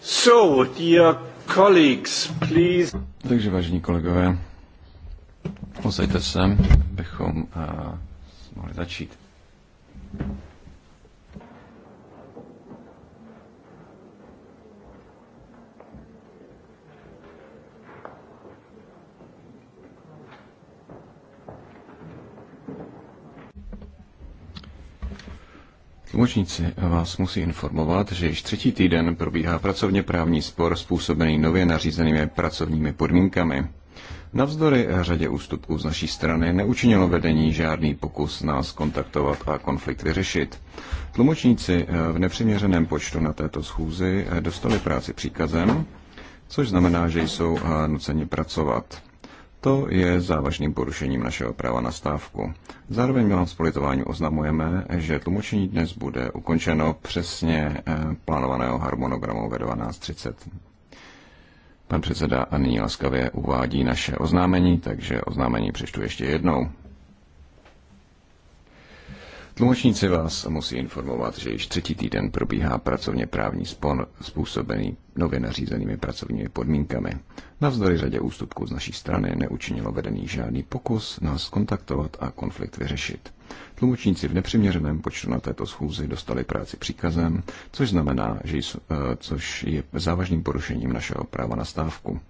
So, dear colleagues, please. Takže vážení kolegové, posaďte se, bychom uh, eh, mohli začít. Tlumočníci vás musí informovat, že již třetí týden probíhá pracovně právní spor způsobený nově nařízenými pracovními podmínkami. Navzdory řadě ústupků z naší strany neučinilo vedení žádný pokus nás kontaktovat a konflikt vyřešit. Tlumočníci v nepřiměřeném počtu na této schůzi dostali práci příkazem, což znamená, že jsou nuceni pracovat. To je závažným porušením našeho práva na stávku. Zároveň vám s politováním oznamujeme, že tlumočení dnes bude ukončeno přesně eh, plánovaného harmonogramu ve 12.30. Pan předseda nyní laskavě uvádí naše oznámení, takže oznámení přečtu ještě jednou. Tlumočníci vás musí informovat, že již třetí týden probíhá pracovně právní spon způsobený nově nařízenými pracovními podmínkami. Navzdory řadě ústupků z naší strany neučinilo vedený žádný pokus nás kontaktovat a konflikt vyřešit. Tlumočníci v nepřiměřeném počtu na této schůzi dostali práci příkazem, což znamená, že jsou, eh, což je závažným porušením našeho práva na stávku.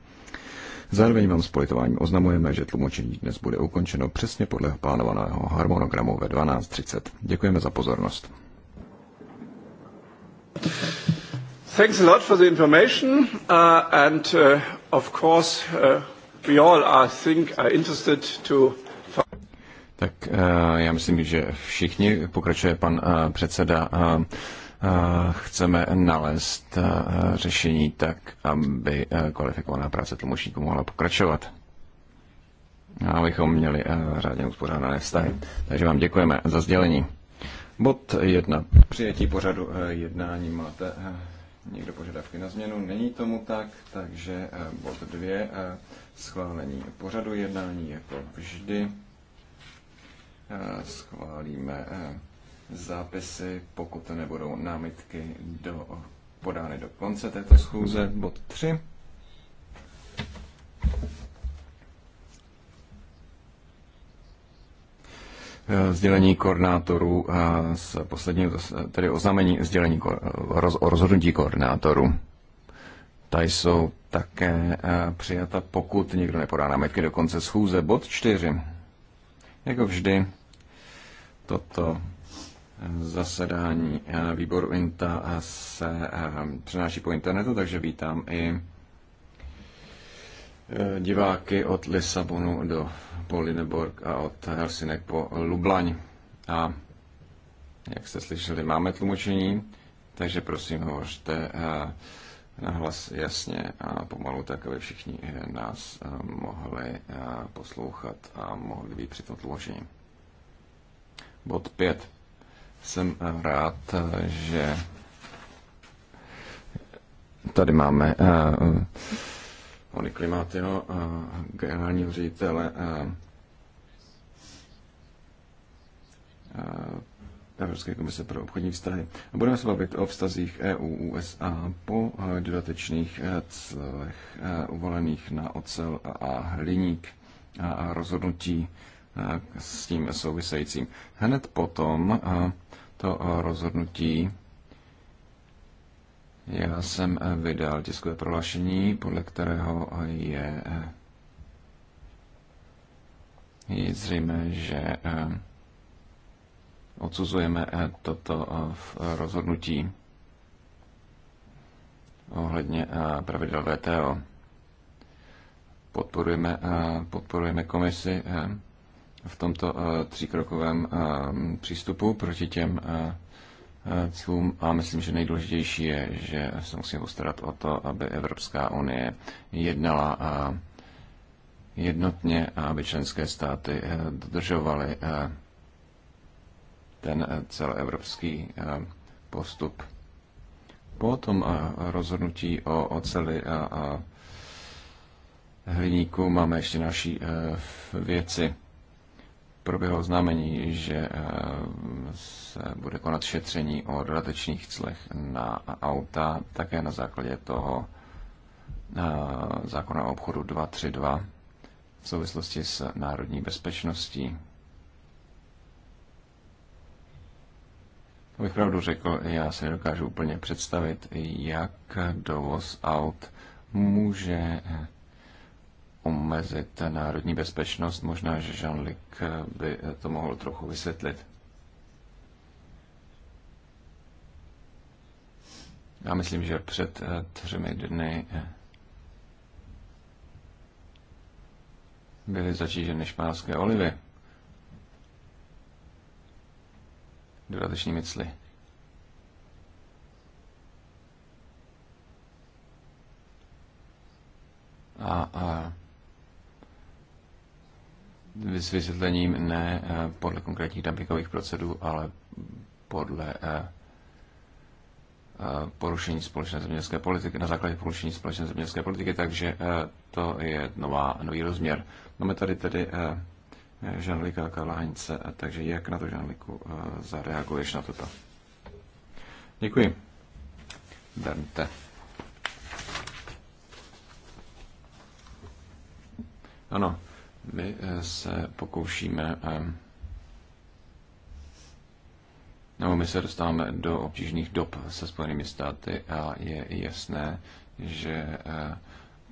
Zároveň vám s politováním oznamujeme, že tlumočení dnes bude ukončeno přesně podle plánovaného harmonogramu ve 12.30. Děkujeme za pozornost. Thanks a lot for the information uh, and uh, of course uh, we all I think are interested to tak uh, já myslím, že všichni, pokračuje pan uh, předseda, uh, Eh, chceme nalézt eh, řešení tak, aby eh, kvalifikovaná práce tlumočníků mohla pokračovat. A abychom měli řádně uspořádané vztahy. Takže vám děkujeme za sdělení. Bod 1. Přijetí pořadu jednání máte někdo požadavky na změnu? Není tomu tak, takže bod 2. Schválení pořadu jednání jako vždy. Schválíme zápisy, pokud nebudou námitky do, podány do konce této schůze. Bod 3. E, sdělení koordinátorů e, z posledního, e, tedy oznámení sdělení o rozhodnutí koordinátorů. Ta jsou také přijata, pokud někdo nepodá námitky do konce schůze. Bod 4. Jako vždy, toto zasedání eh, výboru INTA eh, se eh, přenáší po internetu, takže vítám i diváky od Lisabonu do Polineborg a od Helsinek po Lublaň. A jak jste slyšeli, máme tlumočení, takže prosím hovořte nahlas jasně a pomalu tak, aby všichni nás mohli poslouchat a mohli být při tom tlumočení. Bod 5. Jsem rád, že tady máme uh, eh, Ony Klimatyho, uh, eh, generálního ředitele uh, Evropské komise pro obchodní vztahy. Budeme se bavit o vztazích EU-USA po dodatečných clech uvolených na ocel a hliník a rozhodnutí s tím souvisejícím. Hned potom to rozhodnutí já jsem vydal tiskové prohlášení, podle kterého je, je zřejmé, že eh, odsuzujeme eh, toto eh, v rozhodnutí ohledně pravidel VTO. Podporujeme, podporujeme komisi v tomto eh, tříkrokovém eh, přístupu proti těm eh, cílům a myslím, že nejdůležitější je, že se musíme postarat o to, aby Evropská unie jednala jednotně a aby členské státy dodržovaly ten celoevropský postup. Po tom rozhodnutí o oceli a hliníku máme ještě naší věci proběhlo oznámení, že eh, se bude konat šetření o dodatečných clech na auta, také na základě toho eh, zákona o obchodu 232 v souvislosti s národní bezpečností. Abych pravdu řekl, já si nedokážu úplně představit, jak dovoz aut může omezit národní bezpečnost. Možná, že Jean-Luc by to mohl trochu vysvětlit. Já myslím, že před eh, třemi dny eh, byly začíženy španělské olivy Dodateční cly. A, a s vysvětlením ne eh, podle konkrétních dumpingových procedů, ale podle eh, eh, porušení společné zemědělské politiky, na základě porušení společné zemědělské politiky, takže to je nová, nový rozměr. Máme tady tedy Žanlika Karlahanice, takže jak na to, Žanliku, zareaguješ na toto? Děkuji. Bernte. Ano, my eh, se pokoušíme, eh, nebo my se dostáváme do obtížných dob se Spojenými státy a je jasné, že eh,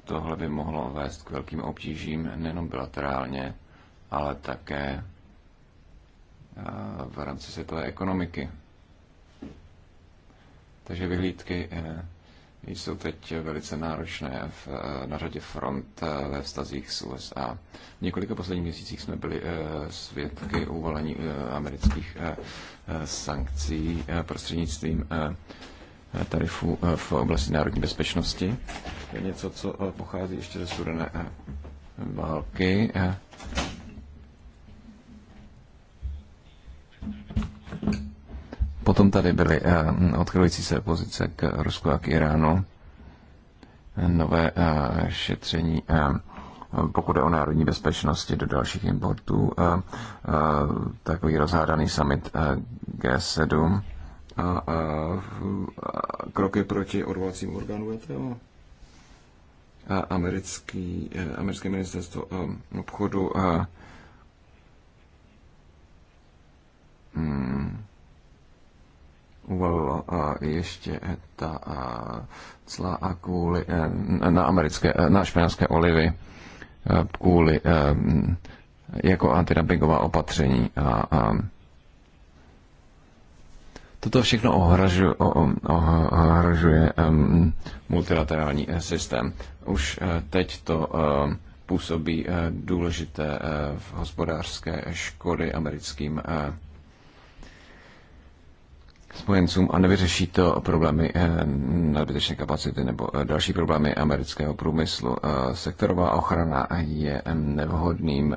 tohle by mohlo vést k velkým obtížím nejenom bilaterálně, ale také v rámci světové ekonomiky. Takže vyhlídky jsou teď velice náročné v, na řadě front eh, ve vztazích s USA. V několika posledních měsících jsme byli eh, svědky uvalení eh, amerických sankcí prostřednictvím tarifů v oblasti národní bezpečnosti. Je něco, co pochází ještě ze studené války. Potom tady byly eh, odchylující se pozice k Rusku a k Iránu, nové eh, šetření, eh, pokud je o národní bezpečnosti do dalších importů, takový rozhádaný summit G7 a, a, a kroky proti odvolacím orgánům VTO e a americký, americké ministerstvo obchodu a, hmm, uvalilo ještě ta cla a kvůli e, na, americké, e, na španělské olivy e, kvůli jako antidumpingová opatření a, a Toto všechno ohražuje, ohražuje um, multilaterální systém. Už teď to působí uh, důležité uh, hospodářské škody americkým uh, spojencům a nevyřeší to problémy eh, nadbytečné kapacity nebo eh, další problémy amerického průmyslu. Eh, sektorová ochrana je nevhodným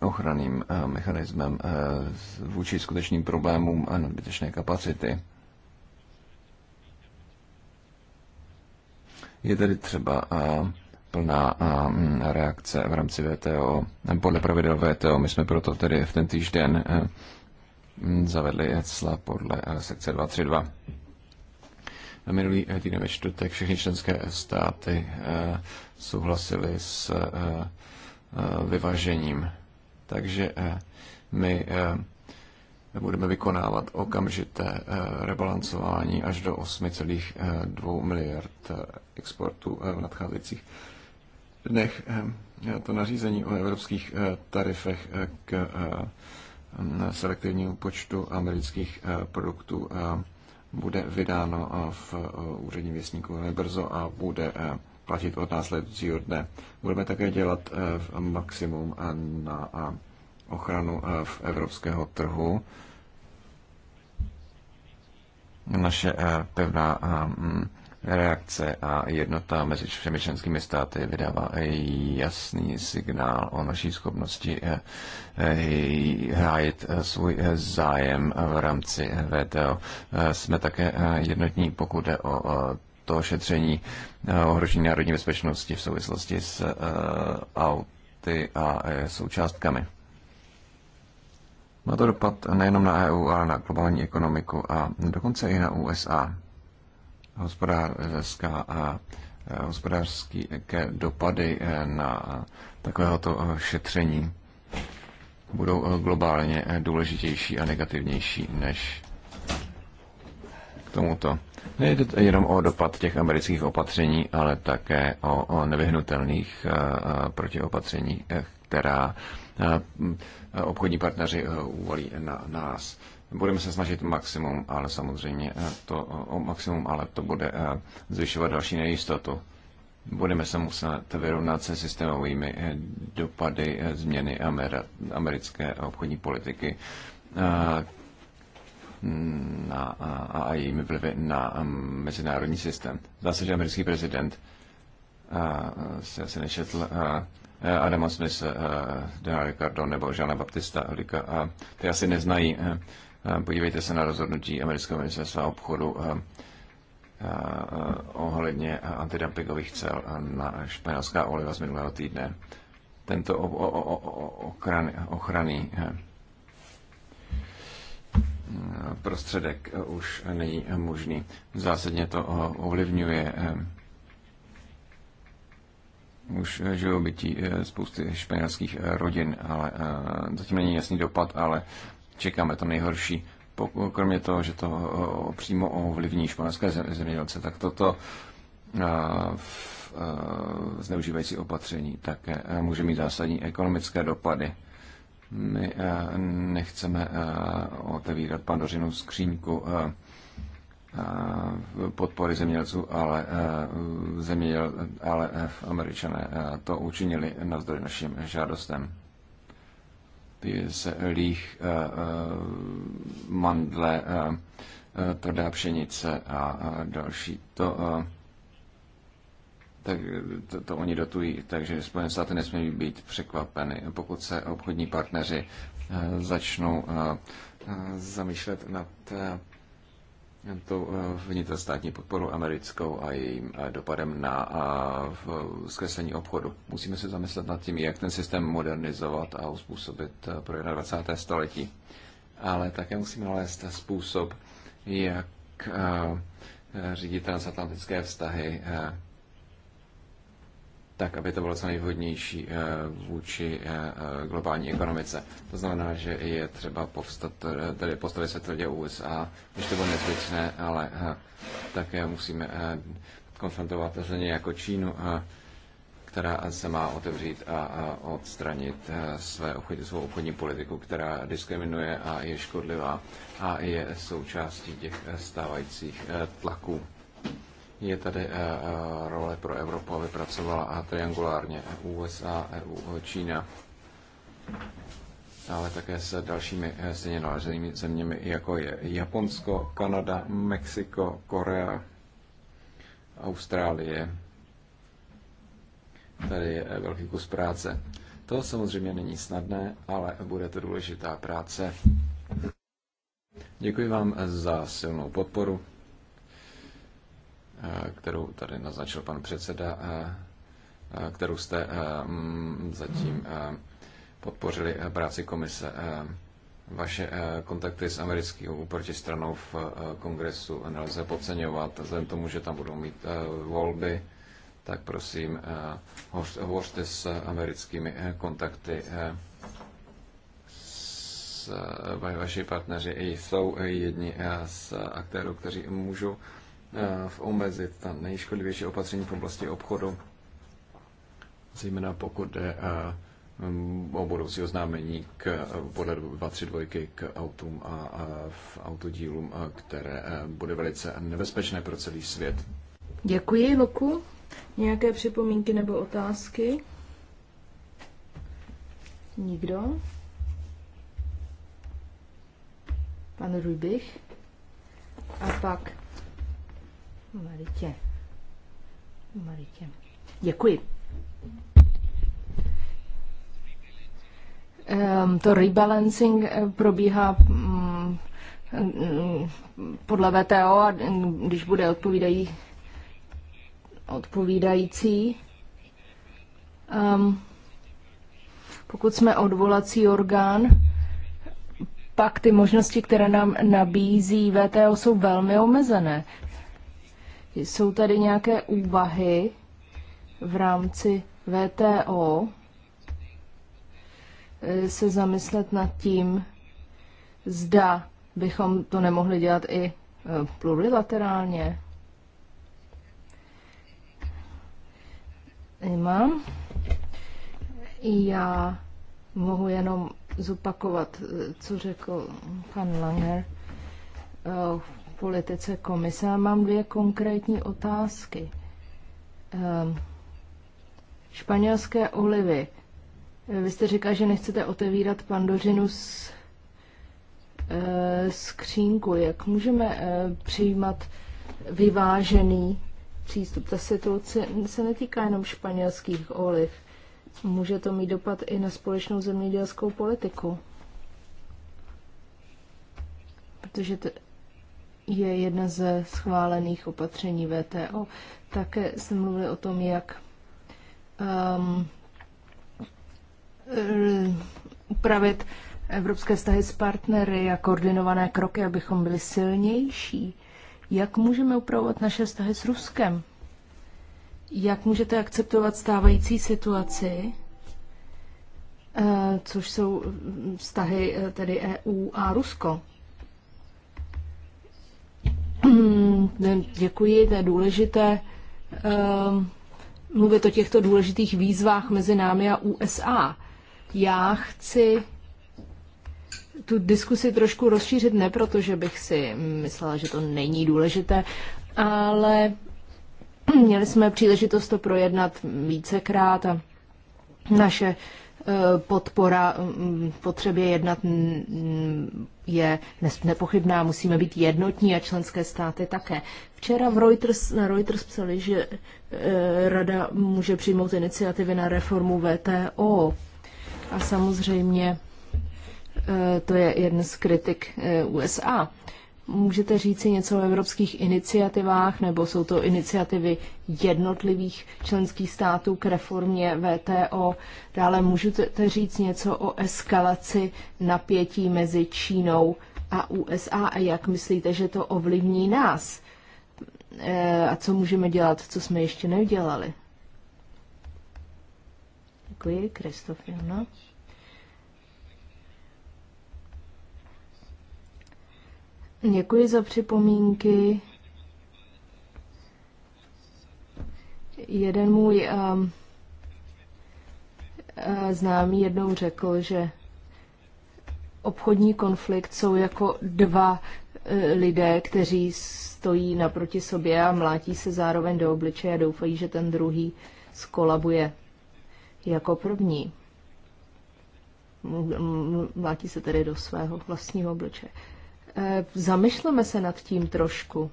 ochranným mechanismem vůči skutečným problémům a nadbytečné kapacity. Je tedy třeba plná reakce v rámci VTO, podle pravidel VTO. My jsme proto tedy v ten týžden zavedli e cla podle eh, sekce 232. Minulý eh, týden ve čtvrtek všechny členské státy eh, souhlasily s vyvažením, Takže my budeme vykonávat okamžité rebalancování až do 8,2 miliard exportů v nadcházejících dnech. To nařízení o evropských tarifech k selektivnímu počtu amerických eh, produktů eh, bude vydáno eh, v úředním věstníku velmi brzo a bude platit od následujícího dne. Budeme také dělat maximum na ochranu v evropského trhu. Naše pevná mm, reakce a jednota mezi všemi členskými státy vydává jasný signál o naší schopnosti eh, eh, hájit eh, svůj zájem v rámci VTO. Jsme také jednotní, pokud jde o to šetření ohrožení národní bezpečnosti v souvislosti s auty a součástkami. Má to dopad nejenom na EU, ale na globální ekonomiku a dokonce i na USA hospodářská a eh, hospodářské eh, dopady eh, na takovéhoto šetření budou globálně důležitější a negativnější než k tomuto. Nejde jenom o dopad těch amerických opatření, ale také o, o nevyhnutelných protiopatřeních, která obchodní partneři uvolí na nás. Budeme se snažit maximum, ale samozřejmě eh, to o maximum, ale to bude eh, zvyšovat další nejistotu. Budeme se muset vyrovnat se systémovými eh, dopady změny americké obchodní politiky na, a, a jejími vlivy na mm, mezinárodní systém. Zdá se, že americký prezident a, se asi nešetl a, Adama Smith, Donald Ricardo nebo Žana Baptista Lika. A ty asi neznají Eh, podívejte se na rozhodnutí amerického ministerstva obchodu eh, eh, ohledně antidumpingových cel na španělská oliva z minulého týdne. Tento ochranný prostředek už není možný. Zásadně to ovlivňuje už živobytí spousty španělských rodin, ale zatím není jasný dopad, ale čekáme to nejhorší. Kromě toho, že to přímo ovlivní španělské zemědělce, tak toto zneužívající opatření také může mít zásadní ekonomické dopady. My nechceme otevírat pandořinu skříňku podpory zemědělců, ale, zeměděl, ale američané to učinili navzdory našim žádostem se uh, eh, eh, mandle, eh, tvrdá pšenice a další. To, tak to, to oni dotují, takže Spojené státy nesmí být překvapeny, pokud se obchodní partneři začnou zamýšlet nad tou eh, vnitrostátní podporu americkou a jejím eh, dopadem na eh, zkreslení obchodu. Musíme se zamyslet nad tím, jak ten systém modernizovat a uspůsobit pro 21. století. Ale také musíme nalézt způsob, jak řídit transatlantické vztahy tak, aby to bylo co nejvhodnější eh, vůči eh, eh, globální ekonomice. To znamená, že je třeba povstat, tedy postavit se tvrdě USA, když to bude nezbytné, ale také musíme konfrontovat země jako Čínu, která se má otevřít a odstranit své obchodní, svou obchodní politiku, která diskriminuje a je škodlivá a je součástí těch stávajících tlaků je tady eh, eh, role pro Evropu, aby pracovala triangulárně e USA, EU, eh, Čína, ale také s dalšími stejně nalezenými zeměmi, jako je Japonsko, Kanada, Mexiko, Korea, Austrálie. Tady je velký kus práce. To samozřejmě není snadné, ale bude to důležitá práce. Děkuji vám za silnou podporu. Eh, kterou tady naznačil pan předseda, eh, eh, kterou jste mm, zatím podpořili práci komise. Vaše kontakty s americkou protistranou v kongresu nelze podceňovat, vzhledem tomu, že tam budou mít volby, tak prosím, hovořte s americkými kontakty. S, vaši partneři jsou jedni z aktérů, kteří můžou Eh, v omezit ta nejškodlivější opatření v oblasti obchodu, zejména pokud jde eh, mm, o budoucí oznámení k eh, podle 232 k autům a, a v autodílům, které bude velice nebezpečné pro celý svět. Děkuji, Luku. Nějaké připomínky nebo otázky? Nikdo? Pan Rubich? A pak Maritě. Maritě. Děkuji. Ehm, to rebalancing eh, probíhá mm, mm, podle VTO a když bude odpovídají, odpovídající. Um, pokud jsme odvolací orgán, pak ty možnosti, které nám nabízí VTO, jsou velmi omezené. Jsou tady nějaké úvahy v rámci VTO e, se zamyslet nad tím, zda bychom to nemohli dělat i e, plurilaterálně. Nemám. Já mohu jenom zopakovat, e, co řekl pan Langer politice komise a mám dvě konkrétní otázky. Ehm, španělské olivy. Vy jste říkal, že nechcete otevírat pandořinu z eh, skřínku. Jak můžeme eh, přijímat vyvážený přístup? Ta situace se netýká jenom španělských oliv. Může to mít dopad i na společnou zemědělskou politiku. Protože to, je jedna ze schválených opatření VTO. Také se mluví o tom, jak um, eh, upravit evropské vztahy s partnery a koordinované kroky, abychom byli silnější. Jak můžeme upravovat naše vztahy s Ruskem? Jak můžete akceptovat stávající situaci, eh, což jsou vztahy eh, tedy EU a Rusko? Hmm, děkuji, to je důležité ehm, mluvit o těchto důležitých výzvách mezi námi a USA. Já chci tu diskusi trošku rozšířit, ne protože bych si myslela, že to není důležité, ale měli jsme příležitost to projednat vícekrát a naše Eh, podpora mm, potřebě jednat mm, je nepochybná. Musíme být jednotní a členské státy také. Včera v Reuters, na Reuters psali, že eh, Rada může přijmout iniciativy na reformu VTO. A samozřejmě eh, to je jeden z kritik USA. Můžete říci něco o evropských iniciativách, nebo jsou to iniciativy jednotlivých členských států k reformě VTO? Dále můžete říct něco o eskalaci napětí mezi Čínou a USA a jak myslíte, že to ovlivní nás? E, a co můžeme dělat, co jsme ještě neudělali? Děkuji, Kristof Jana. No? Děkuji za připomínky. Jeden můj um, známý jednou řekl, že obchodní konflikt jsou jako dva eh, lidé, kteří stojí naproti sobě a mlátí se zároveň do obličeje a doufají, že ten druhý skolabuje jako první. Mlátí se tedy do svého vlastního obličeje. Eh, Zamyšleme se nad tím trošku.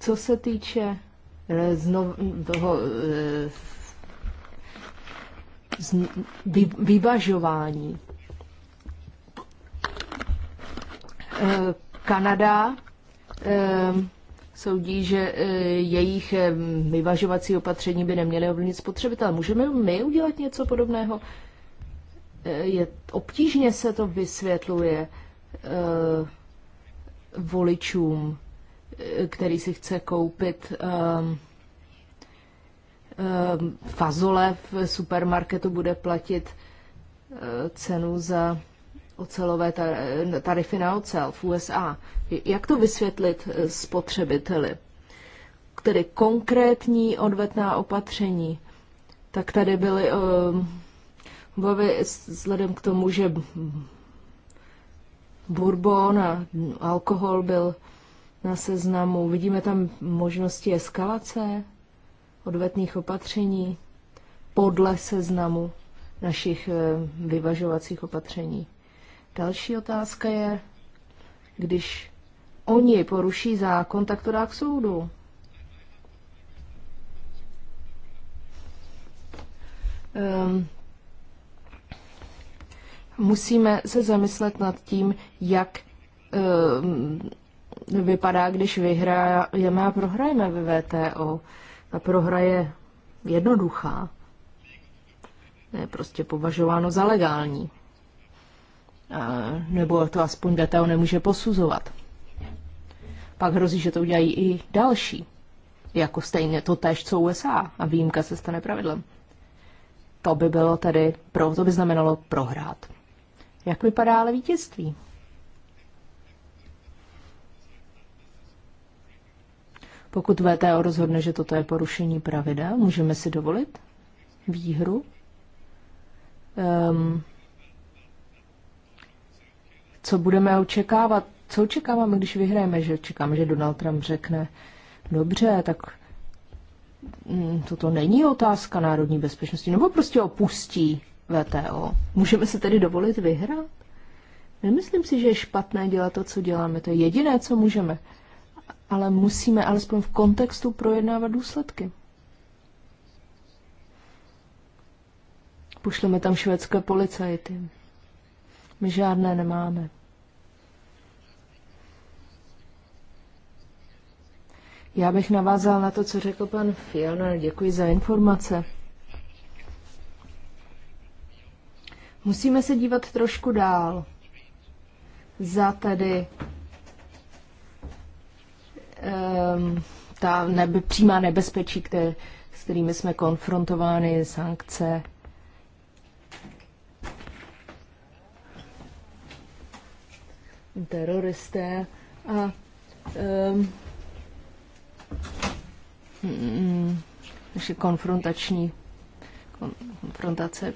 Co se týče eh, znov, toho eh, z, vy, vyvažování. Kanada soudí, že jejich vyvažovací opatření by neměly ovlivnit spotřebitele. Můžeme my udělat něco podobného? je, obtížně se to vysvětluje eh, voličům, eh, který si chce koupit ehm, ehm, fazole v supermarketu, bude platit eh, cenu za ocelové tarify na ocel v USA. Jak to vysvětlit spotřebiteli? Tedy konkrétní odvetná opatření. Tak tady byly ehm, Bavě, vzhledem k tomu, že bourbon a alkohol byl na seznamu. Vidíme tam možnosti eskalace odvetných opatření podle seznamu našich eh, vyvažovacích opatření. Další otázka je, když oni poruší zákon, tak to dá k soudu. Um, musíme se zamyslet nad tím, jak eh, vypadá, když vyhrajeme a prohrajeme ve VTO. Ta prohra je jednoduchá. Je prostě považováno za legální. E, nebo to aspoň VTO nemůže posuzovat. Pak hrozí, že to udělají i další. Jako stejně to tež, co USA. A výjimka se stane pravidlem. To by bylo tedy, pro, to by znamenalo prohrát. Jak vypadá ale vítězství? Pokud VTO rozhodne, že toto je porušení pravidel, můžeme si dovolit výhru? Um, co budeme očekávat? Co očekáváme, když vyhrajeme? Že čekáme, že Donald Trump řekne, dobře, tak mm, toto není otázka národní bezpečnosti, nebo prostě opustí VTO. Můžeme si tedy dovolit vyhrát? Nemyslím si, že je špatné dělat to, co děláme. To je jediné, co můžeme. Ale musíme alespoň v kontextu projednávat důsledky. Pošleme tam švédské policajty. My žádné nemáme. Já bych navázal na to, co řekl pan Fielner. Děkuji za informace. Musíme se dívat trošku dál. Za tedy um, ta nebe, přímá nebezpečí, které, s kterými jsme konfrontováni, sankce. Teroristé a um, naše konfrontační konfrontace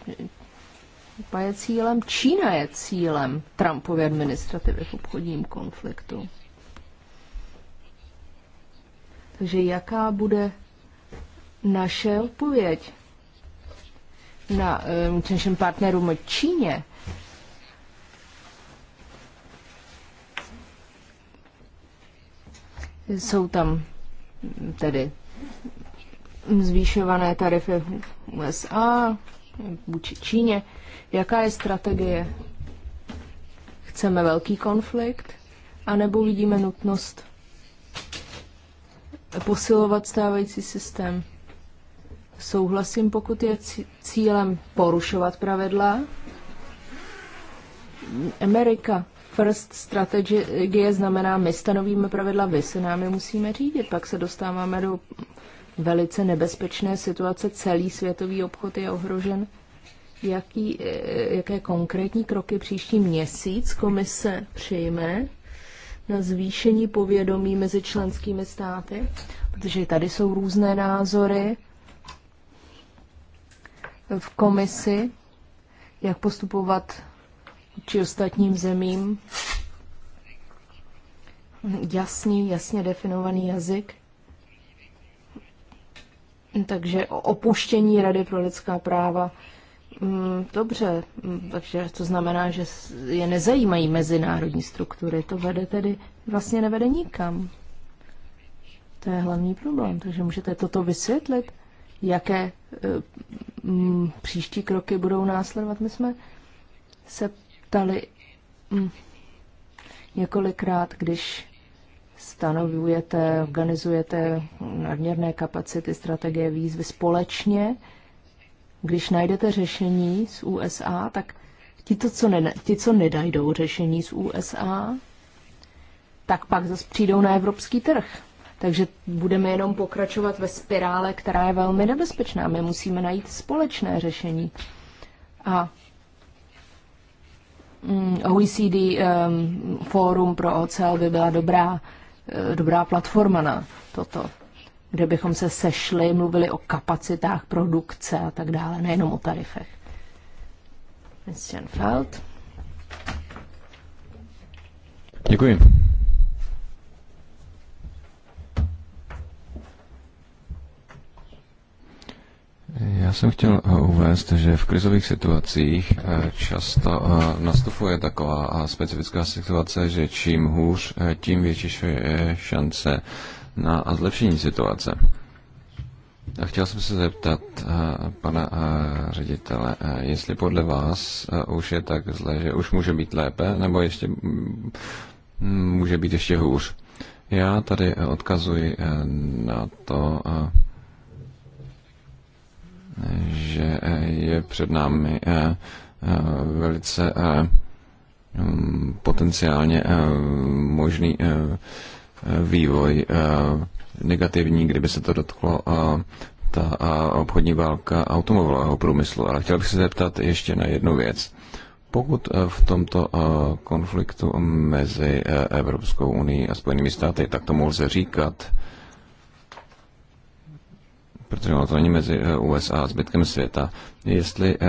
Kuba je cílem, Čína je cílem Trumpovy administrativy v obchodním konfliktu. Takže jaká bude naše odpověď na um, eh, našem partnerům Číně? Jsou tam tedy zvýšované tarify USA, vůči Číně. Jaká je strategie? Chceme velký konflikt, anebo vidíme nutnost posilovat stávající systém? Souhlasím, pokud je cílem porušovat pravidla. Amerika first strategie znamená, my stanovíme pravidla, vy se námi musíme řídit. Pak se dostáváme do velice nebezpečné situace, celý světový obchod je ohrožen. Jaký, eh, jaké konkrétní kroky příští měsíc komise přijme na zvýšení povědomí mezi členskými státy? Protože tady jsou různé názory v komisi, jak postupovat či ostatním zemím. Jasný, jasně definovaný jazyk takže o opuštění Rady pro lidská práva. Mm, dobře, mm, takže to znamená, že je nezajímají mezinárodní struktury. To vede tedy, vlastně nevede nikam. To je hlavní problém. Takže můžete toto vysvětlit, jaké e, m, mm, příští kroky budou následovat. My jsme se ptali m, několikrát, když stanovujete, organizujete nadměrné kapacity, strategie výzvy společně. Když najdete řešení z USA, tak ti, to, co, ne, ti, co nedajdou řešení z USA, tak pak zase přijdou na evropský trh. Takže budeme jenom pokračovat ve spirále, která je velmi nebezpečná. My musíme najít společné řešení. A mm, OECD um, ehm, Forum pro OCL by byla dobrá Eh, dobrá platforma na toto, kde bychom se sešli, mluvili o kapacitách produkce a tak dále, nejenom o tarifech. Christian Feld. Děkuji. Já jsem chtěl eh, uvést, že v krizových situacích eh, často eh, nastupuje taková specifická situace, že čím hůř, tím větší je šance na zlepšení situace. A chtěl jsem se zeptat pana ředitele, jestli podle vás už je tak zle, že už může být lépe, nebo ještě mm, může být ještě hůř. Já tady odkazuji na to, že eh, je před námi eh, eh, velice mm, potenciálně možný vývoj negativní, kdyby se to dotklo ta obchodní válka automobilového průmyslu. Ale chtěl bych se zeptat ještě na jednu věc. Pokud v tomto konfliktu mezi Evropskou unii a Spojenými státy, tak tomu lze říkat, protože ono to není mezi eh, USA a zbytkem světa. Jestli eh,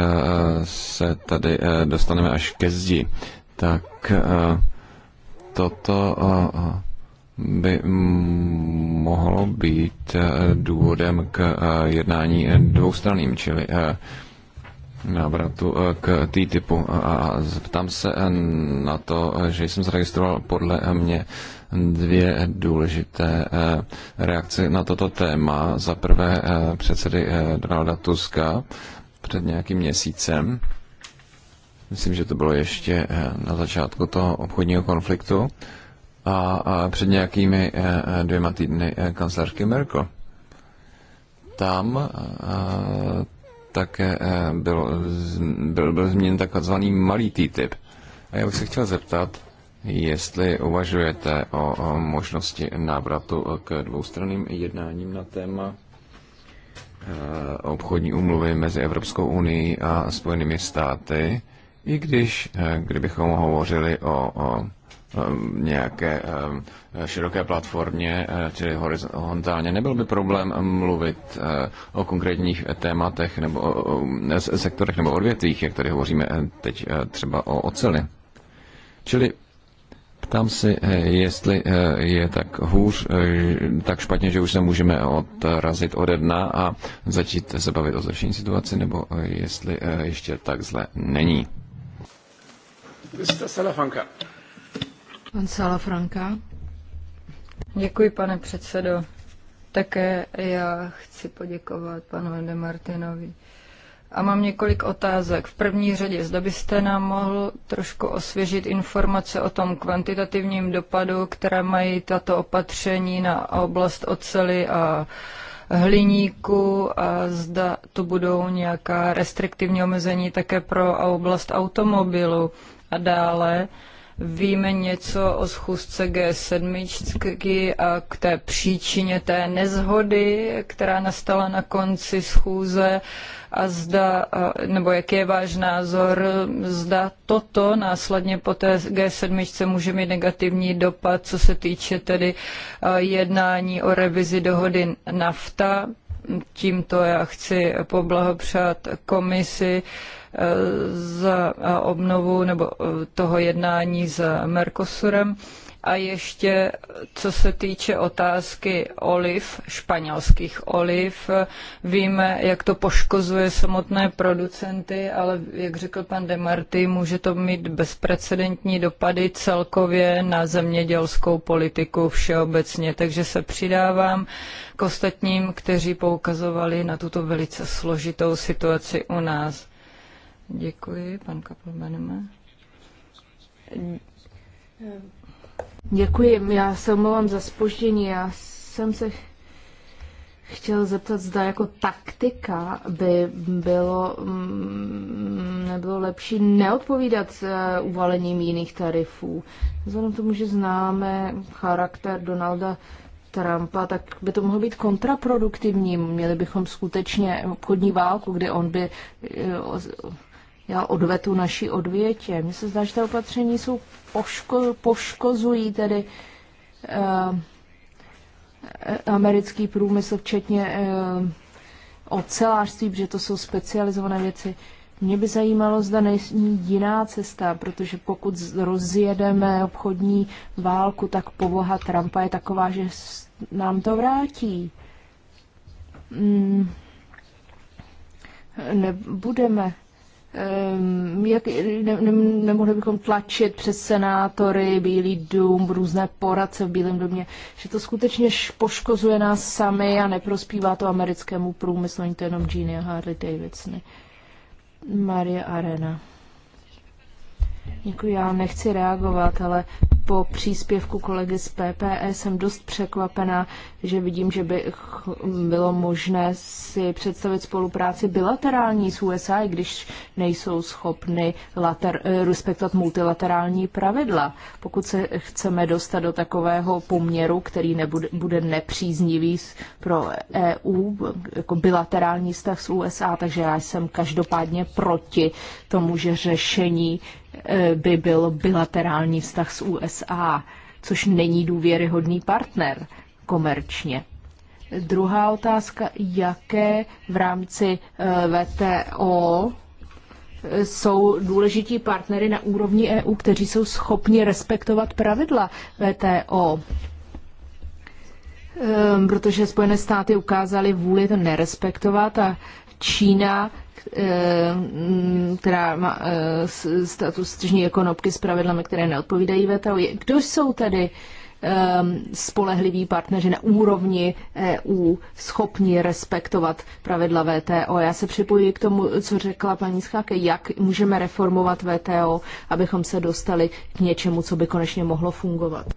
se tady eh, dostaneme až ke zdi, tak toto by mohlo být důvodem k jednání dvoustranným, čili návratu k tý typu a zeptám se na to, že jsem zaregistroval podle mě dvě důležité eh, reakce na toto téma. Za prvé eh, předsedy eh, Donalda Tuska před nějakým měsícem. Myslím, že to bylo ještě na začátku toho obchodního konfliktu. A před nějakými dvěma týdny kancelářky Merkel. Tam také byl, byl, byl změněn takzvaný malý TTIP. A já bych se chtěl zeptat, jestli uvažujete o, možnosti návratu k dvoustranným jednáním na téma eh, obchodní úmluvy mezi Evropskou unii a Spojenými státy, i když, eh, kdybychom hovořili o, o nějaké eh, široké platformě, čili horizontálně. Nebyl by problém mluvit o konkrétních tématech nebo o sektorech nebo odvětvích, jak tady hovoříme teď třeba o oceli. Čili Ptám si, eh, jestli eh, je tak hůř, eh, tak špatně, že už se můžeme odrazit ode dna a začít se bavit o zlepšení situaci, nebo jestli ještě tak zle není. Salafranka. Pan Salafranka. Děkuji, pane předsedo. Také já chci poděkovat panu Martinovi a mám několik otázek. V první řadě, zda byste nám mohl trošku osvěžit informace o tom kvantitativním dopadu, které mají tato opatření na oblast ocely a hliníku a zda to budou nějaká restriktivní omezení také pro oblast automobilu a dále. Uh, Víme něco o schůzce G7 a k té příčině té nezhody, která nastala na konci schůze a zda, nebo jaký je váš názor, zda toto následně po té G7 může mít negativní dopad, co se týče tedy jednání o revizi dohody NAFTA. Tímto já chci poblahopřát komisi za e, obnovu nebo e, toho jednání s Mercosurem. A ještě, co se týče otázky oliv, španělských oliv, víme, jak to poškozuje samotné producenty, ale jak řekl pan Demarty, může to mít bezprecedentní dopady celkově na zemědělskou politiku všeobecně. Takže se přidávám k ostatním, kteří poukazovali na tuto velice složitou situaci u nás. Děkuji, pan Kaplmaneme. Děkuji, já se omlouvám za spoždění. Já jsem se chtěl zeptat, zda jako taktika by bylo, mm, nebylo lepší neodpovídat eh, uvalením jiných tarifů. Vzhledem tomu, že známe charakter Donalda Trumpa, tak by to mohlo být kontraproduktivní. Měli bychom skutečně obchodní válku, kde on by eh, já odvetu naší odvětě. Mně se zdá, že ta opatření jsou poško, poškozují tedy eh, eh, americký průmysl, včetně eh, ocelářství, protože to jsou specializované věci. Mě by zajímalo, zda není jiná cesta, protože pokud rozjedeme obchodní válku, tak povoha Trumpa je taková, že nám to vrátí. Mm. Nebudeme Ehm, jak, ne, ne, nemohli bychom tlačit přes senátory, Bílý dům, různé poradce v Bílém domě, že to skutečně poškozuje nás sami a neprospívá to americkému průmyslu, ani to jenom Genie a Harley Davidson. Maria Arena. Děkuji, já nechci reagovat, ale po příspěvku kolegy z PPE jsem dost překvapena, že vidím, že by bylo možné si představit spolupráci bilaterální s USA, i když nejsou schopny later, respektovat multilaterální pravidla. Pokud se chceme dostat do takového poměru, který nebude, bude nepříznivý pro EU, jako bilaterální vztah s USA, takže já jsem každopádně proti tomu, že řešení Eh, by byl bilaterální vztah s USA, což není důvěryhodný partner komerčně. Druhá otázka, jaké v rámci eh, VTO eh, jsou důležití partnery na úrovni EU, kteří jsou schopni respektovat pravidla VTO. Ehm, protože Spojené státy ukázaly vůli to nerespektovat a Čína Eh, mm, která má eh, status tržní ekonomky s pravidlami, které neodpovídají VTO. Kdo jsou tedy ehm, spolehliví partneři na úrovni EU schopni respektovat pravidla VTO. Já se připojuji k tomu, co řekla paní Scháke, jak můžeme reformovat VTO, abychom se dostali k něčemu, co by konečně mohlo fungovat.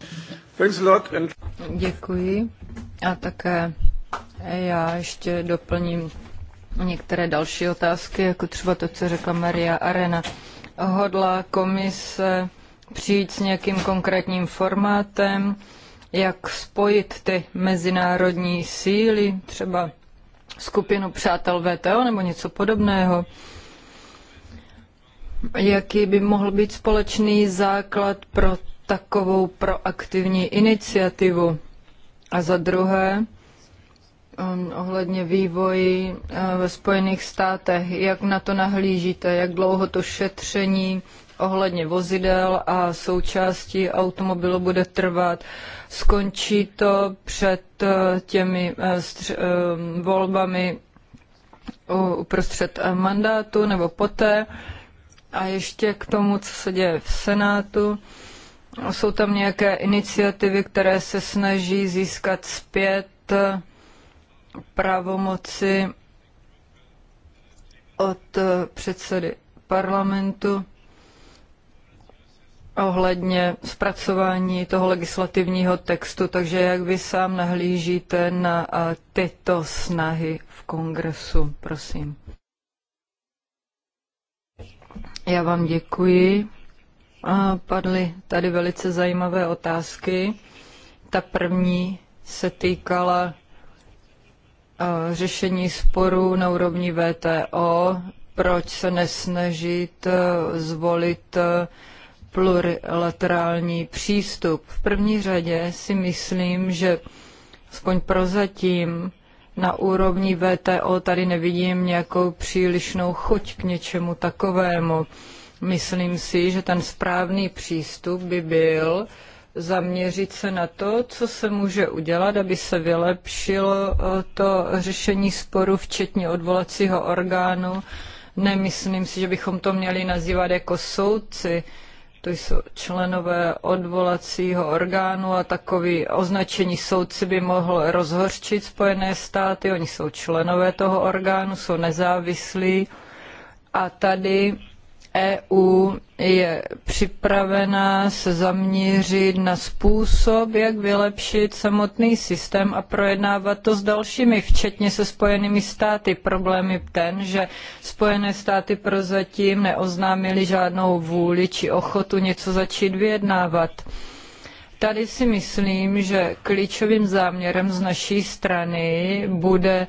Děkuji. A také já ještě doplním některé další otázky, jako třeba to, co řekla Maria Arena. Hodla komise přijít s nějakým konkrétním formátem, jak spojit ty mezinárodní síly, třeba skupinu přátel VTO nebo něco podobného. Jaký by mohl být společný základ pro takovou proaktivní iniciativu? A za druhé, Um, ohledně vývoji uh, ve Spojených státech. Jak na to nahlížíte? Jak dlouho to šetření ohledně vozidel a součástí automobilu bude trvat? Skončí to před uh, těmi uh, um, volbami uprostřed mandátu nebo poté? A ještě k tomu, co se děje v Senátu. Jsou tam nějaké iniciativy, které se snaží získat zpět pravomoci od předsedy parlamentu ohledně zpracování toho legislativního textu, takže jak vy sám nahlížíte na tyto snahy v kongresu, prosím. Já vám děkuji. A padly tady velice zajímavé otázky. Ta první se týkala řešení sporů na úrovni VTO, proč se nesnažit e, zvolit e, plurilaterální přístup. V první řadě si myslím, že aspoň prozatím na úrovni VTO tady nevidím nějakou přílišnou chuť k něčemu takovému. Myslím si, že ten správný přístup by byl, zaměřit se na to, co se může udělat, aby se vylepšilo eh, to řešení sporu, včetně odvolacího orgánu. Nemyslím si, že bychom to měli nazývat jako soudci, to jsou členové odvolacího orgánu a takový označení soudci by mohl rozhorčit Spojené státy. Oni jsou členové toho orgánu, jsou nezávislí a tady EU je připravena se zaměřit na způsob, jak vylepšit samotný systém a projednávat to s dalšími, včetně se Spojenými státy. Problém je ten, že Spojené státy prozatím neoznámily žádnou vůli či ochotu něco začít vyjednávat. Tady si myslím, že klíčovým záměrem z naší strany bude uh,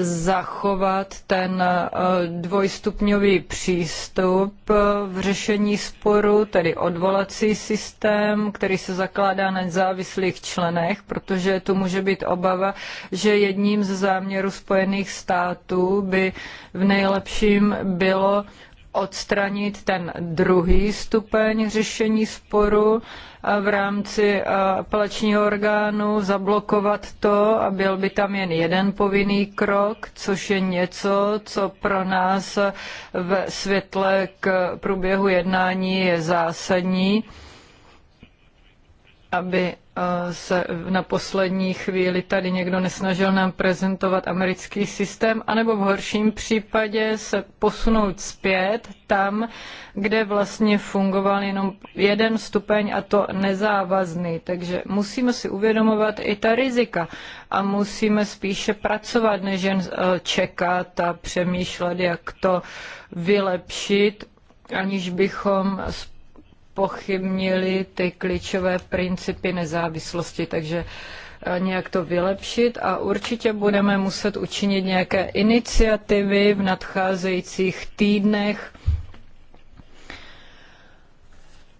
zachovat ten eh, dvojstupňový přístup eh, v řešení sporu, tedy odvolací systém, který se zakládá na nezávislých členech, protože tu může být obava, že jedním ze záměrů Spojených států by v nejlepším bylo odstranit ten druhý stupeň řešení sporu v rámci apelačního orgánu, zablokovat to a byl by tam jen jeden povinný krok, což je něco, co pro nás v světle k průběhu jednání je zásadní, aby se na poslední chvíli tady někdo nesnažil nám prezentovat americký systém, anebo v horším případě se posunout zpět tam, kde vlastně fungoval jenom jeden stupeň a to nezávazný. Takže musíme si uvědomovat i ta rizika a musíme spíše pracovat, než jen e, čekat a přemýšlet, jak to vylepšit, aniž bychom spolu spochybnili ty klíčové principy nezávislosti, takže eh, nějak to vylepšit a určitě budeme muset učinit nějaké iniciativy v nadcházejících týdnech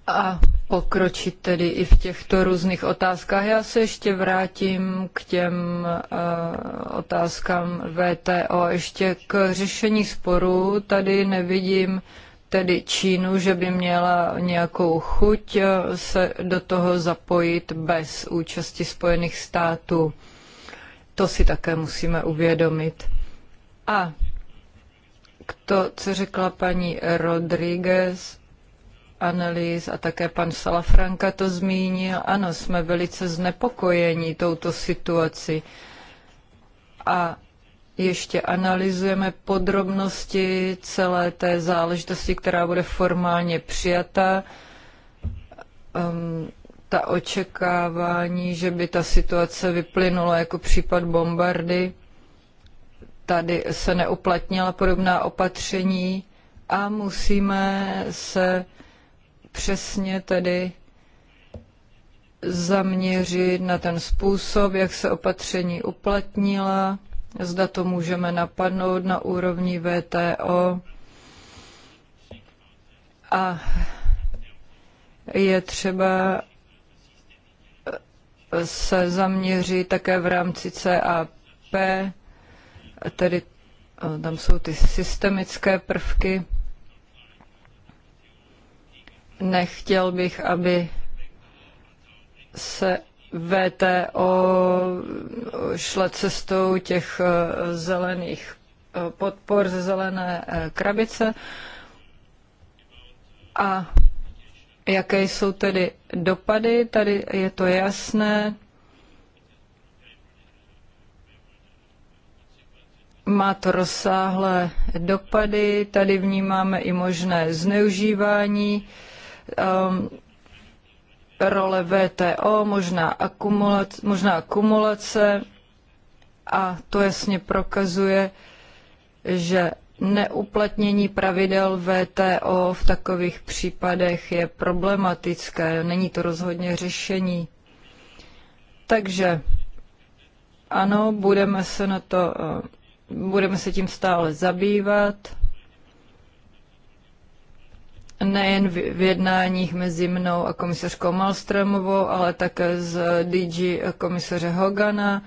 a pokročit tedy i v těchto různých otázkách. Já se ještě vrátím k těm uh, otázkám VTO. Ještě k řešení sporů tady nevidím tedy Čínu, že by měla nějakou chuť eh, se do toho zapojit bez účasti Spojených států. To si také musíme uvědomit. A k to, co řekla paní Rodriguez, Annelies a také pan Salafranka to zmínil, ano, jsme velice znepokojeni touto situaci. A ještě analyzujeme podrobnosti celé té záležitosti, která bude formálně přijata. Um, ta očekávání, že by ta situace vyplynula jako případ bombardy, tady se neuplatnila podobná opatření a musíme se přesně tedy zaměřit na ten způsob, jak se opatření uplatnila Zda to můžeme napadnout na úrovni VTO. A je třeba se zaměří také v rámci CAP, tedy eh, tam jsou ty systemické prvky. Nechtěl bych, aby se VTO šle cestou těch eh, zelených eh, podpor ze zelené eh, krabice a jaké jsou tedy dopady, tady je to jasné. Má to rozsáhlé dopady, tady vnímáme i možné zneužívání um, role VTO, možná akumulace, možná akumulace a to jasně prokazuje, že neuplatnění pravidel VTO v takových případech je problematické, není to rozhodně řešení. Takže ano, budeme se na to, eh, budeme se tím stále zabývat nejen v jednáních mezi mnou a komisařkou Malstromovou, ale také z DG komisaře Hogana.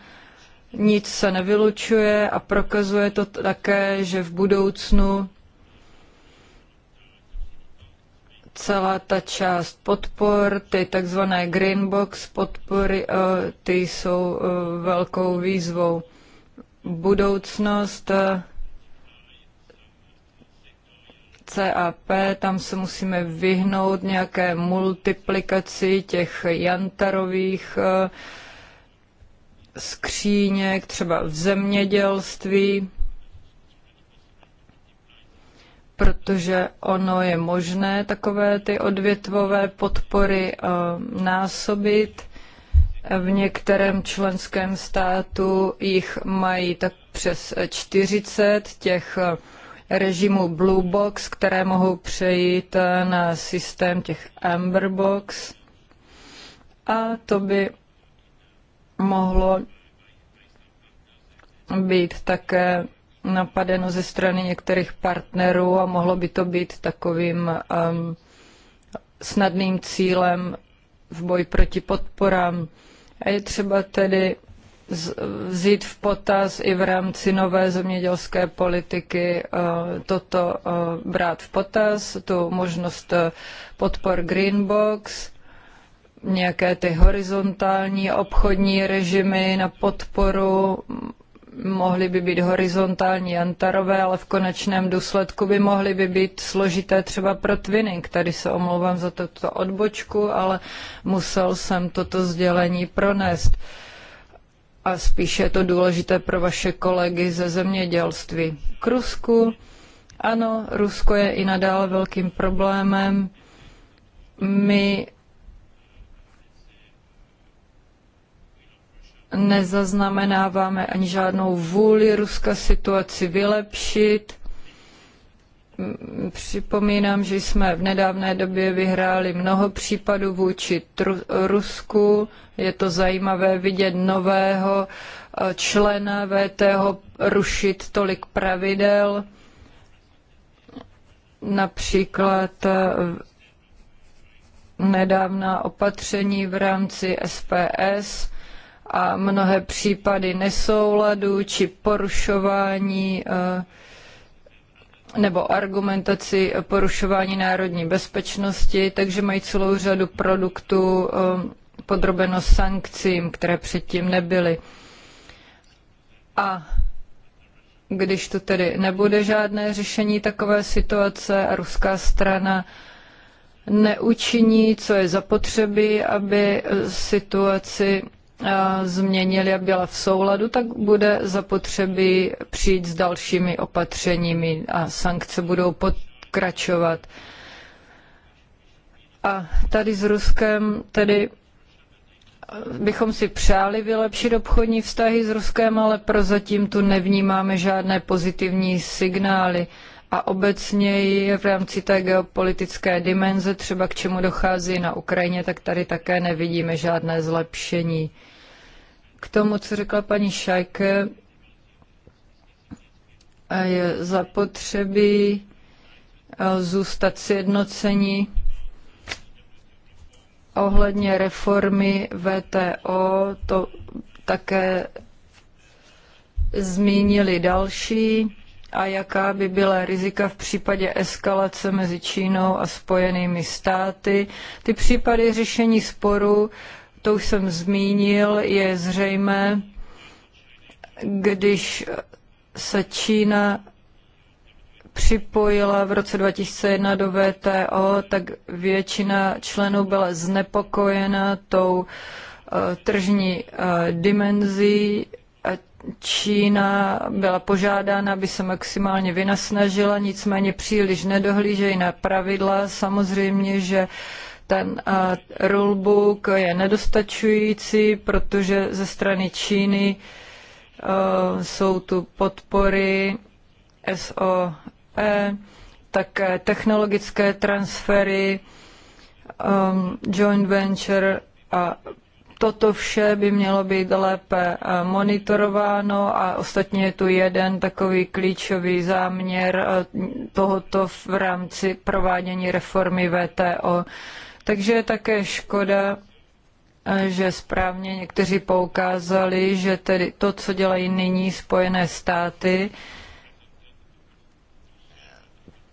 Nic se nevylučuje a prokazuje to také, že v budoucnu celá ta část podpor, ty takzvané green box podpory, eh, ty jsou eh, velkou výzvou. Budoucnost eh, CAP, tam se musíme vyhnout nějaké multiplikaci těch jantarových eh, skříněk, třeba v zemědělství, protože ono je možné takové ty odvětvové podpory eh, násobit. V některém členském státu jich mají tak přes 40 těch eh, režimu Blue Box, které mohou přejít na systém těch Amber Box. A to by mohlo být také napadeno ze strany některých partnerů a mohlo by to být takovým um, snadným cílem v boji proti podporám. A je třeba tedy vzít v potaz i v rámci nové zemědělské politiky eh, toto eh, brát v potaz, tu možnost eh, podpor Greenbox, nějaké ty horizontální obchodní režimy na podporu mohly by být horizontální jantarové, ale v konečném důsledku by mohly by být složité třeba pro twinning. Tady se omlouvám za toto odbočku, ale musel jsem toto sdělení pronést. Uh, a spíše je to důležité pro vaše kolegy ze zemědělství. K Rusku. Ano, Rusko je i nadále velkým problémem. My nezaznamenáváme ani žádnou vůli Ruska situaci vylepšit. Mm, připomínám, že jsme v nedávné době vyhráli mnoho případů vůči Rusku. Je to zajímavé vidět nového eh, člena VTO rušit tolik pravidel. Například eh, nedávná opatření v rámci SPS a mnohé případy nesouladu či porušování uh, nebo argumentaci porušování národní bezpečnosti, takže mají celou řadu produktů um, podrobeno sankcím, které předtím nebyly. A když to tedy nebude žádné řešení takové situace a ruská strana neučiní, co je zapotřebí, aby situaci změnili a byla v souladu, tak bude zapotřebí přijít s dalšími opatřeními a sankce budou pokračovat. A tady s Ruskem tedy bychom si přáli vylepšit obchodní vztahy s Ruskem, ale prozatím tu nevnímáme žádné pozitivní signály. Uh, a obecněji v rámci té geopolitické dimenze, třeba k čemu dochází na Ukrajině, tak tady také nevidíme žádné zlepšení. K tomu, co řekla paní Šajke, je zapotřebí zůstat sjednocení ohledně reformy VTO, to také zmínili další a jaká by byla rizika v případě eskalace mezi Čínou a Spojenými státy. Ty případy řešení sporu, to už jsem zmínil, je zřejmé, když se Čína připojila v roce 2001 do VTO, tak většina členů byla znepokojena tou eh, tržní eh, dimenzí Čína byla požádána, aby se maximálně vynasnažila, nicméně příliš nedohlížejí na pravidla. Samozřejmě, že ten rulebook je nedostačující, protože ze strany Číny jsou tu podpory SOE, také technologické transfery, joint venture a toto vše by mělo být lépe eh, monitorováno a ostatně je tu jeden takový klíčový záměr eh, tohoto v rámci provádění reformy VTO. Takže je také škoda, eh, že správně někteří poukázali, že tedy to, co dělají nyní Spojené státy,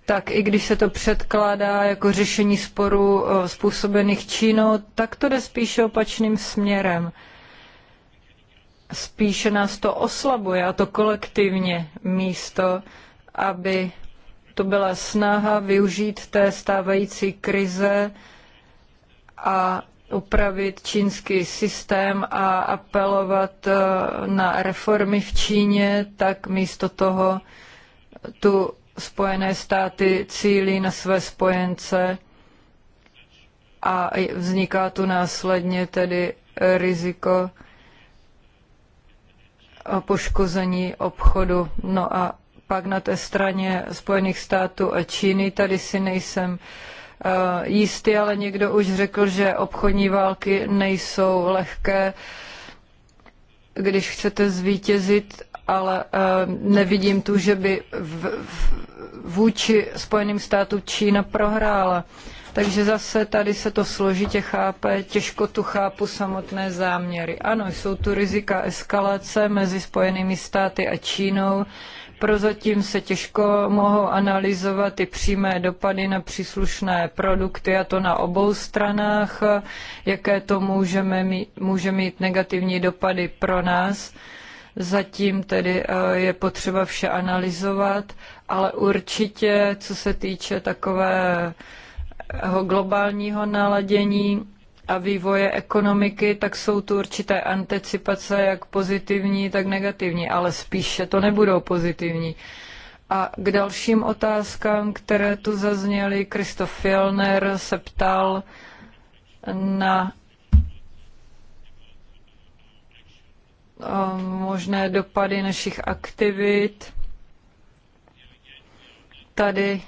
tak i když se to předkládá jako řešení sporů eh, způsobených Čínou, tak to jde spíše opačným směrem. Spíše nás to oslabuje, a to kolektivně, místo, aby to byla snaha využít té stávající krize a upravit čínský systém a apelovat eh, na reformy v Číně, tak místo toho tu Spojené státy cílí na své spojence a vzniká tu následně tedy riziko poškození obchodu. No a pak na té straně Spojených států a Číny, tady si nejsem eh, jistý, ale někdo už řekl, že obchodní války nejsou lehké. Když chcete zvítězit, ale eh, nevidím tu, že by v, vůči Spojeným státům Čína prohrála. Takže zase tady se to složitě chápe, těžko tu chápu samotné záměry. Ano, jsou tu rizika eskalace mezi Spojenými státy a Čínou. Prozatím se těžko mohou analyzovat i přímé dopady na příslušné produkty, a to na obou stranách, jaké to můžeme mít, může mít negativní dopady pro nás Zatím tedy eh, je potřeba vše analyzovat, ale určitě, co se týče takového globálního naladění, a vývoje ekonomiky, tak jsou tu určité anticipace, jak pozitivní, tak negativní, ale spíše to nebudou pozitivní. A k dalším otázkám, které tu zazněly, Kristof Fjellner se ptal na možné dopady našich aktivit. Tady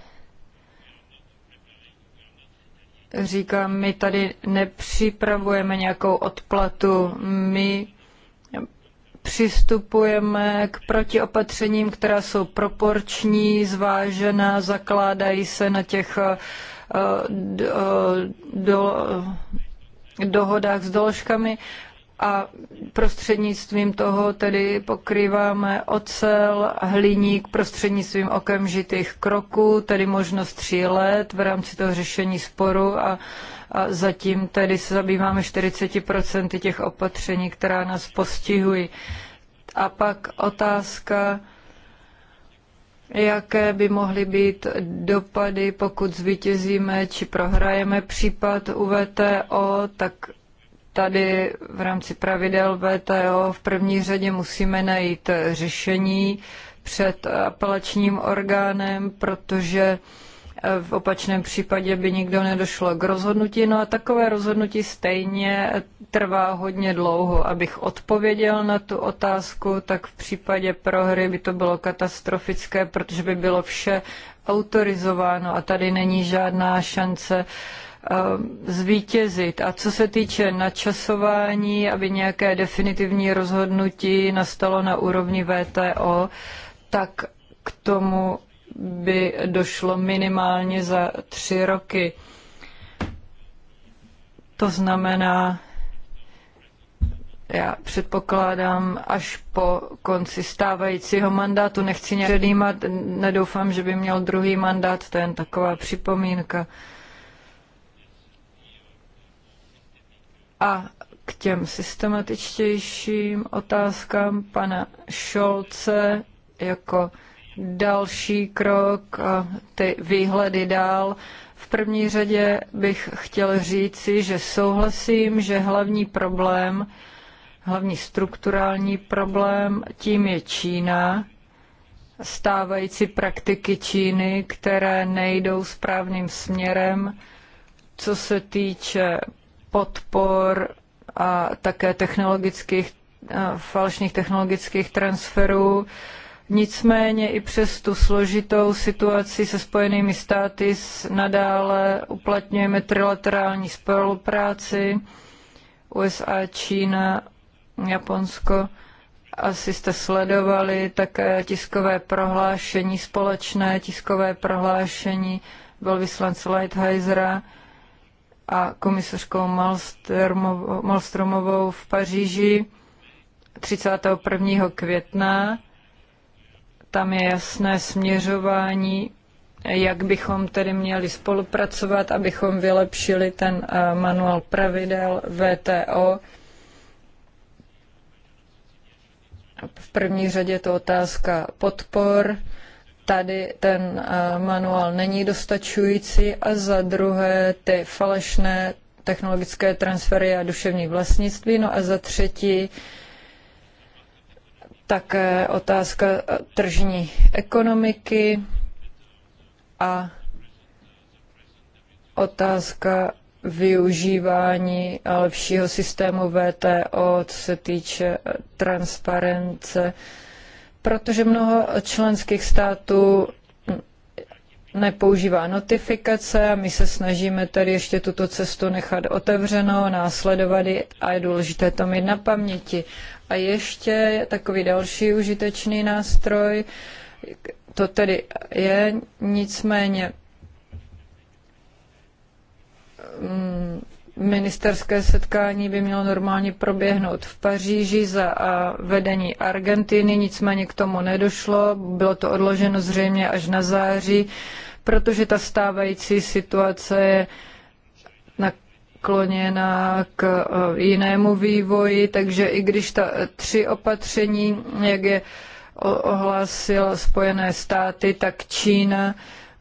říkám, my tady nepřipravujeme nějakou odplatu, my přistupujeme k protiopatřením, která jsou proporční, zvážená, zakládají se na těch eh, eh, do, dohodách s doložkami a prostřednictvím toho tedy pokrýváme ocel, hliník prostřednictvím okamžitých kroků, tedy možnost tří let v rámci toho řešení sporu a, a zatím tedy se zabýváme 40% těch opatření, která nás postihují. A pak otázka, Jaké by mohly být dopady, pokud zvítězíme či prohrajeme případ u VTO, tak tady v rámci pravidel VTO v první řadě musíme najít řešení před apelačním orgánem, protože v opačném případě by nikdo nedošlo k rozhodnutí. No a takové rozhodnutí stejně trvá hodně dlouho. Abych odpověděl na tu otázku, tak v případě prohry by to bylo katastrofické, protože by bylo vše autorizováno a tady není žádná šance eh, zvítězit. A co se týče načasování, aby nějaké definitivní rozhodnutí nastalo na úrovni VTO, tak k tomu by došlo minimálně za tři roky. To znamená, já předpokládám až po konci stávajícího mandátu. Nechci nějak předjímat, nedoufám, že by měl druhý mandát, to je jen taková připomínka. A k těm systematičtějším otázkám pana Šolce jako další krok, a ty výhledy dál. V první řadě bych chtěl říci, že souhlasím, že hlavní problém, Hlavní strukturální problém tím je Čína, stávající praktiky Číny, které nejdou správným směrem, co se týče podpor a také technologických, eh, falešných technologických transferů. Nicméně i přes tu složitou situaci se Spojenými státy nadále uplatňujeme trilaterální spolupráci USA, Čína Japonsko. Asi jste sledovali také tiskové prohlášení, společné tiskové prohlášení velvyslance Lighthizera a komisařkou Malstromovou v Paříži 31. května. Tam je jasné směřování, jak bychom tedy měli spolupracovat, abychom vylepšili ten eh, manuál pravidel VTO V první řadě je to otázka podpor. Tady ten eh, manuál není dostačující a za druhé ty falešné technologické transfery a duševní vlastnictví. No a za třetí také otázka eh, tržní ekonomiky a otázka využívání lepšího systému VTO, co se týče eh, transparence, protože mnoho členských států hm, nepoužívá notifikace a my se snažíme tady ještě tuto cestu nechat otevřenou, následovat a je důležité to mít na paměti. A ještě takový další užitečný nástroj, to tedy je nicméně Mm, ministerské setkání by mělo normálně proběhnout v Paříži za vedení Argentiny, nicméně k tomu nedošlo, bylo to odloženo zřejmě až na září, protože ta stávající situace je nakloněna k e, jinému vývoji, takže i když ta tři opatření, jak je ohlásil Spojené státy, tak Čína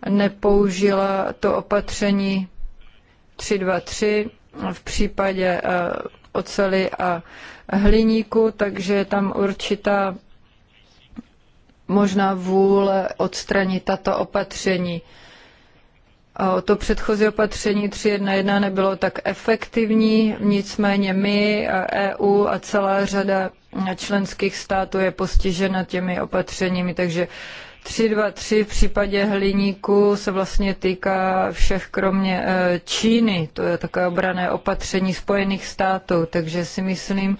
nepoužila to opatření 323 v případě eh, oceli a hliníku, takže je tam určitá možná vůle odstranit tato opatření. to předchozí opatření 3.1.1 nebylo tak efektivní, nicméně my, EU eh, e a celá řada členských států je postižena těmi opatřeními, takže 323 v případě hliníku se vlastně týká všech kromě eh, Číny. To je takové obrané opatření Spojených států, takže si myslím,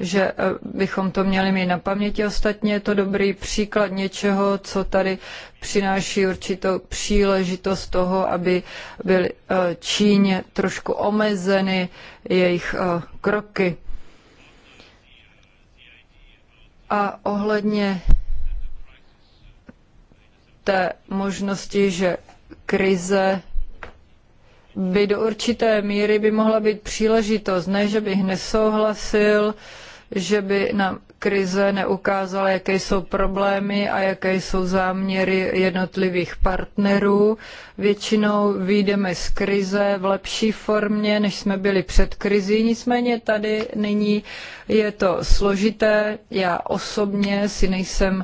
že eh, bychom to měli mít na paměti. Ostatně je to dobrý příklad něčeho, co tady přináší určitou příležitost toho, aby byly eh, Číně trošku omezeny jejich kroky. A ohledně té možnosti, že krize by do určité míry by mohla být příležitost. Ne, že bych nesouhlasil, že by nám krize neukázala, jaké jsou problémy a jaké jsou záměry jednotlivých partnerů. Většinou výjdeme z krize v lepší formě, než jsme byli před krizí, nicméně tady nyní je to složité. Já osobně si nejsem uh,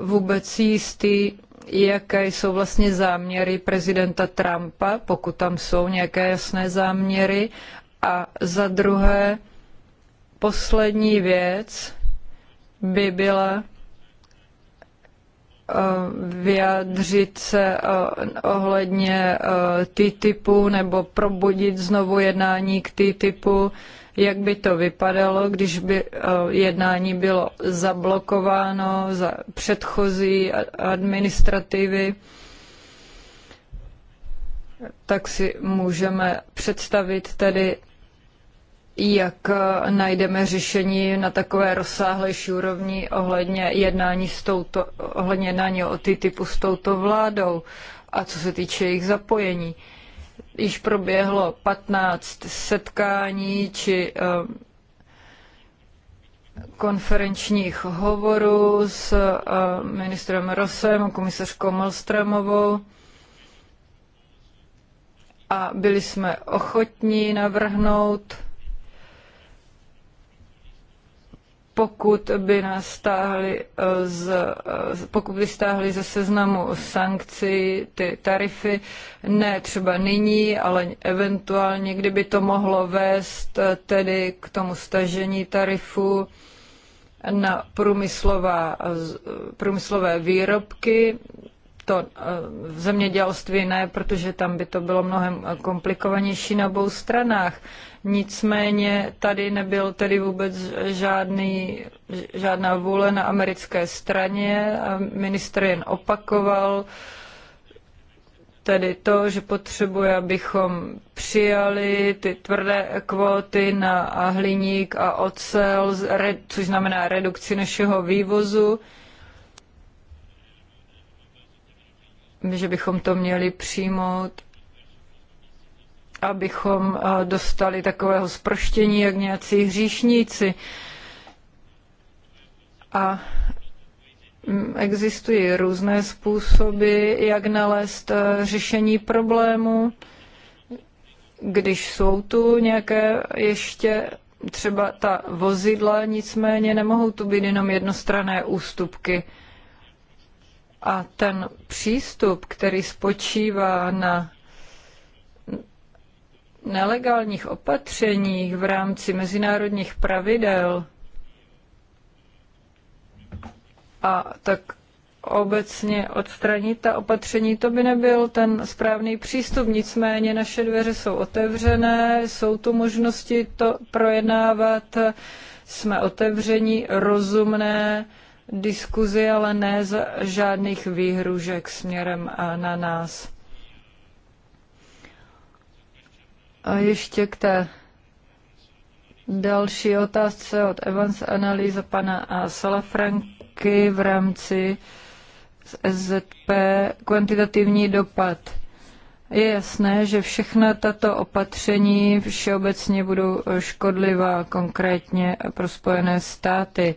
vůbec jistý, jaké jsou vlastně záměry prezidenta Trumpa, pokud tam jsou nějaké jasné záměry. A za druhé, poslední věc by byla eh, vyjádřit se eh, ohledně eh, TTIPu nebo probudit znovu jednání k TTIPu jak by to vypadalo, když by eh, jednání bylo zablokováno za předchozí administrativy tak si můžeme představit tedy, jak eh, najdeme řešení na takové rozsáhlejší úrovni ohledně jednání, s touto, ohledně jednání o ty typu s touto vládou a co se týče jejich zapojení. Uh, již proběhlo 15 setkání či eh, konferenčních hovorů s eh, ministrem Rosem a komisařkou Malstramovou a byli jsme ochotní navrhnout pokud by nás stáhli eh, z, eh, pokud by stáhli ze seznamu sankcí ty tarify, ne třeba nyní, ale eventuálně, kdyby to mohlo vést eh, tedy k tomu stažení tarifu na průmyslová, průmyslové výrobky, to v zemědělství ne, protože tam by to bylo mnohem komplikovanější na obou stranách. Nicméně tady nebyl tedy vůbec žádný, žádná vůle na americké straně a ministr jen opakoval tedy to, že potřebuje, abychom přijali ty tvrdé kvóty na hliník a ocel, což znamená redukci našeho vývozu. že bychom to měli přijmout abychom eh, dostali takového sproštění, jak nějací hříšníci. A mm, existují různé způsoby, jak nalézt eh, řešení problému, když jsou tu nějaké ještě třeba ta vozidla, nicméně nemohou tu být jenom jednostrané ústupky. A ten přístup, který spočívá na nelegálních opatřeních v rámci mezinárodních pravidel a tak obecně odstranit ta opatření, to by nebyl ten správný přístup. Nicméně naše dveře jsou otevřené, jsou tu možnosti to projednávat, jsme otevření, rozumné diskuzi, ale ne z žádných výhružek směrem na nás. A ještě k té další otázce od Evans analýza pana Salafranky v rámci SZP kvantitativní dopad. Je jasné, že všechna tato opatření všeobecně budou škodlivá, konkrétně pro Spojené státy.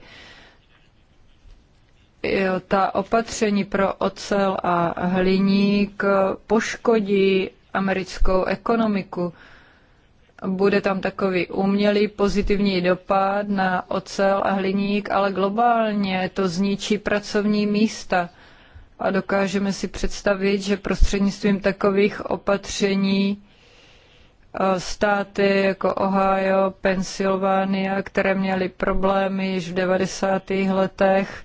Jo, ta opatření pro ocel a hliník poškodí americkou ekonomiku. Bude tam takový umělý pozitivní dopad na ocel a hliník, ale globálně to zničí pracovní místa. A dokážeme si představit, že prostřednictvím takových opatření e, státy jako Ohio, Pensylvánia, které měly problémy již v 90. letech,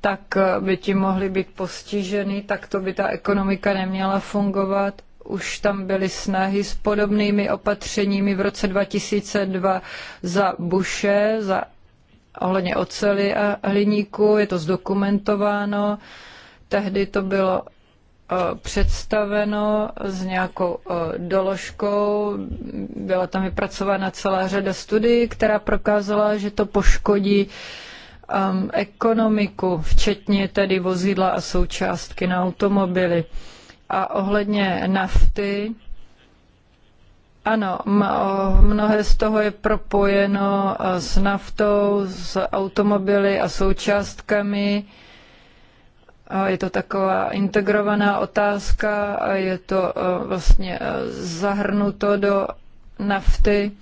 tak by ti mohli být postiženy, tak to by ta ekonomika neměla fungovat už tam byly snahy s podobnými opatřeními v roce 2002 za buše, za ohledně oceli a hliníku, je to zdokumentováno. Tehdy to bylo e, představeno s nějakou e, doložkou. Byla tam vypracována celá řada studií, která prokázala, že to poškodí um, ekonomiku, včetně tedy vozidla a součástky na automobily. A ohledně nafty, ano, mnohé z toho je propojeno e, s naftou, s automobily a součástkami. Je to taková integrovaná otázka a je to e, vlastně e, zahrnuto do nafty.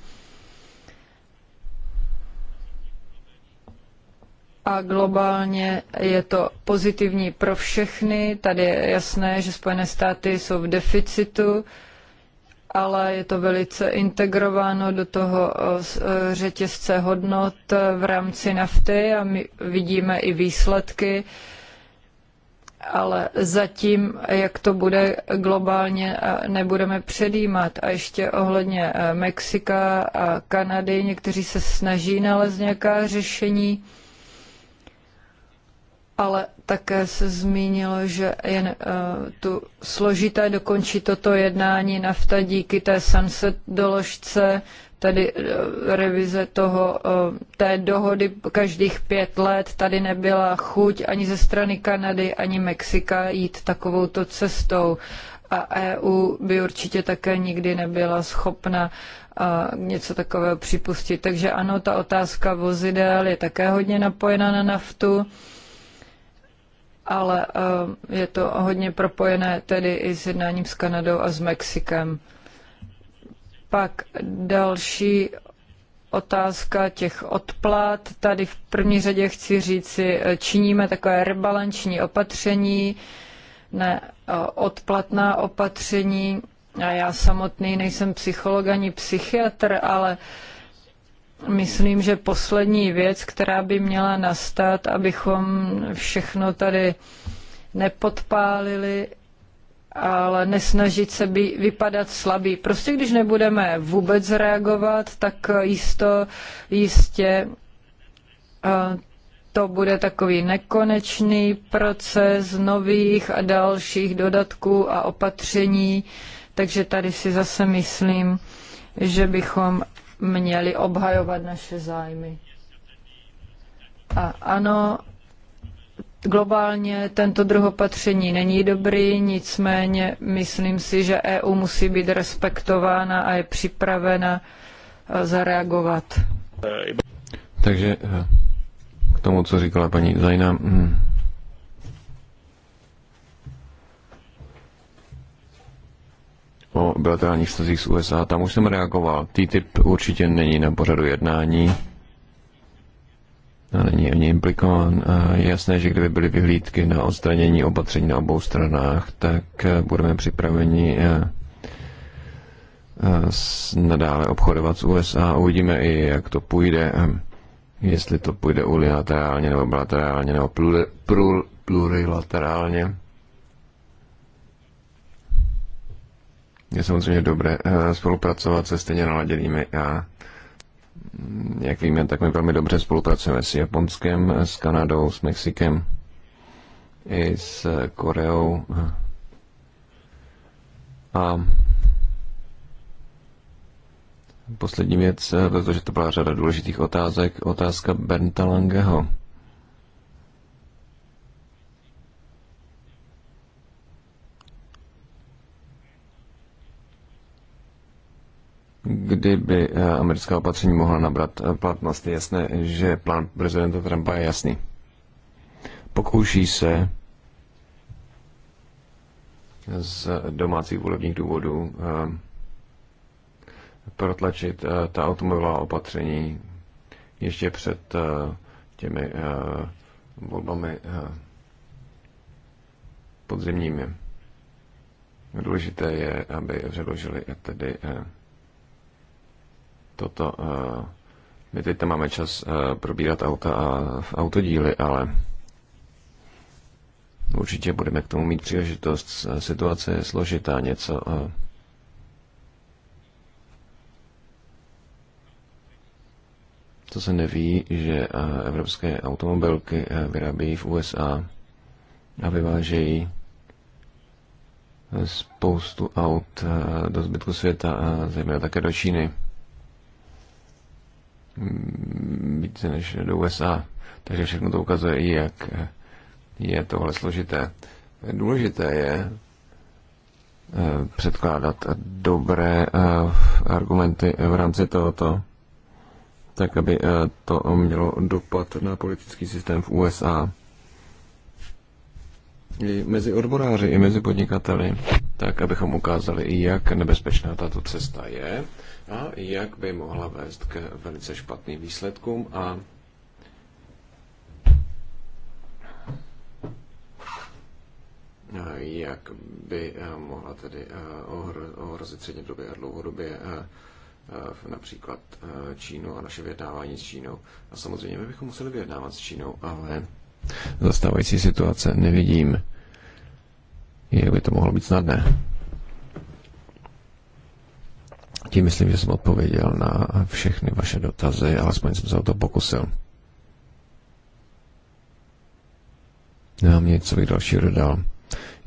a globálně je to pozitivní pro všechny. Tady je jasné, že Spojené státy jsou v deficitu, ale je to velice integrováno do toho e, řetězce hodnot v rámci nafty a my vidíme i výsledky. Ale zatím, jak to bude globálně, e, nebudeme předjímat. A ještě ohledně e, Mexika a Kanady, někteří se snaží nalézt nějaká řešení ale také se zmínilo, že je uh, eh, tu složité dokončit toto jednání nafta díky té sunset doložce, tedy eh, revize toho, eh, té dohody každých pět let. Tady nebyla chuť ani ze strany Kanady, ani Mexika jít takovouto cestou. A EU by určitě také nikdy nebyla schopna něco takového připustit. Takže ano, ta otázka vozidel je také hodně napojena na naftu ale eh, je to hodně propojené tedy i s jednáním s Kanadou a s Mexikem. Pak další otázka těch odplat. Tady v první řadě chci říci, eh, činíme takové rebalanční opatření, ne eh, odplatná opatření. A já samotný nejsem psycholog ani psychiatr, ale uh, myslím, že poslední věc, která by měla nastat, abychom všechno tady nepodpálili, ale nesnažit se by, vypadat slabý. Prostě když nebudeme vůbec reagovat, tak jisto, jistě eh, to bude takový nekonečný proces nových a dalších dodatků a opatření, takže tady si zase myslím, že bychom měli obhajovat naše zájmy. A ano, globálně tento druh opatření není dobrý, nicméně myslím si, že EU musí být respektována a je připravena eh, zareagovat. Takže eh, k tomu, co říkala paní Zajna, mm, o bilaterálních vztazích s USA. Tam už jsem reagoval. TTIP určitě není na pořadu jednání a není ani implikován. A je jasné, že kdyby byly vyhlídky na odstranění opatření na obou stranách, tak eh, budeme připraveni eh, eh, nadále obchodovat s USA. Uvidíme i, jak to půjde, jestli to půjde unilaterálně nebo bilaterálně nebo plurilaterálně. je samozřejmě dobré eh, spolupracovat se stejně naladěnými a mm, jak víme, tak my velmi dobře spolupracujeme s Japonskem, eh, s Kanadou, s Mexikem i s eh, Koreou. A poslední věc, protože to byla řada důležitých otázek, otázka Bernta Langeho. kdyby eh, americká opatření mohla nabrat eh, platnost. Je jasné, že plán prezidenta Trumpa je jasný. Pokouší se z domácích volebních důvodů eh, protlačit ta automobilová opatření ještě před těmi volbami podzimními. Důležité je, aby předložili tedy toto, eh, my teď tam máme čas eh, probírat auta a autodíly, ale určitě budeme k tomu mít příležitost. Eh, situace je složitá, něco To se neví, že evropské automobilky vyrábějí v USA a vyvážejí spoustu aut do zbytku světa, a zejména také do Číny. Mm, více než do USA. Takže všechno to ukazuje, i jak je tohle složité. Důležité je eh, předkládat dobré eh, argumenty v rámci tohoto, tak aby eh, to mělo dopad na politický systém v USA. I mezi odboráři, i mezi podnikateli, tak abychom ukázali, jak nebezpečná tato cesta je a jak by mohla vést k velice špatným výsledkům a jak by eh, mohla tedy eh, ohrozit střednědobě a dlouhodobě eh, například Čínu a naše vyjednávání s Čínou. A samozřejmě my bychom museli vyjednávat s Čínou, ale zastávající situace nevidím, jak by to mohlo být snadné. Tím myslím, že jsem odpověděl na všechny vaše dotazy, alespoň jsem se o to pokusil. Nemám něco bych dalšího dodal.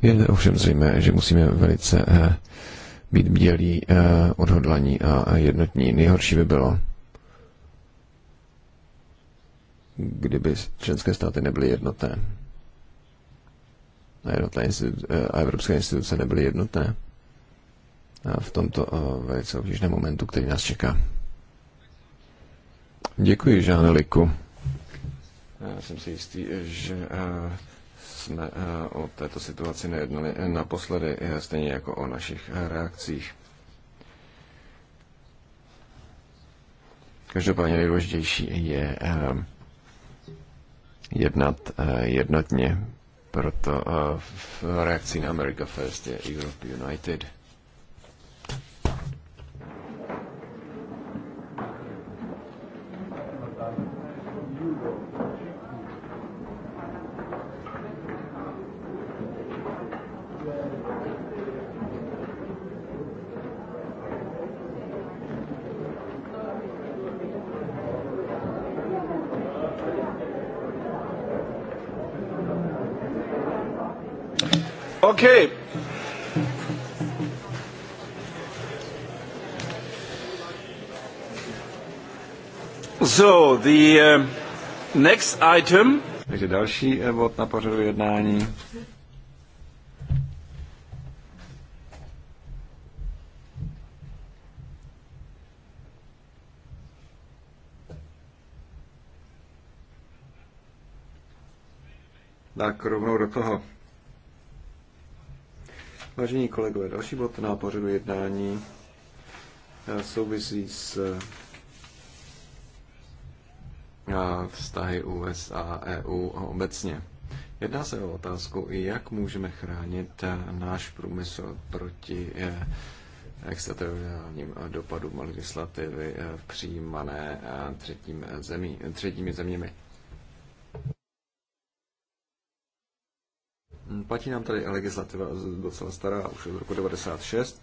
Je ovšem zřejmé, že musíme velice eh, být bdělí, eh, odhodlaní a jednotní. Nejhorší by bylo, kdyby členské státy nebyly jednotné a, jednotné instituce, eh, a evropské instituce nebyly jednotné v tomto eh, velice obtížném momentu, který nás čeká. Děkuji, Žáneliku. Já jsem si jistý, že eh, jsme eh, o této situaci nejednali naposledy, stejně jako o našich reakcích. Každopádně nejdůležitější je jednat jednotně, proto v reakci na America First je Europe United. Okay. So, the uh, next item. Takže další eh, bod na pořadu jednání. Tak rovnou do toho. Vážení kolegové, další bod na pořadu jednání eh, souvisí s eh, vztahy USA a EU obecně. Jedná se o otázku, jak můžeme chránit eh, náš průmysl proti extraterritoriálním dopadům legislativy přijímané třetím zemí, třetími zeměmi. Platí nám tady legislativa eh, docela stará, už od roku 96.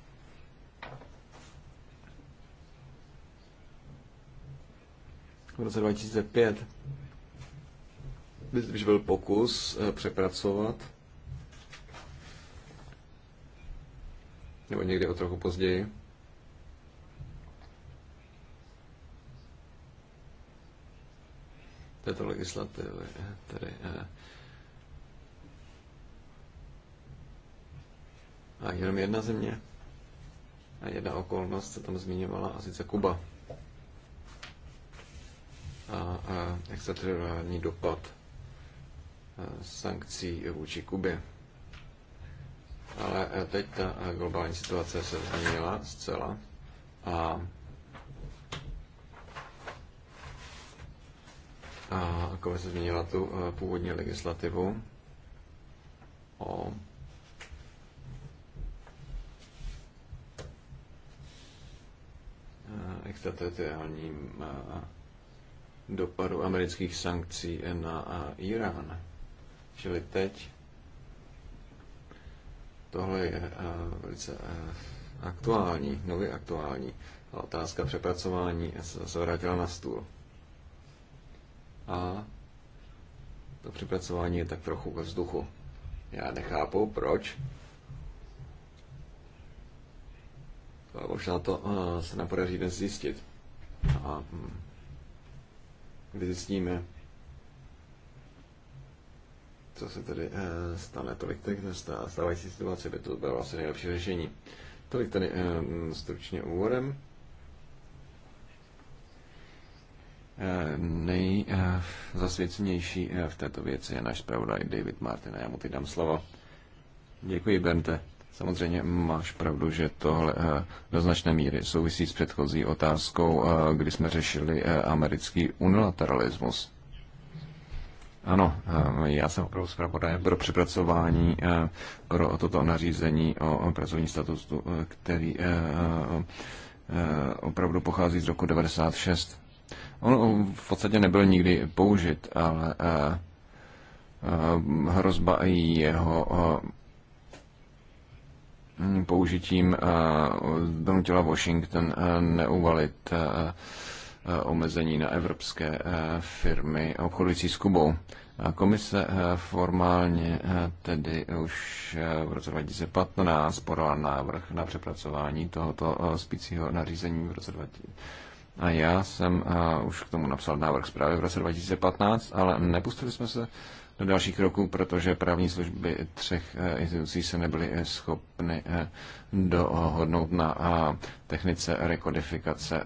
V roce 2005 byl pokus eh, přepracovat, nebo někdy o trochu později, této legislativy, eh, tedy A jenom jedna země a jedna okolnost se tam zmiňovala, a sice Kuba. A, a extraterritoriální dopad e, sankcí vůči Kubě. Ale e, teď ta e, globální situace se změnila zcela a, a se změnila tu původní legislativu o extraterritoriálním eh, dopadu amerických sankcí na eh, Irán. Čili teď tohle je eh, velice aktuální, nově aktuální. A otázka přepracování se vrátila na stůl. A to přepracování je tak trochu ve vzduchu. Já nechápu, proč Možná to eh, se nám podaří dnes zjistit. A vyzjistíme, hm, co se tedy eh, stane. Tolik ta stávající situace by to bylo asi nejlepší řešení. Tolik tedy eh, hm, stručně úvodem. Nejzasvěcenější v této věci je náš zpravodaj David Martin a já mu teď dám slovo. Děkuji, Bente. Samozřejmě máš pravdu, že tohle eh, do značné míry souvisí s předchozí otázkou, eh, kdy jsme řešili eh, americký unilateralismus. Ano, já jsem opravdu zpravodaj pro přepracování pro toto nařízení o pracovní statusu, který opravdu pochází z roku 96. On v podstatě nebyl nikdy použit, ale hrozba jeho použitím eh, donutila Washington eh, neuvalit eh, omezení na evropské firmy obchodující s Kubou. Komise formálně tedy už v roce 2015 podala návrh na přepracování tohoto spícího nařízení v roce 2015. A já jsem už k tomu napsal návrh zprávy v roce 2015, ale nepustili jsme se do dalších kroků, protože právní služby třech eh, institucí se nebyly eh, schopny eh, dohodnout na technice rekodifikace,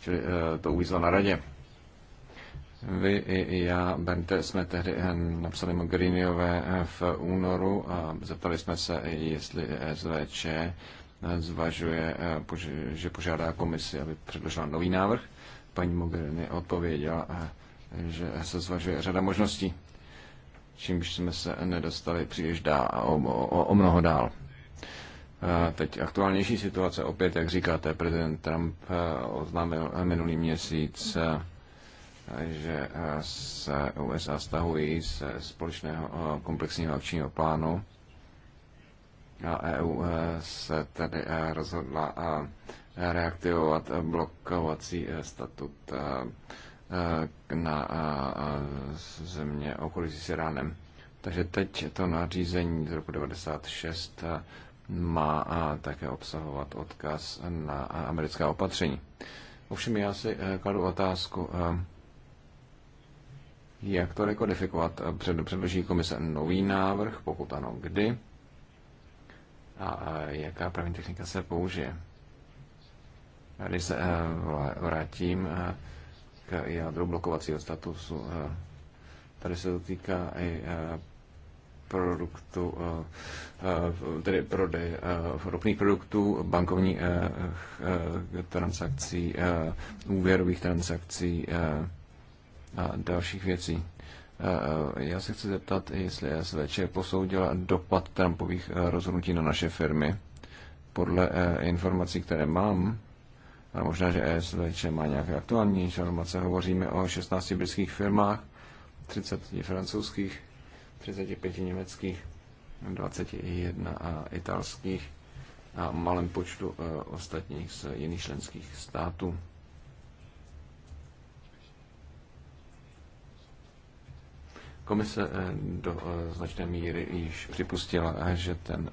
čili to uvízlo na radě. Vy i já, Bente, jsme tehdy napsali Mogheriniové v únoru a zeptali jsme se, jestli SVČ zvažuje, že požádá komisi, aby předložila nový návrh. Paní Mogherini odpověděla, že se zvažuje řada možností čímž jsme se nedostali příliš dál, o, o, o mnoho dál. Teď aktuálnější situace, opět, jak říkáte, prezident Trump eh, oznámil eh, minulý měsíc, eh, že se USA stahují z společného komplexního akčního plánu a EU se tedy rozhodla reaktivovat blokovací statut Eh, na eh, eh, země okolí s Iránem. Takže teď to nařízení z roku 1996 má také obsahovat odkaz na americká opatření. Ovšem já si kladu otázku, jak to rekodifikovat? Předloží komise nový návrh, pokud ano, kdy? A jaká právní technika se použije? Když se vrátím k jádru blokovacího statusu. Eh, tady se to týká i eh, produktu, eh, tedy prodej ropných produktů, bankovních transakcí, úvěrových transakcí a dalších věcí. Já se chci zeptat, jestli SVČ posoudila dopad Trumpových rozhodnutí na naše firmy. Podle informací, které mám, ale možná, že ESVČ má nějaké aktuální informace. Hovoříme o 16 britských firmách, 30 francouzských, 35 německých, 21 italských a malém počtu eh, ostatních z jiných členských států. Komise eh, do eh, značné míry již připustila, že ten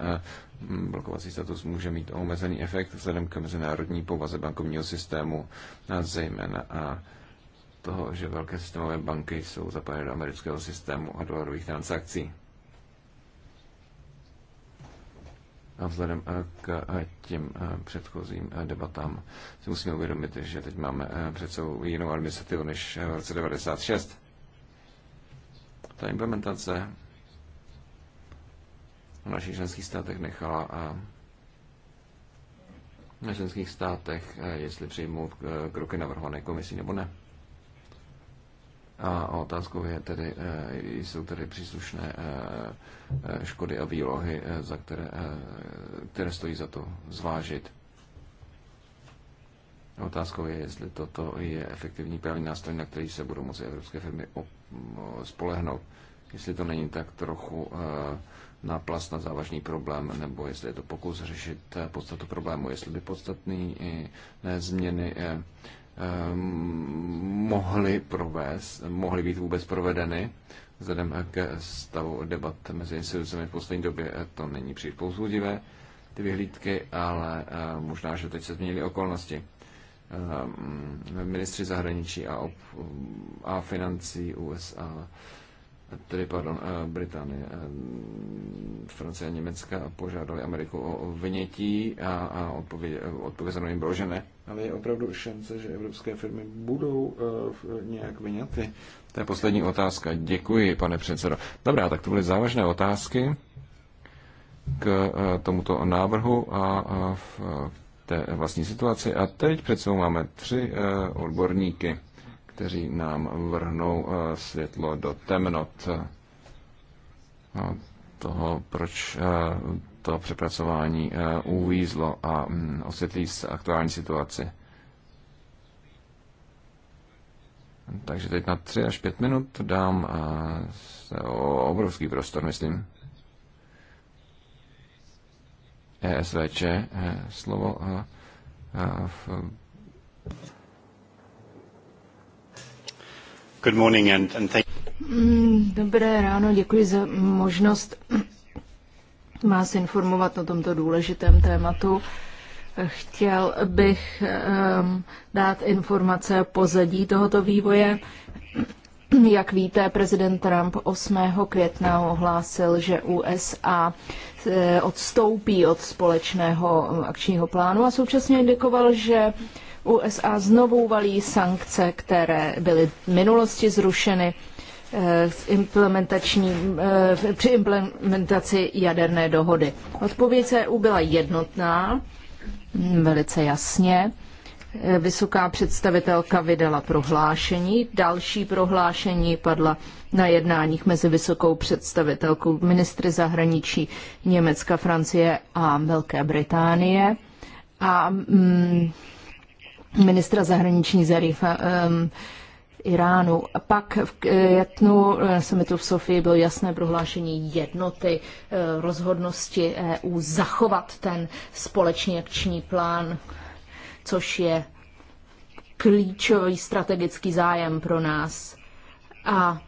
blokovací status může mít omezený efekt vzhledem k mezinárodní povaze bankovního systému, a zejména a toho, že velké systémové banky jsou zapojeny do amerického systému a dolarových transakcí. A vzhledem k těm předchozím debatám si musíme uvědomit, že teď máme před sebou jinou administrativu než v roce 96. Ta implementace v našich členských státech nechala a na členských státech, jestli přijmout e, kroky navrhované komisí nebo ne. A otázkou je tedy, e, jsou tedy příslušné e, škody a výlohy, za které, které stojí za to zvážit. Otázkou je, jestli toto je efektivní právní nástroj, na který se budou moci evropské firmy spolehnout. Jestli to není tak trochu náplast na závažný problém, nebo jestli je to pokus řešit podstatu problému, jestli by podstatný eh, eh, změny eh, mohly provést, mohly být vůbec provedeny. Vzhledem k stavu debat mezi institucemi v poslední době to není příliš pouzbudivé, ty vyhlídky, ale možná, že teď se změnily okolnosti. Mm, ministři zahraničí a, ob, a financí USA tedy pardon, eh, Británie, eh, Francie a Německa požádali Ameriku o vynětí a, a odpověd, eh, odpovězeno jim bylo, že ne. Ale je opravdu šance, že evropské firmy budou uh, nějak vyňaty? To je poslední otázka. Děkuji, pane předsedo. Dobrá, tak to byly závažné otázky k tomuto návrhu a v té vlastní situaci. A teď před sebou máme tři odborníky kteří nám vrhnou eh, světlo do temnot toho, proč eh, to přepracování eh, uvízlo a mm, osvětlí se aktuální situaci. Takže teď na 3 až 5 minut dám o obrovský prostor, myslím. ESVČ slovo. A, a v, Good morning and, and thank mm, Dobré ráno, děkuji za možnost vás informovat o tomto důležitém tématu. Chtěl bych um, dát informace o pozadí tohoto vývoje. Jak víte, prezident Trump 8. května ohlásil, že USA e, odstoupí od společného akčního plánu a současně indikoval, že uh, USA znovu valí sankce, které byly v minulosti zrušeny eh, v implementační, eh, při implementaci jaderné dohody. Odpověď EU byla jednotná, velice jasně. Eh, vysoká představitelka vydala prohlášení, další prohlášení padla na jednáních mezi vysokou představitelkou ministry zahraničí Německa, Francie a Velké Británie. A mm, ministra zahraniční Zarifa um, Iránu. A pak v květnu eh, eh, summitu v Sofii bylo jasné prohlášení jednoty, eh, rozhodnosti EU zachovat ten společný akční plán, což je klíčový strategický zájem pro nás a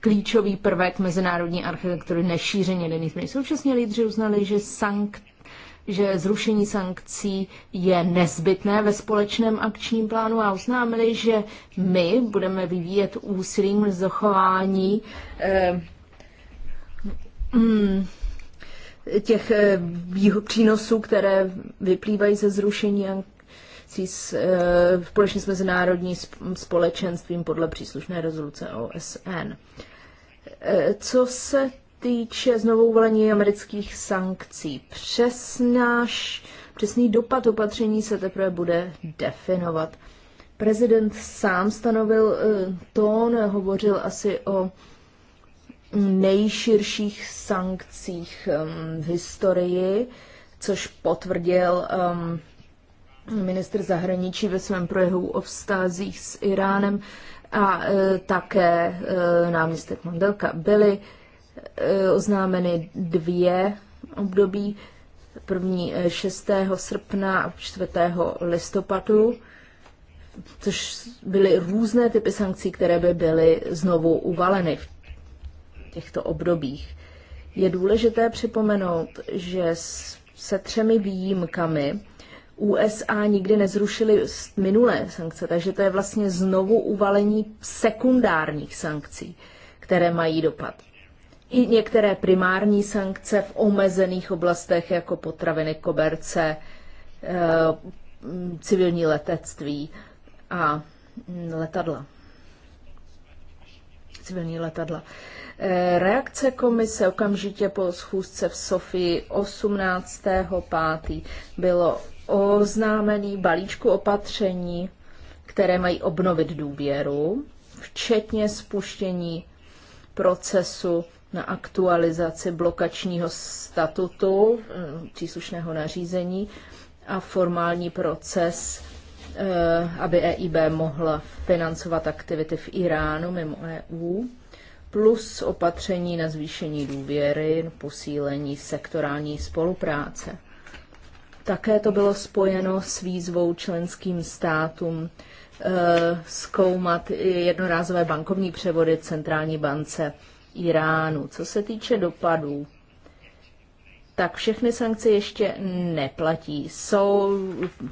klíčový prvek mezinárodní architektury nešíření jaderných Současně lídři uznali, že sankt že zrušení sankcí je nezbytné ve společném akčním plánu a oznámili, že my budeme vyvíjet úsilím zachování eh, mm, těch eh, přínosů, které vyplývají ze zrušení sankcí eh, společně s mezinárodním společenstvím podle příslušné rezoluce OSN. Eh, co se týče znovu amerických sankcí, přesnáš, přesný dopad opatření se teprve bude definovat. Prezident sám stanovil eh, tón, hovořil asi o nejširších sankcích v historii, což potvrdil ministr zahraničí ve svém projehu o vztazích s Iránem a eh, také eh, náměstek Mandelka byli Eh, oznámeny dvě období, první 6. Eh, srpna a 4. listopadu, což byly různé typy sankcí, které by byly znovu uvaleny v těchto obdobích. Je důležité připomenout, že se třemi výjimkami USA nikdy nezrušily minulé sankce, takže to je vlastně znovu uvalení sekundárních sankcí, které mají dopad i některé primární sankce v omezených oblastech jako potraviny, koberce, eh, civilní letectví a mm, letadla. Civilní letadla. Eh, reakce komise okamžitě po schůzce v Sofii 18.5. bylo oznámený balíčku opatření, které mají obnovit důvěru, včetně spuštění procesu na aktualizaci blokačního statutu eh, příslušného nařízení a formální proces, eh, aby EIB mohla financovat aktivity v Iránu mimo EU, plus opatření na zvýšení důvěry, posílení sektorální spolupráce. Také to bylo spojeno s výzvou členským státům eh, zkoumat jednorázové bankovní převody centrální bance Iránu. Co se týče dopadů, tak všechny sankce ještě neplatí. Jsou,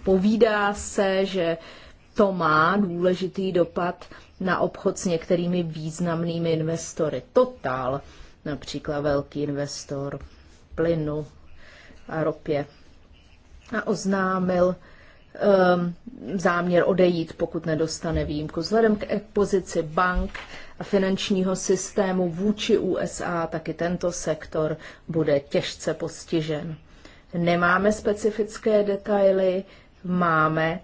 povídá se, že to má důležitý dopad na obchod s některými významnými investory. Total, například velký investor plynu a ropě. A oznámil, Um, záměr odejít, pokud nedostane výjimku. Vzhledem k pozici bank a finančního systému vůči USA, taky tento sektor bude těžce postižen. Nemáme specifické detaily, máme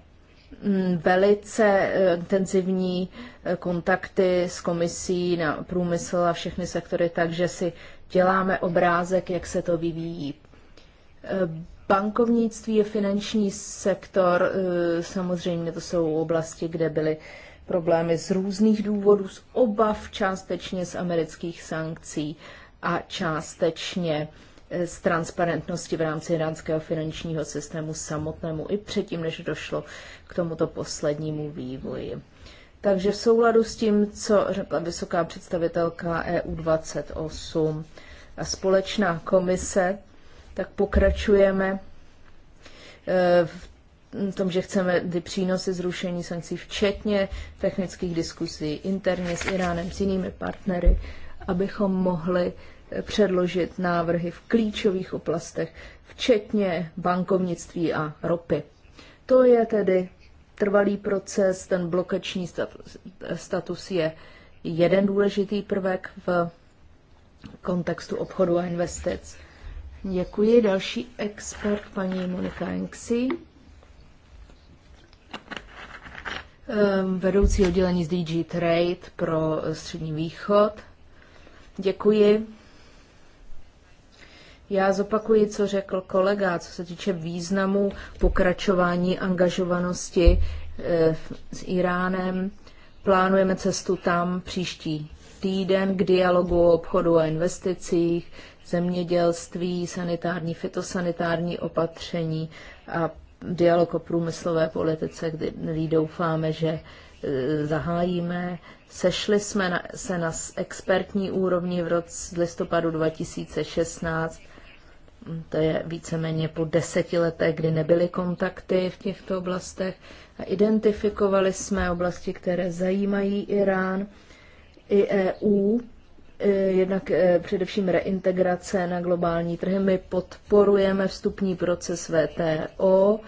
mm, velice eh, intenzivní eh, kontakty s komisí na průmysl a všechny sektory, takže si děláme obrázek, jak se to vyvíjí. Eh, Bankovnictví a finanční sektor, eh, samozřejmě to jsou oblasti, kde byly problémy z různých důvodů, z obav částečně z amerických sankcí a částečně eh, z transparentnosti v rámci iránského finančního systému samotnému i předtím, než došlo k tomuto poslednímu vývoji. Takže v souladu s tím, co řekla vysoká představitelka EU28 a společná komise, tak pokračujeme eh, v tom, že chceme ty přínosy zrušení sankcí, včetně technických diskusí interně s Iránem, s jinými partnery, abychom mohli eh, předložit návrhy v klíčových oblastech, včetně bankovnictví a ropy. To je tedy trvalý proces, ten blokační status je jeden důležitý prvek v kontextu obchodu a investic. Děkuji. Další expert paní Monika Enksi, ehm, vedoucí oddělení z DG Trade pro Střední východ. Děkuji. Já zopakuji, co řekl kolega, co se týče významu pokračování angažovanosti eh, s Iránem. Plánujeme cestu tam příští týden k dialogu o obchodu a investicích zemědělství, sanitární, fitosanitární opatření a dialog o průmyslové politice, kdy doufáme, že e, zahájíme. Sešli jsme na, se na expertní úrovni v roce listopadu 2016. To je víceméně po deseti letech, kdy nebyly kontakty v těchto oblastech. A identifikovali jsme oblasti, které zajímají Irán i EU Eh, jednak eh, především reintegrace na globální trhy. My podporujeme vstupní proces VTO,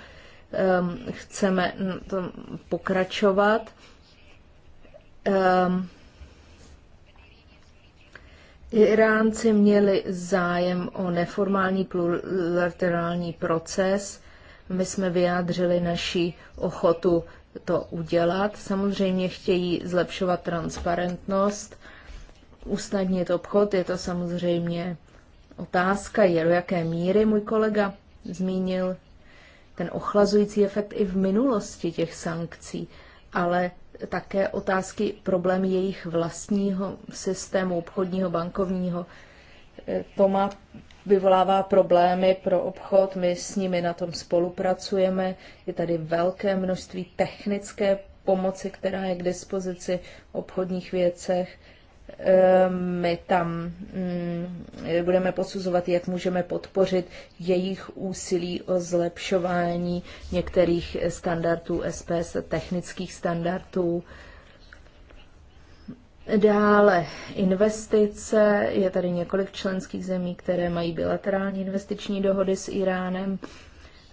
ehm, chceme to pokračovat. Ehm, Iránci měli zájem o neformální plurilaterální proces. My jsme vyjádřili naší ochotu to udělat. Samozřejmě chtějí zlepšovat transparentnost usnadnit obchod, je to samozřejmě otázka, je do jaké míry můj kolega zmínil ten ochlazující efekt i v minulosti těch sankcí, ale také otázky problém jejich vlastního systému obchodního, bankovního. E, to má, vyvolává problémy pro obchod, my s nimi na tom spolupracujeme, je tady velké množství technické pomoci, která je k dispozici v obchodních věcech Eh, my tam mm, budeme posuzovat, jak můžeme podpořit jejich úsilí o zlepšování některých standardů SPS, technických standardů. Dále investice. Je tady několik členských zemí, které mají bilaterální investiční dohody s Iránem.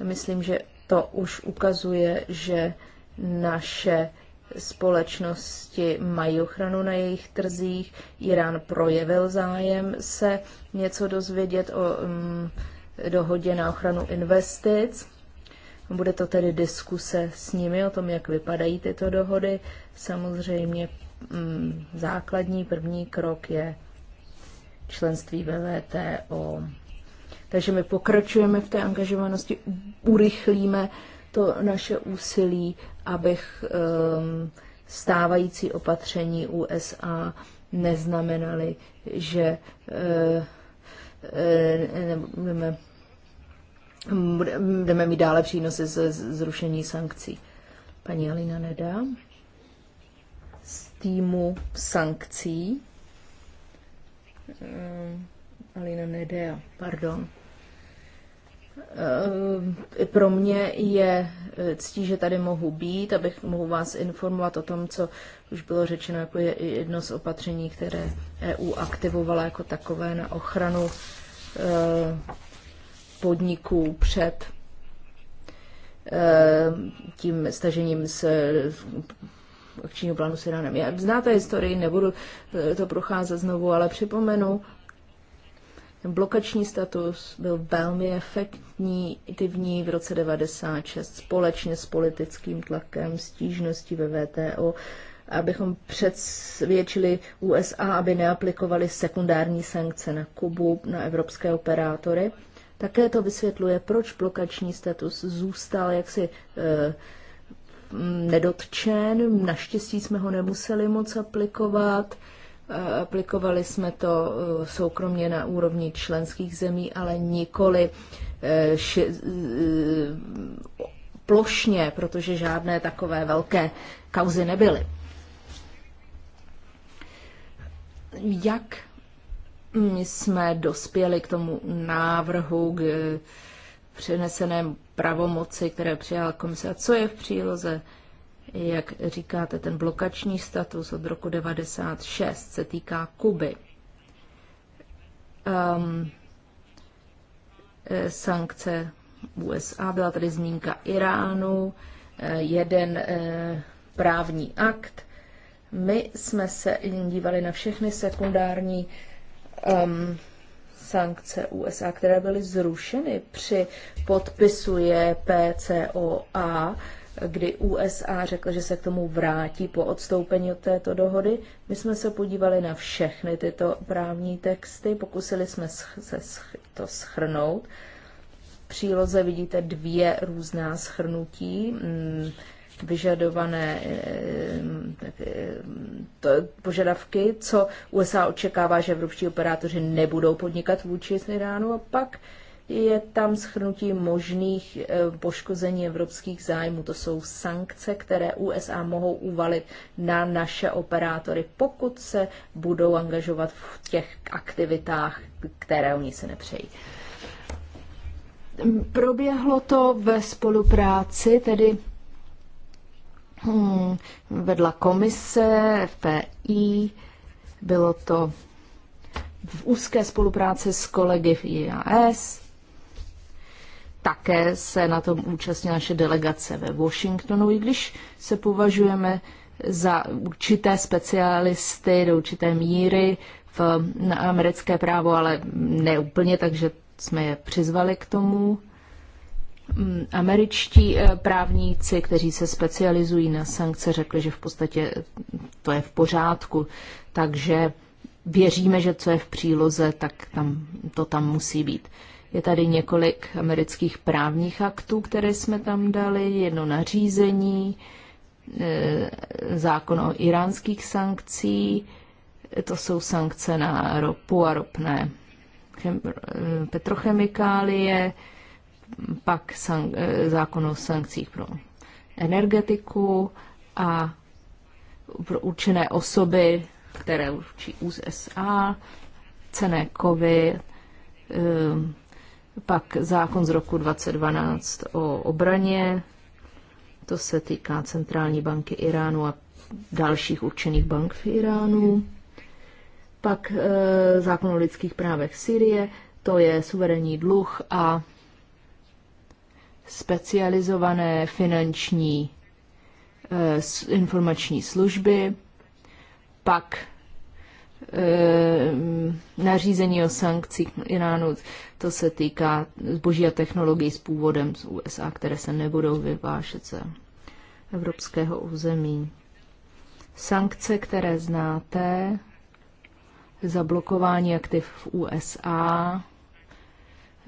Myslím, že to už ukazuje, že naše společnosti mají ochranu na jejich trzích. Irán projevil zájem se něco dozvědět o um, dohodě na ochranu investic. Bude to tedy diskuse s nimi o tom, jak vypadají tyto dohody. Samozřejmě um, základní první krok je členství ve VTO. Takže my pokračujeme v té angažovanosti, urychlíme to naše úsilí abych ehm, stávající opatření USA neznamenaly, že eh, eh, budeme, budeme mít dále přínosy ze zrušení sankcí. Paní Alina Nedá z týmu sankcí. Ehm, Alina Nedea, pardon. Eh, pro mě je eh, ctí, že tady mohu být, abych mohu vás informovat o tom, co už bylo řečeno jako je jedno z opatření, které EU aktivovala jako takové na ochranu eh, podniků před tím stažením s akčního plánu s Iránem. Já znáte historii, nebudu to procházet znovu, ale připomenu, ten blokační status byl velmi efektní, efektivní v roce 96 společně s politickým tlakem, stížností ve VTO, abychom předsvědčili USA, aby neaplikovali sekundární sankce na Kubu, na evropské operátory. Také to vysvětluje, proč blokační status zůstal jaksi eh, nedotčen. Naštěstí jsme ho nemuseli moc aplikovat. Aplikovali jsme to eh, soukromně na úrovni členských zemí, ale nikoli eh, eh, plošně, protože žádné takové velké kauzy nebyly. Jak jsme dospěli k tomu návrhu k přeneseném pravomoci, které přijala komise a co je v příloze jak říkáte, ten blokační status od roku 96 se týká Kuby. Um, sankce USA, byla tady zmínka Iránu, e, jeden e, právní akt. My jsme se dívali na všechny sekundární um, sankce USA, které byly zrušeny při podpisu JPCOA kdy USA řekl, že se k tomu vrátí po odstoupení od této dohody. My jsme se podívali na všechny tyto právní texty, pokusili jsme se to schrnout. V příloze vidíte dvě různá schrnutí mm, vyžadované eh, to, požadavky, co USA očekává, že evropští operátoři nebudou podnikat vůči Iránu a pak je tam schrnutí možných eh, poškození evropských zájmů. To jsou sankce, které USA mohou uvalit na naše operátory, pokud se budou angažovat v těch aktivitách, které oni si nepřejí. Proběhlo to ve spolupráci, tedy hmm, vedla komise, FI, bylo to v úzké spolupráci s kolegy v IAS, také se na tom účastní naše delegace ve Washingtonu, i když se považujeme za určité specialisty do určité míry v, na americké právo, ale ne úplně, takže jsme je přizvali k tomu. Mm, američtí eh, právníci, kteří se specializují na sankce, řekli, že v podstatě to je v pořádku, takže věříme, že co je v příloze, tak tam, to tam musí být. Je tady několik amerických právních aktů, které jsme tam dali, jedno nařízení, e, zákon o iránských sankcí, to jsou sankce na ropu a ropné e, petrochemikálie, pak e, zákon o sankcích pro energetiku a pro určené osoby, které určí USA, cené kovy, pak zákon z roku 2012 o obraně, to se týká Centrální banky Iránu a dalších určených bank v Iránu. Pak e, zákon o lidských právech Syrie, to je suverénní dluh a specializované finanční e, informační služby. Pak Eh, nařízení o sankcích Iránu, to se týká zboží a technologií s původem z USA, které se nebudou vyvážet ze evropského území. Sankce, které znáte, zablokování aktiv v USA,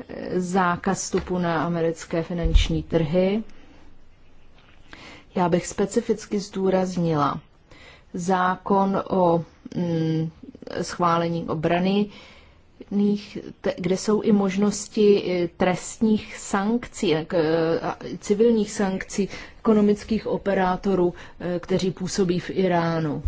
eh, zákaz vstupu na americké finanční trhy. Já bych specificky zdůraznila zákon o mm, schválení obrany, kde jsou i možnosti eh, trestních sankcí, eh, eh, civilních sankcí ekonomických operátorů, kteří působí v Iránu.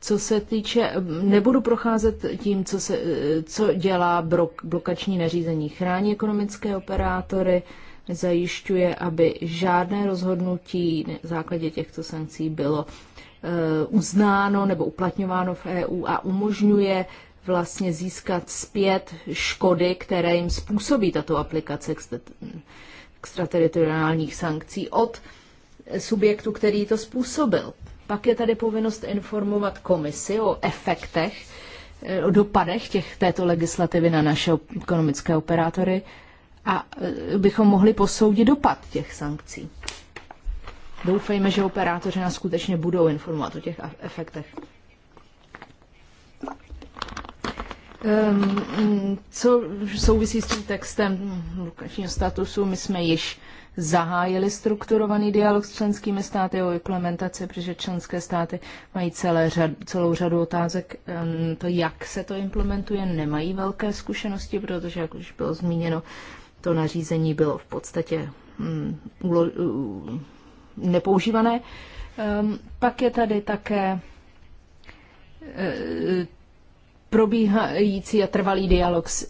Co se týče, nebudu procházet tím, co, se, co dělá blokační nařízení. Chrání ekonomické operátory, zajišťuje, aby žádné rozhodnutí na základě těchto sankcí bylo Eh, uznáno nebo uplatňováno v EU a umožňuje vlastně získat zpět škody, které jim způsobí tato aplikace extrateritoriálních sankcí od subjektu, který to způsobil. Pak je tady povinnost informovat komisi o efektech, eh, o dopadech těch, této legislativy na naše ekonomické operátory a eh, bychom mohli posoudit dopad těch sankcí doufejme, že operátoři nás skutečně budou informovat o těch efektech. Ehm, co souvisí s tím textem blokačního statusu, my jsme již zahájili strukturovaný dialog s členskými státy o implementaci, protože členské státy mají celé řad, celou řadu otázek. Ehm, to, jak se to implementuje, nemají velké zkušenosti, protože, jak už bylo zmíněno, to nařízení bylo v podstatě um, nepoužívané. Ehm, pak je tady také e, probíhající a trvalý dialog s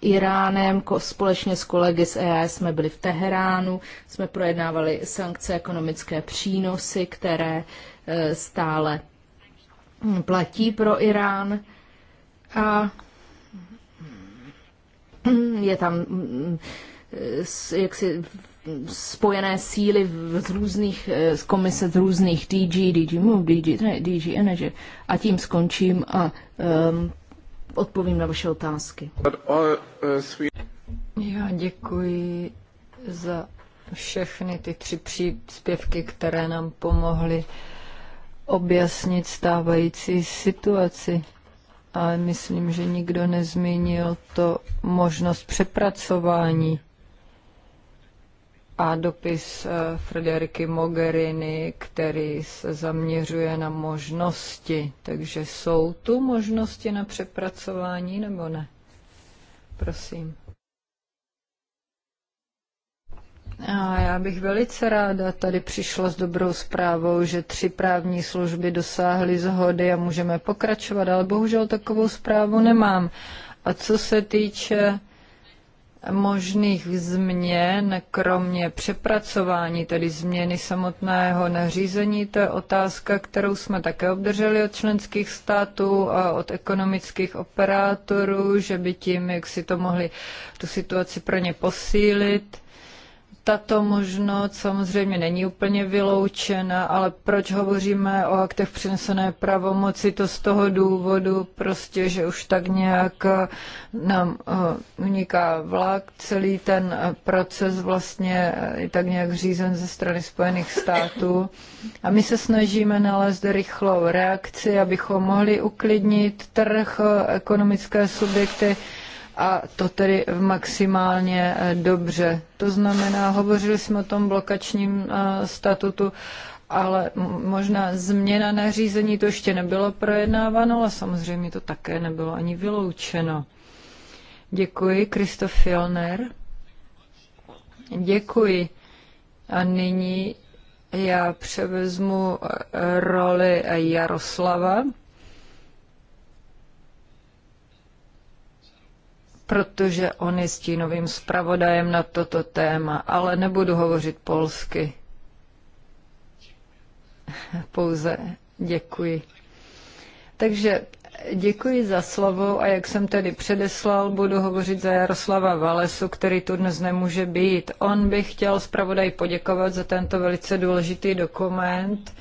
Iránem. Společně s kolegy z EA jsme byli v Teheránu, jsme projednávali sankce, ekonomické přínosy, které e, stále hm, platí pro Irán. A hm, je tam hm, jaksi spojené síly z různých eh, z komise, z různých DG, DG Move, DG, ne, DG Energy. A tím skončím a um, odpovím na vaše otázky. Uh, uh, Já děkuji za všechny ty tři příspěvky, které nám pomohly objasnit stávající situaci. Ale myslím, že nikdo nezmínil to možnost přepracování a dopis eh, Frederiky Mogherini, který se zaměřuje na možnosti. Takže jsou tu možnosti na přepracování nebo ne? Prosím. A já bych velice ráda tady přišla s dobrou zprávou, že tři právní služby dosáhly zhody a můžeme pokračovat, ale bohužel takovou zprávu nemám. A co se týče možných změn, kromě přepracování, tedy změny samotného nařízení, to je otázka, kterou jsme také obdrželi od členských států a od ekonomických operátorů, že by tím, jak si to mohli tu situaci pro ně posílit, tato možnost samozřejmě není úplně vyloučena, ale proč hovoříme o aktech přinesené pravomoci, to z toho důvodu prostě, že už tak nějak eh, nám eh, uniká vlak, celý ten eh, proces vlastně je tak nějak řízen ze strany Spojených států. A my se snažíme nalézt rychlou reakci, abychom mohli uklidnit trh, ekonomické subjekty, a to tedy maximálně eh, dobře. To znamená, hovořili jsme o tom blokačním eh, statutu, ale možná změna nařízení to ještě nebylo projednáváno, ale samozřejmě to také nebylo ani vyloučeno. Děkuji, Kristof Filner. Děkuji. A nyní já převezmu eh, roli Jaroslava protože on je stínovým zpravodajem na toto téma, ale nebudu hovořit polsky. Pouze děkuji. Takže Děkuji za slovo a jak jsem tedy předeslal, budu hovořit za Jaroslava Valesu, který tu dnes nemůže být. On by chtěl zpravodaj poděkovat za tento velice důležitý dokument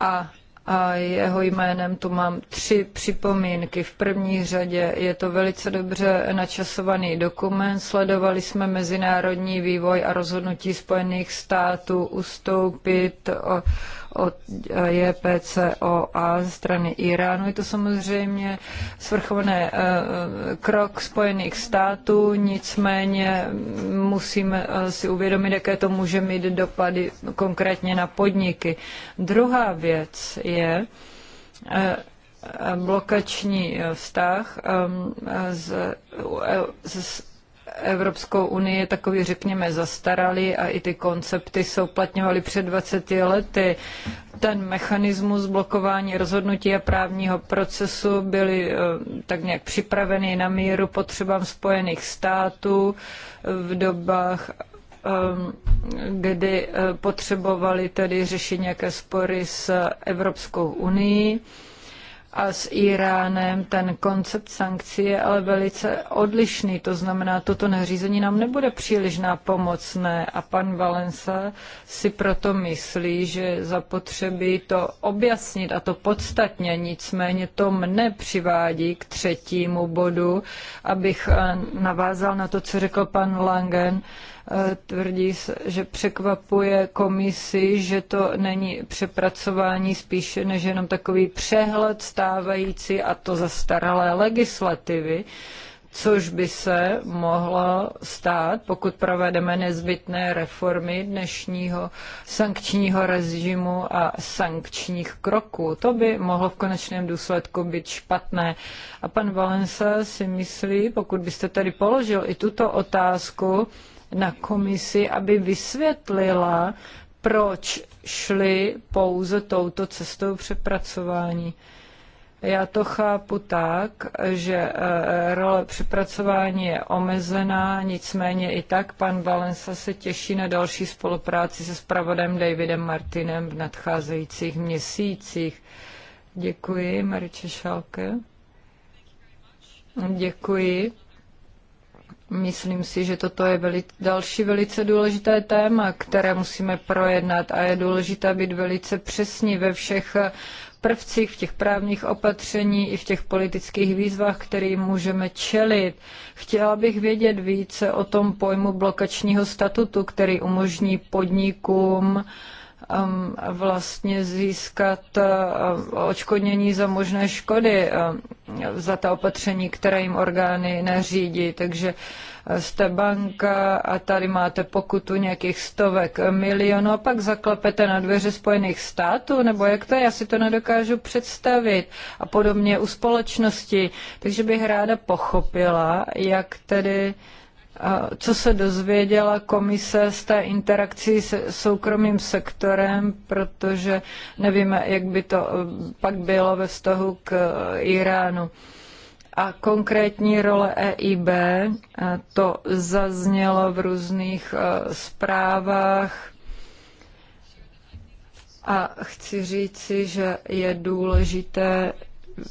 a a jeho jménem tu mám tři připomínky. V první řadě je to velice dobře načasovaný dokument. Sledovali jsme mezinárodní vývoj a rozhodnutí Spojených států ustoupit od eh, JPCO a ze strany Iránu. Je to samozřejmě svrchovaný eh, eh, krok Spojených států, nicméně musíme si uvědomit, jaké to může mít dopady konkrétně na podniky. Druhá věc je, blokační vztah z Evropskou unii je takový, řekněme, zastaralý a i ty koncepty se uplatňovaly před 20 lety. Ten mechanismus blokování rozhodnutí a právního procesu byly eh, tak nějak připraveny na míru potřebám Spojených států v dobách ehm, kdy eh, potřebovali tedy řešit nějaké spory s Evropskou unii a s Iránem ten koncept sankcí je ale velice odlišný. To znamená, toto nařízení nám nebude příliš nápomocné a pan Valence si proto myslí, že zapotřebí to objasnit a to podstatně. Nicméně to mne přivádí k třetímu bodu, abych eh, navázal na to, co řekl pan Langen Eh, tvrdí, že překvapuje komisi, že to není přepracování spíše než jenom takový přehled stávající a to zastaralé legislativy což by se mohlo stát, pokud provedeme nezbytné reformy dnešního sankčního režimu a sankčních kroků. To by mohlo v konečném důsledku být špatné. A pan Valensa si myslí, pokud byste tady položil i tuto otázku, na komisi, aby vysvětlila, proč šli pouze touto cestou přepracování. Já to chápu tak, že eh, role přepracování je omezená, nicméně i tak pan Valensa se těší na další spolupráci se spravodem Davidem Martinem v nadcházejících měsících. Děkuji, Mariče Šalke. Děkuji. Myslím si, že toto je veli- další velice důležité téma, které musíme projednat a je důležité být velice přesní ve všech prvcích, v těch právních opatření i v těch politických výzvách, kterým můžeme čelit. Chtěla bych vědět více o tom pojmu blokačního statutu, který umožní podnikům uh, Um, vlastně získat um, očkodnění za možné škody, um, za ta opatření, které jim orgány neřídí. Takže jste eh, banka a tady máte pokutu nějakých stovek milionů a pak zaklepete na dveře Spojených států, nebo jak to je, já si to nedokážu představit a podobně u společnosti. Takže bych ráda pochopila, jak tedy co se dozvěděla komise z té interakcí se soukromým sektorem, protože nevíme, jak by to eh, pak bylo ve vztahu k eh, Iránu. A konkrétní role EIB, to zaznělo v různých eh, zprávách. A chci říci, že je důležité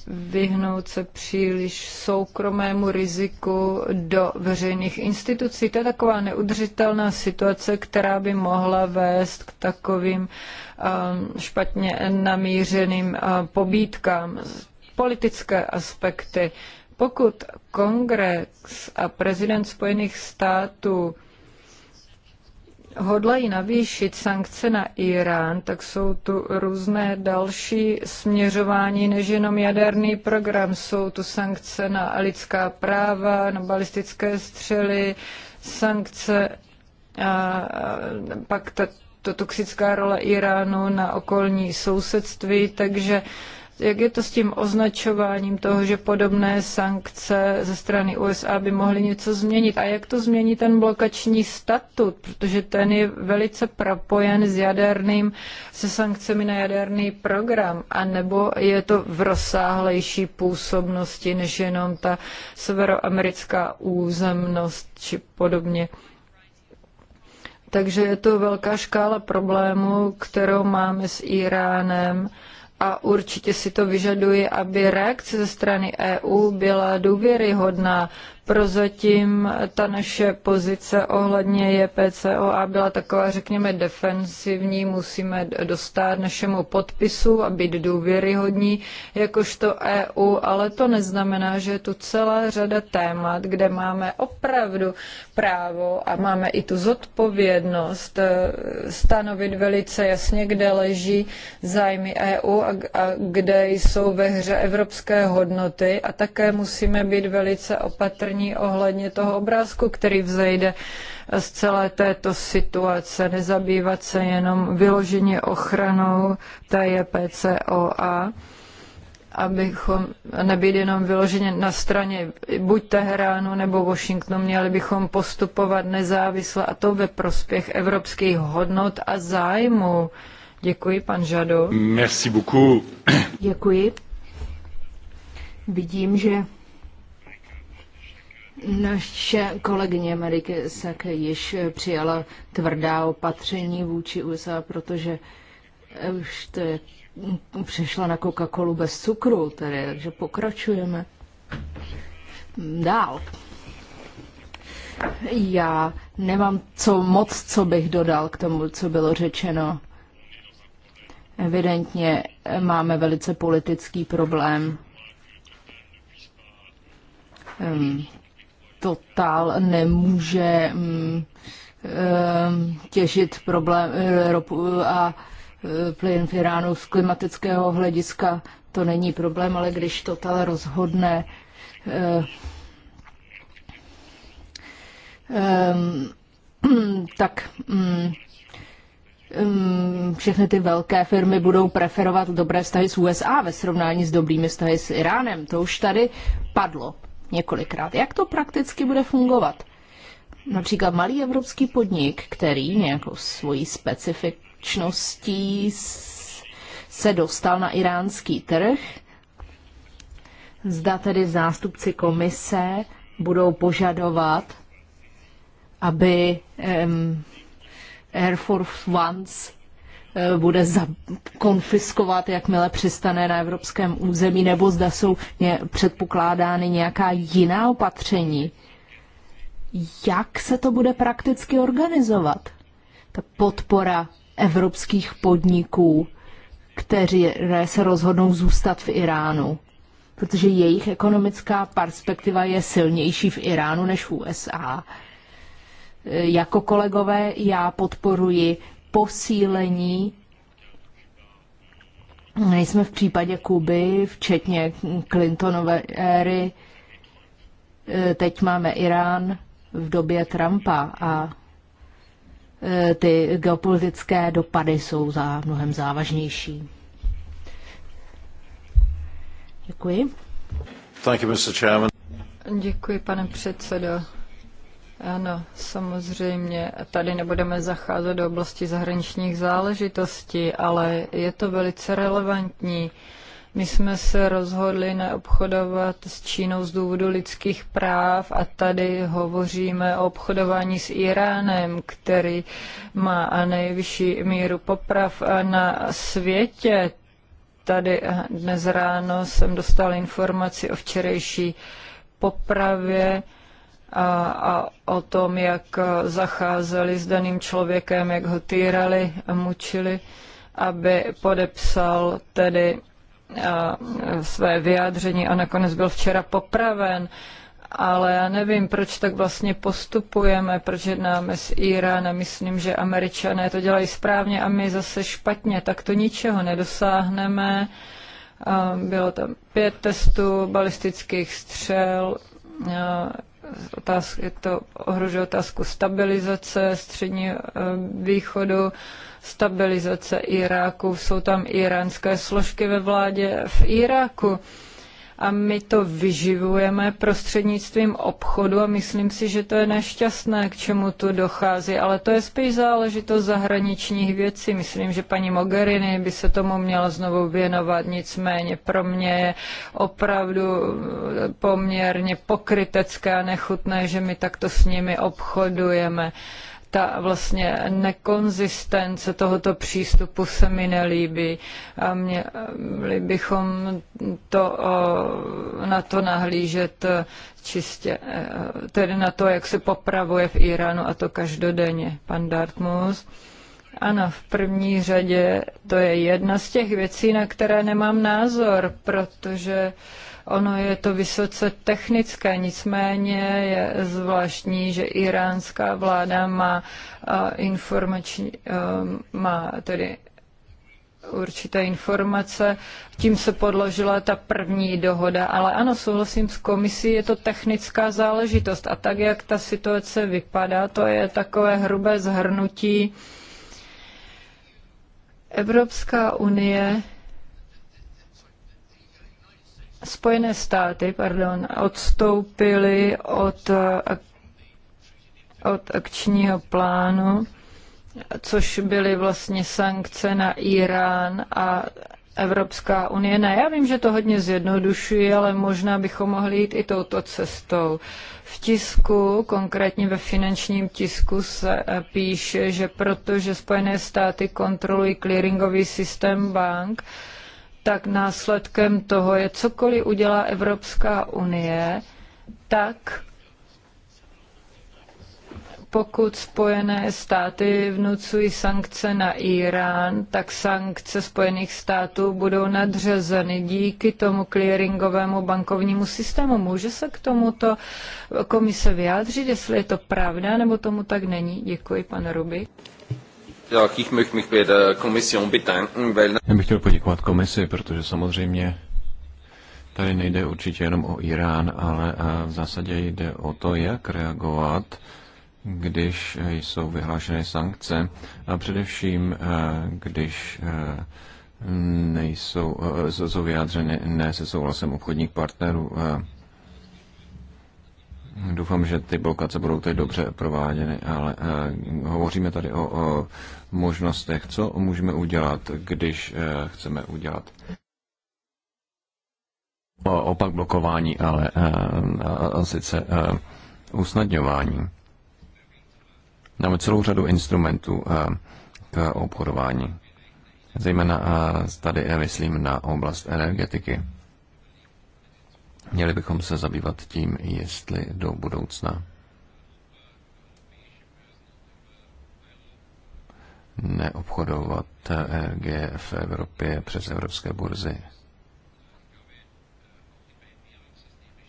vyhnout se příliš soukromému riziku do veřejných institucí. To je taková neudržitelná situace, která by mohla vést k takovým um, špatně namířeným uh, pobítkám. Politické aspekty. Pokud kongres a prezident Spojených států hodlají navýšit sankce na Irán, tak jsou tu různé další směřování než jenom jaderný program. Jsou tu sankce na lidská práva, na balistické střely, sankce a pak ta, to toxická role Iránu na okolní sousedství, takže jak je to s tím označováním toho, že podobné sankce ze strany USA by mohly něco změnit? A jak to změní ten blokační statut? Protože ten je velice propojen s jaderným, se sankcemi na jaderný program. A nebo je to v rozsáhlejší působnosti než jenom ta severoamerická územnost či podobně? Takže je to velká škála problémů, kterou máme s Iránem a určitě si to vyžaduje, aby reakce ze strany EU byla důvěryhodná. Prozatím ta naše pozice ohledně JPCOA byla taková, řekněme, defensivní. Musíme dostat našemu podpisu a být důvěryhodní, jakožto EU, ale to neznamená, že je tu celá řada témat, kde máme opravdu právo a máme i tu zodpovědnost eh, stanovit velice jasně, kde leží zájmy EU a, kde jsou ve hře evropské hodnoty a také musíme být velice opatrní opatrní ohledně toho obrázku, který vzejde z celé této situace, nezabývat se jenom vyloženě ochranou TJPCOA abychom nebyli jenom vyloženě na straně buď Teheránu nebo Washingtonu, měli bychom postupovat nezávisle a to ve prospěch evropských hodnot a zájmu. Děkuji, pan Žado. Merci beaucoup. Děkuji. Vidím, že naše kolegyně Mariky Sake již přijala tvrdá opatření vůči USA, protože už to je, přešla na Coca-Colu bez cukru, tedy, takže pokračujeme dál. Já nemám co moc, co bych dodal k tomu, co bylo řečeno. Evidentně máme velice politický problém. Ehm, Total nemůže mm, těžit problém e, ropu a e, plyn v Iránu z klimatického hlediska. To není problém, ale když Total rozhodne tak mm, všechny ty velké firmy budou preferovat dobré vztahy s USA ve srovnání s dobrými vztahy s Iránem. To už tady padlo několikrát. Jak to prakticky bude fungovat? Například malý evropský podnik, který nějakou svojí specifičností se dostal na iránský trh, zda tedy zástupci komise budou požadovat, aby um, Air Force Ones Eh, bude konfiskovat, jakmile přistane na evropském území, nebo zda jsou předpokládány nějaká jiná opatření. Jak se to bude prakticky organizovat? Ta podpora evropských podniků, kteří se rozhodnou zůstat v Iránu, protože jejich ekonomická perspektiva je silnější v Iránu než v USA. Eh, jako kolegové já podporuji posílení Nejsme v případě Kuby, včetně Clintonové éry. E, teď máme Irán v době Trumpa a e, ty geopolitické dopady jsou za mnohem závažnější. Děkuji. Thank you, Mr. Chairman. Děkuji, pane předsedo. Ano, samozřejmě. Tady nebudeme zacházet do oblasti zahraničních záležitostí, ale je to velice relevantní. My jsme se rozhodli neobchodovat s Čínou z důvodu lidských práv a tady hovoříme o obchodování s Iránem, který má nejvyšší míru poprav na světě. Tady dnes ráno jsem dostal informaci o včerejší popravě a, a o tom, jak zacházeli s daným člověkem, jak ho týrali a mučili, aby podepsal tedy a, své vyjádření a nakonec byl včera popraven. Ale já nevím, proč tak vlastně postupujeme, proč jednáme s Iránem. Myslím, že američané to dělají správně a my zase špatně. Tak to ničeho nedosáhneme. Bylo tam pět testů balistických střel, je to ohrožuje otázku stabilizace střední eh, východu, stabilizace Iráku. Jsou tam iránské složky ve vládě v Iráku a my to vyživujeme prostřednictvím obchodu a myslím si, že to je nešťastné, k čemu tu dochází, ale to je spíš záležitost zahraničních věcí. Myslím, že paní Mogherini by se tomu měla znovu věnovat, nicméně pro mě je opravdu eh, poměrně pokrytecké a nechutné, že my takto s nimi obchodujeme ta vlastně nekonzistence tohoto přístupu se mi nelíbí. A měli bychom to, na to nahlížet čistě, e, tedy na to, jak se popravuje v Iránu a to každodenně. Pan Dartmus. Ano, v první řadě to je jedna z těch věcí, na které nemám názor, protože uh, Ono je to vysoce technické, nicméně je zvláštní, že iránská vláda má eh, informační, eh, má tedy určité informace. Tím se podložila ta první dohoda, ale ano, souhlasím s komisí, je to technická záležitost a tak, jak ta situace vypadá, to je takové hrubé zhrnutí. Evropská unie Spojené státy pardon, odstoupily od, od akčního plánu, což byly vlastně sankce na Irán a Evropská unie. Ne, já vím, že to hodně zjednodušuji, ale možná bychom mohli jít i touto cestou. V tisku, konkrétně ve finančním tisku, se píše, že protože Spojené státy kontrolují clearingový systém bank, tak následkem toho je, cokoliv udělá Evropská unie, tak pokud Spojené státy vnucují sankce na Irán, tak sankce Spojených států budou nadřazeny díky tomu clearingovému bankovnímu systému. Může se k tomuto komise vyjádřit, jestli je to pravda, nebo tomu tak není? Děkuji, pan Ruby. Eh, mm, Já bych chtěl poděkovat komisi, protože samozřejmě tady nejde určitě jenom o Irán, ale eh, v zásadě jde o to, jak reagovat, když eh, jsou vyhlášené sankce a především, když nejsou, jsou vyjádřeny ne se souhlasem obchodních partnerů. Doufám, že ty blokace budou teď dobře prováděny, ale uh, hovoříme tady o, o možnostech, co můžeme udělat, když uh, chceme udělat o, opak blokování, ale uh, a sice uh, usnadňování. Máme celou řadu instrumentů uh, k obchodování. Zejména uh, tady myslím na oblast energetiky. Měli bychom se zabývat tím, jestli do budoucna neobchodovat energie eh, v Evropě přes evropské burzy.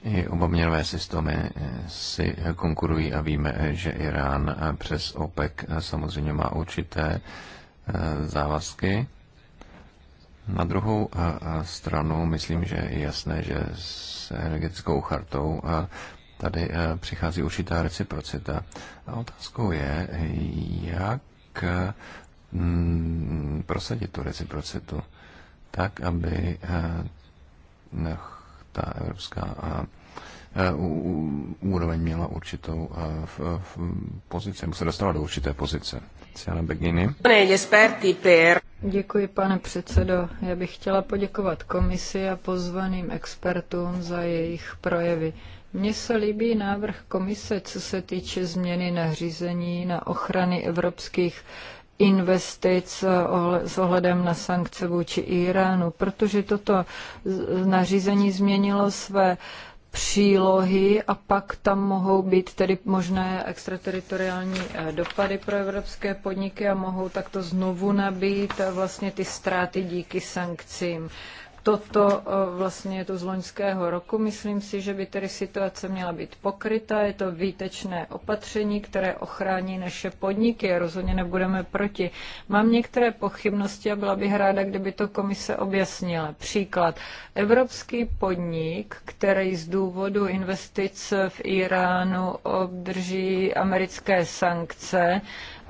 I oba měnové systémy eh, si konkurují a víme, eh, že Irán přes OPEC samozřejmě má určité závazky na druhou eh, eh, stranu myslím, že je jasné, že s energetickou chartou eh, tady přichází určitá reciprocita. A otázkou je, jak mm, prosadit tu reciprocitu tak, aby ta evropská úroveň měla určitou pozici, nebo se dostala do určité pozice. Ciana Beginy. Děkuji, pane předsedo. Já bych chtěla poděkovat komisi a pozvaným expertům za jejich projevy. Mně se líbí návrh komise, co se týče změny nařízení na ochrany evropských investic s ohledem na sankce vůči Iránu, protože toto nařízení změnilo své uh, přílohy a pak tam mohou být tedy možné extrateritoriální eh, dopady pro evropské podniky a mohou takto znovu nabít eh, vlastně ty ztráty díky sankcím. Toto vlastně je to z loňského roku. Myslím si, že by tedy situace měla být pokryta. Je to výtečné opatření, které ochrání naše podniky. Rozhodně nebudeme proti. Mám některé pochybnosti a byla bych ráda, kdyby to komise objasnila. Příklad. Evropský podnik, který z důvodu investic v Iránu obdrží americké sankce,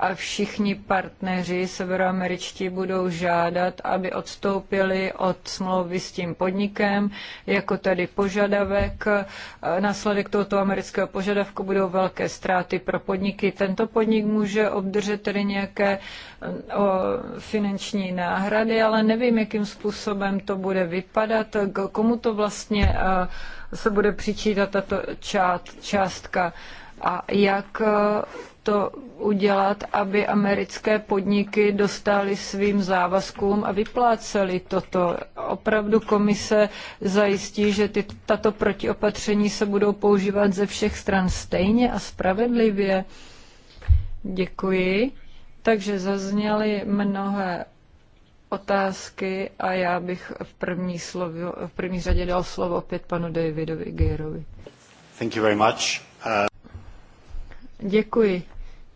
a všichni partneři severoameričtí budou žádat, aby odstoupili od smlouvy s tím podnikem, jako tady požadavek. Následek tohoto amerického požadavku budou velké ztráty pro podniky. Tento podnik může obdržet tedy nějaké eh, finanční náhrady, ale nevím, jakým způsobem to bude vypadat, komu to vlastně eh, se bude přičítat tato částka a jak eh, to udělat, aby americké podniky dostály svým závazkům a vyplácely toto. Opravdu komise zajistí, že ty, tato protiopatření se budou používat ze všech stran stejně a spravedlivě. Děkuji. Takže zazněly mnohé otázky a já bych v první, slovo, v první řadě dal slovo opět panu Davidovi Gerovi. Thank you very much. Uh... Děkuji.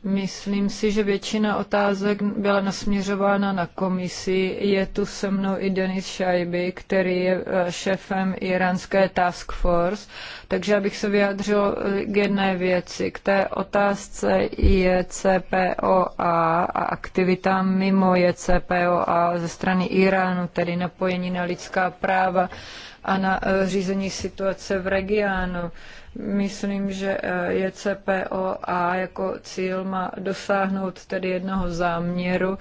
Myslím si, že většina otázek byla nasměřována na komisi. Je tu se mnou i Denis Šajby, který je eh, šéfem iránské task force. Takže abych se vyjádřil eh, k jedné věci. K té otázce je CPOA a aktivita mimo je CPOA ze strany Iránu, tedy napojení na lidská práva a na eh, řízení situace v regionu. Myslím, že eh, a jako cíl má dosáhnout tedy jednoho záměru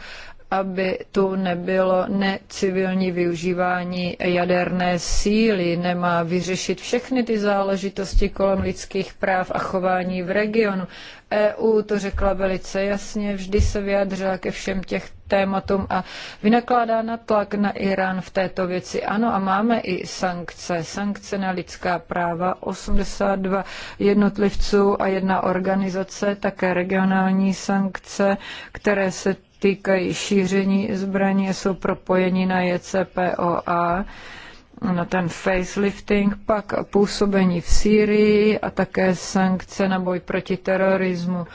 aby tu nebylo necivilní využívání jaderné síly, nemá vyřešit všechny ty záležitosti kolem lidských práv a chování v regionu. EU to řekla velice jasně, vždy se vyjadřila ke všem těch tématům a vynakládá tlak na Irán v této věci. Ano, a máme i sankce. Sankce na lidská práva, 82 jednotlivců a jedna organizace, také regionální sankce, které se týkají šíření zbraní, jsou propojeni na JCPOA, na ten facelifting, pak působení v Sýrii a také sankce na boj proti terorismu.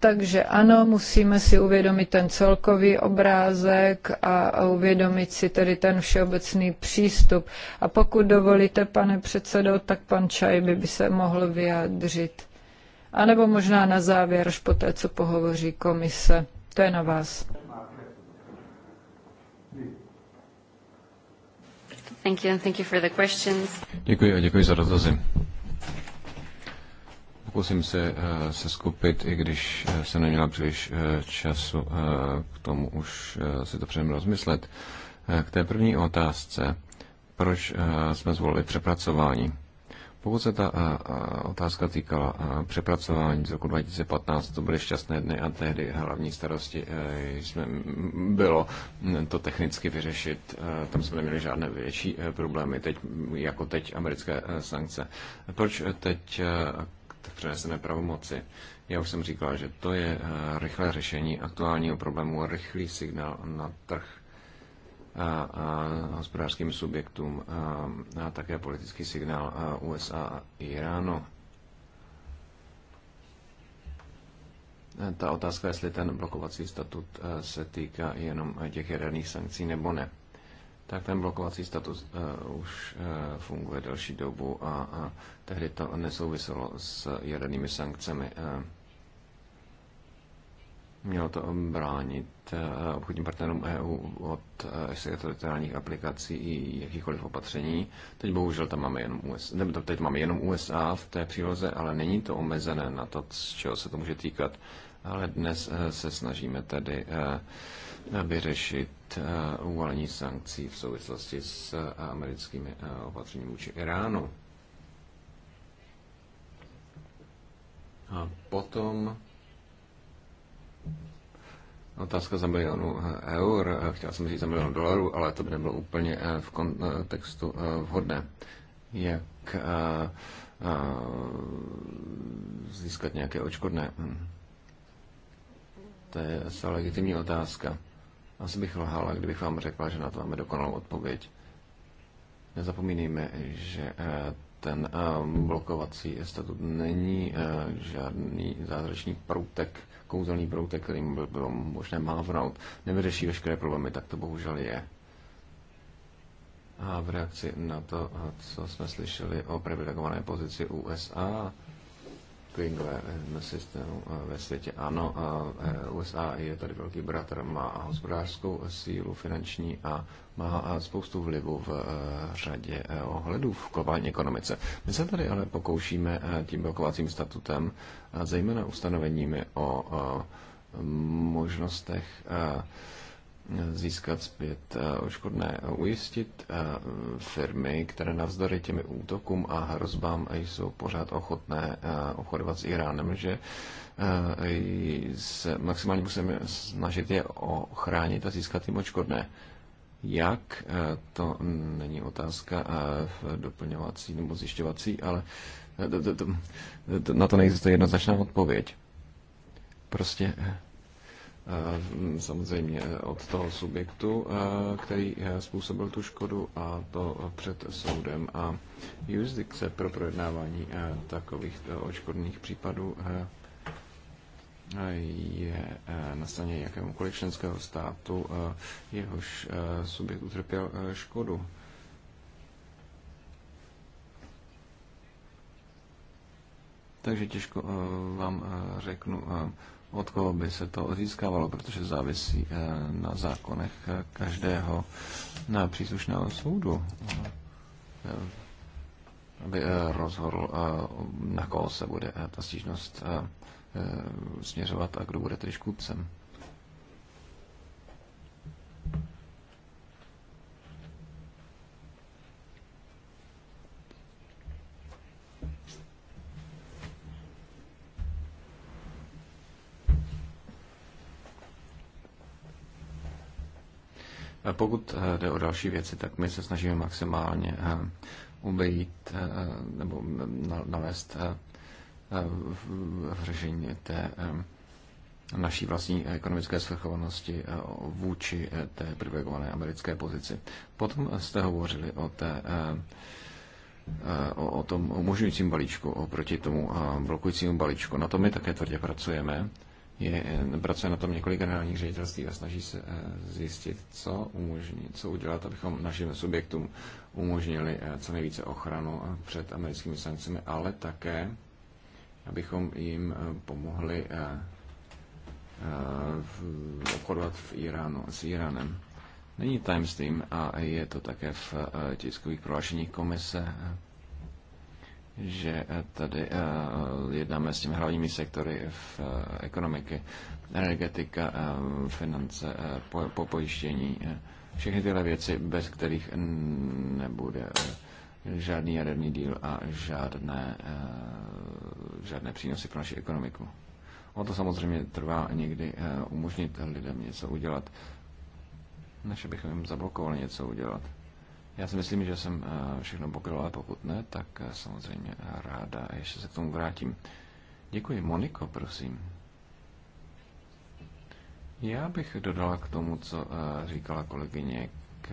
Takže ano, musíme si uvědomit ten celkový obrázek a uvědomit si tedy ten všeobecný přístup. A pokud dovolíte, pane předsedo, tak pan Čajby by se mohl vyjádřit. A nebo možná na závěr, až po té, co pohovoří komise. To je na vás. Thank you, and thank you for the questions. Děkuji a děkuji za dotazy. Pokusím se uh, se skupit, i když uh, jsem neměla příliš uh, času uh, k tomu už uh, si to předem rozmyslet. Uh, K té první otázce, proč uh, jsme zvolili přepracování? Pokud se ta otázka týkala přepracování z roku 2015, to byly šťastné dny a tehdy hlavní starosti e, jsme, bylo to technicky vyřešit. E, tam jsme neměli žádné větší e, problémy, teď, jako teď americké sankce. Proč teď přeneseme pravomoci? Já už jsem říkal, že to je rychlé řešení aktuálního problému, rychlý signál na trh a, a hospodářským subjektům a, a také politický signál a USA a Iránu. Ta otázka, jestli ten blokovací statut se týká jenom těch jaderných sankcí nebo ne. Tak ten blokovací status uh, už uh, funguje delší dobu a, a tehdy to nesouviselo s jadernými sankcemi. Uh, Mělo to bránit eh, obchodním partnerům EU od eh, exteritoriálních aplikací i jakýchkoliv opatření. Teď bohužel tam máme jenom USA, ne, teď máme jenom USA v té příloze, ale není to omezené na to, z čeho se to může týkat. Ale dnes eh, se snažíme tedy vyřešit uvalení sankcí v souvislosti s americkými opatřeními vůči Iránu. A potom Otázka za milionu eh, eur, eh, chtěl jsem říct za milion dolarů, ale to by nebylo úplně eh, v kontextu vhodné. Jak získat nějaké očkodné? Hm. To je asi legitimní otázka. Asi bych lhala, kdybych vám řekla, že na to máme dokonalou odpověď. Nezapomínejme, že ten blokovací statut není žádný zázračný proutek kouzelný broutek, kterým by bylo možné mávnout, nevyřeší veškeré problémy, tak to bohužel je. A v reakci na to, co jsme slyšeli o privilegované pozici USA, na systému eh, ve světě. Ano, USA eh, je tady velký bratr, má hospodářskou sílu finanční a má eh, spoustu vlivu v řadě ohledů v globální ekonomice. My se tady ale pokoušíme tím blokovacím statutem, zejména ustanoveními o možnostech získat zpět eh, oškodné a ujistit eh, firmy, které navzdory těmi útokům a hrozbám jsou pořád ochotné eh, obchodovat s Iránem, že se maximálně musíme snažit je ochránit a získat jim očkodné. Jak, to není otázka doplňovací nebo zjišťovací, ale na to neexistuje jednoznačná odpověď. Prostě Eh, samozřejmě eh, od toho subjektu, eh, který způsobil tu škodu a to před soudem a jurisdikce pro projednávání takových odškodných případů je na straně jakémukoliv členského státu, jehož subjekt utrpěl škodu. Takže těžko vám řeknu, od koho by se to získávalo, protože závisí eh, na zákonech eh, každého na příslušného soudu, eh, aby rozhodl, na koho se bude ta stížnost směřovat a kdo bude tedy škůdcem. Eh, pokud eh, jde o další věci, tak my se snažíme maximálně obejít eh, nebo nalézt v řešení té naší vlastní ekonomické svrchovanosti vůči té privilegované americké pozici. Potom jste hovořili o té o, o tom umožňujícím balíčku oproti tomu blokujícímu balíčku. Na to my také tvrdě pracujeme je, eh, pracuje na tom několik generálních ředitelství a snaží se eh, zjistit, co, umožní, co udělat, abychom našim subjektům umožnili eh, co nejvíce ochranu před americkými sankcemi, ale také, abychom jim pomohli obchodovat v Iránu, s Iránem. Není tajemstvím a je to také v tiskových prohlášeních komise že eh, tady eh, jednáme s těmi hlavními sektory v eh, ekonomiky, energetika, finance, po, po pojištění, všechny tyhle věci, bez kterých nebude žádný jaderný díl a žádné, žádné přínosy pro naši ekonomiku. O to samozřejmě trvá někdy umožnit lidem něco udělat, než bychom jim zablokovali něco udělat. Já si myslím, že jsem eh, všechno pokryl, ale pokud ne, tak eh, samozřejmě ráda ještě se k tomu vrátím. Děkuji. Moniko, prosím. Já bych dodala k tomu, co eh, říkala kolegyně k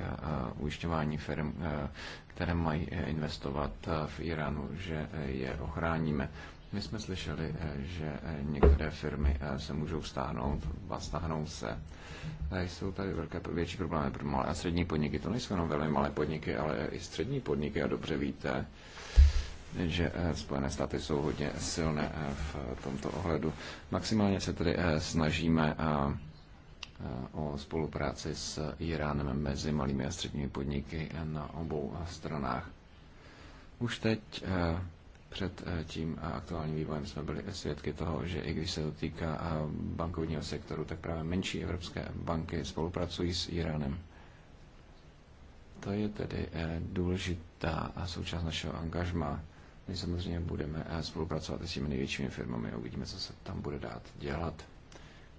ujišťování firm, které mají investovat v Iránu, že je ochráníme. My jsme slyšeli, že některé firmy se můžou stáhnout, a stáhnou se jsou tady velké větší problémy pro malé a střední podniky. To nejsou jenom velmi malé podniky, ale i střední podniky. A dobře víte, že eh, Spojené státy jsou hodně silné eh, v tomto ohledu. Maximálně se tedy eh, snažíme o spolupráci s Iránem mezi malými a středními podniky na obou stranách. Už teď před eh, tím eh, aktuálním vývojem jsme byli svědky toho, že i když se to týká eh, bankovního sektoru, tak právě menší evropské banky spolupracují s Iránem. To je tedy důležitá součást našeho angažma. My samozřejmě budeme spolupracovat s těmi největšími firmami a uvidíme, co se tam bude dát dělat.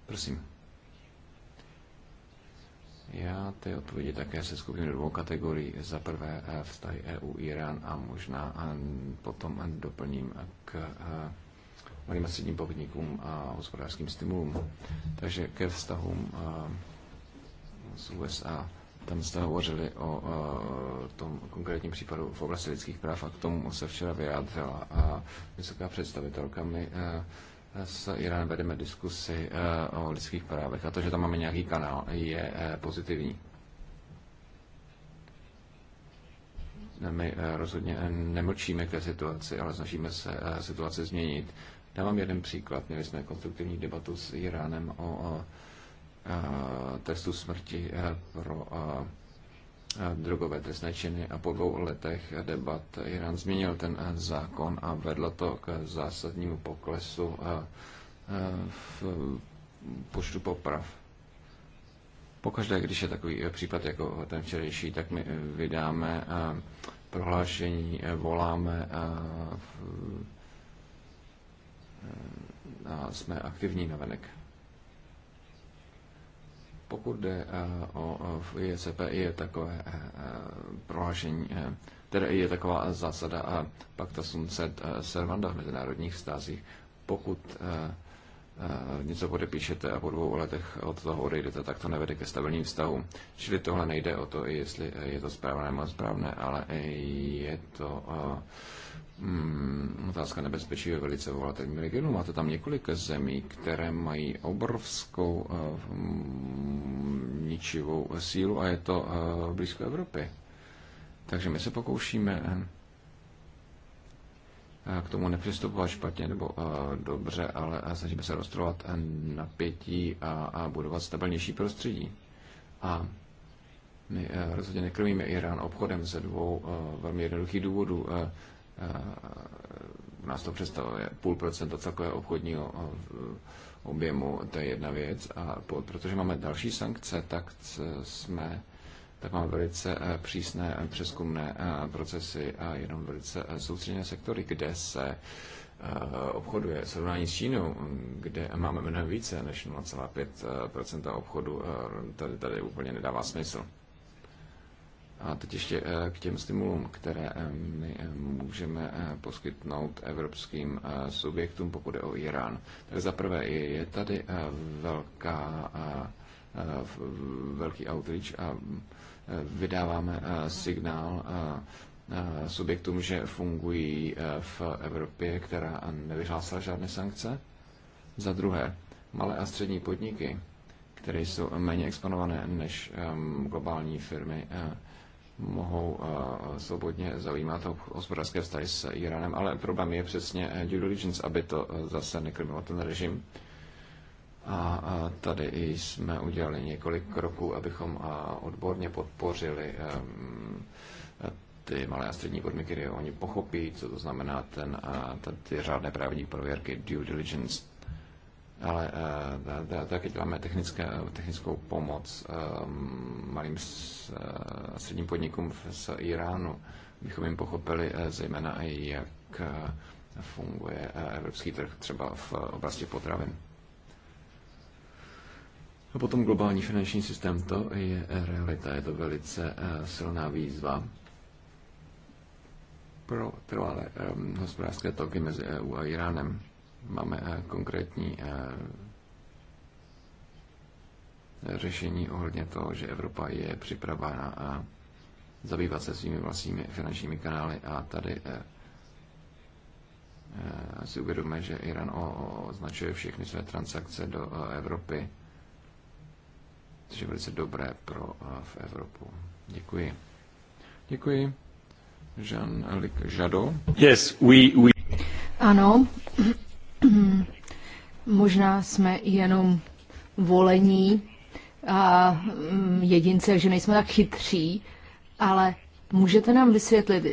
Prosím. Já ty odpovědi také se skupím do dvou kategorií. Za prvé eh, vztahy EU-Irán a možná a eh, potom doplním k eh, malým a středním podnikům a hospodářským stimulům. Takže ke vztahům z USA. Tam jste hovořili o tom konkrétním případu v oblasti lidských práv a k tomu se včera vyjádřila a vysoká představitelka. My s Iránem vedeme diskusy eh, o lidských právech a to, že tam máme nějaký kanál, je eh, pozitivní. My eh, rozhodně nemlčíme ke situaci, ale snažíme se situaci změnit. Dávám jeden příklad. Měli jsme konstruktivní debatu s Iránem o, o, o trestu smrti pro o, drogové trestné činy a po dvou letech debat Irán změnil ten zákon a vedlo to k zásadnímu poklesu eh, eh, v počtu poprav. Pokaždé, když je takový eh, případ jako ten včerejší, tak my vydáme prohlášení, voláme a, jsme aktivní na venek. Pokud jde eh, o JCP, eh, je takové eh, prohlášení, tedy je taková zásada a Pacta Sunset Servanda v mezinárodních stázích. Pokud něco podepíšete a po dvou letech od toho odejdete, tak to nevede ke stabilním vztahům. Čili tohle nejde o to, jestli je to správné nebo správné, ale je to Hmm, otázka nebezpečí je velice volatilním regionu. Máte tam několik zemí, které mají obrovskou eh, mm, ničivou sílu a je to eh, blízko Evropy. Takže my se pokoušíme eh, k tomu nepřistupovat špatně nebo dobře, ale snažíme se rozstrovat napětí a, a budovat stabilnější prostředí. A my rozhodně nekrmíme Irán obchodem ze dvou velmi jednoduchých důvodů. Eh, u nás to představuje půl procenta celkového obchodního eh, objemu, to je jedna věc. A protože máme další sankce, tak eh, jsme tak máme velice přísné přeskumné procesy a jenom velice soustředěné sektory, kde se obchoduje srovnání s Čínou, kde máme mnohem více než 0,5% obchodu, tady, tady úplně nedává smysl. A teď ještě eh, k těm stimulům, které eh, my eh, můžeme poskytnout evropským subjektům, pokud je o Irán. Tak zaprvé je tady velká, velký outreach a vydáváme signál subjektům, že fungují v Evropě, která nevyhlásila žádné sankce. Za druhé, malé a střední podniky, které jsou méně exponované než globální firmy, mohou svobodně zajímat o hospodářské vztahy s Iránem, ale problém je přesně eh, due diligence, aby to eh, zase nekrmilo ten režim. A tady jsme udělali několik kroků, abychom odborně podpořili ehm, ty malé a střední podmy, které oni pochopí, co to znamená ten, ty řádné právní prověrky due diligence ale eh, taky děláme technické, technickou pomoc eh, malým a eh, středním podnikům z Iránu, bychom jim pochopili zejména, i jak funguje evropský trh třeba v oblasti potravin. A potom globální finanční systém, to je realita, je to velice silná výzva pro trvalé hospodářské toky mezi EU a Iránem. Máme eh, konkrétní eh, řešení ohledně toho, že Evropa je připravena a zabývat se svými vlastními finančními kanály a tady eh, si uvědomíme, že Irán označuje všechny své transakce do Evropy, což je velice dobré pro v Evropu. Děkuji. Děkuji. Jean-Luc Jadot. Yes, we, we... Ano, Mhm. Možná jsme jenom volení a mm, jedince, že nejsme tak chytří, ale můžete nám vysvětlit,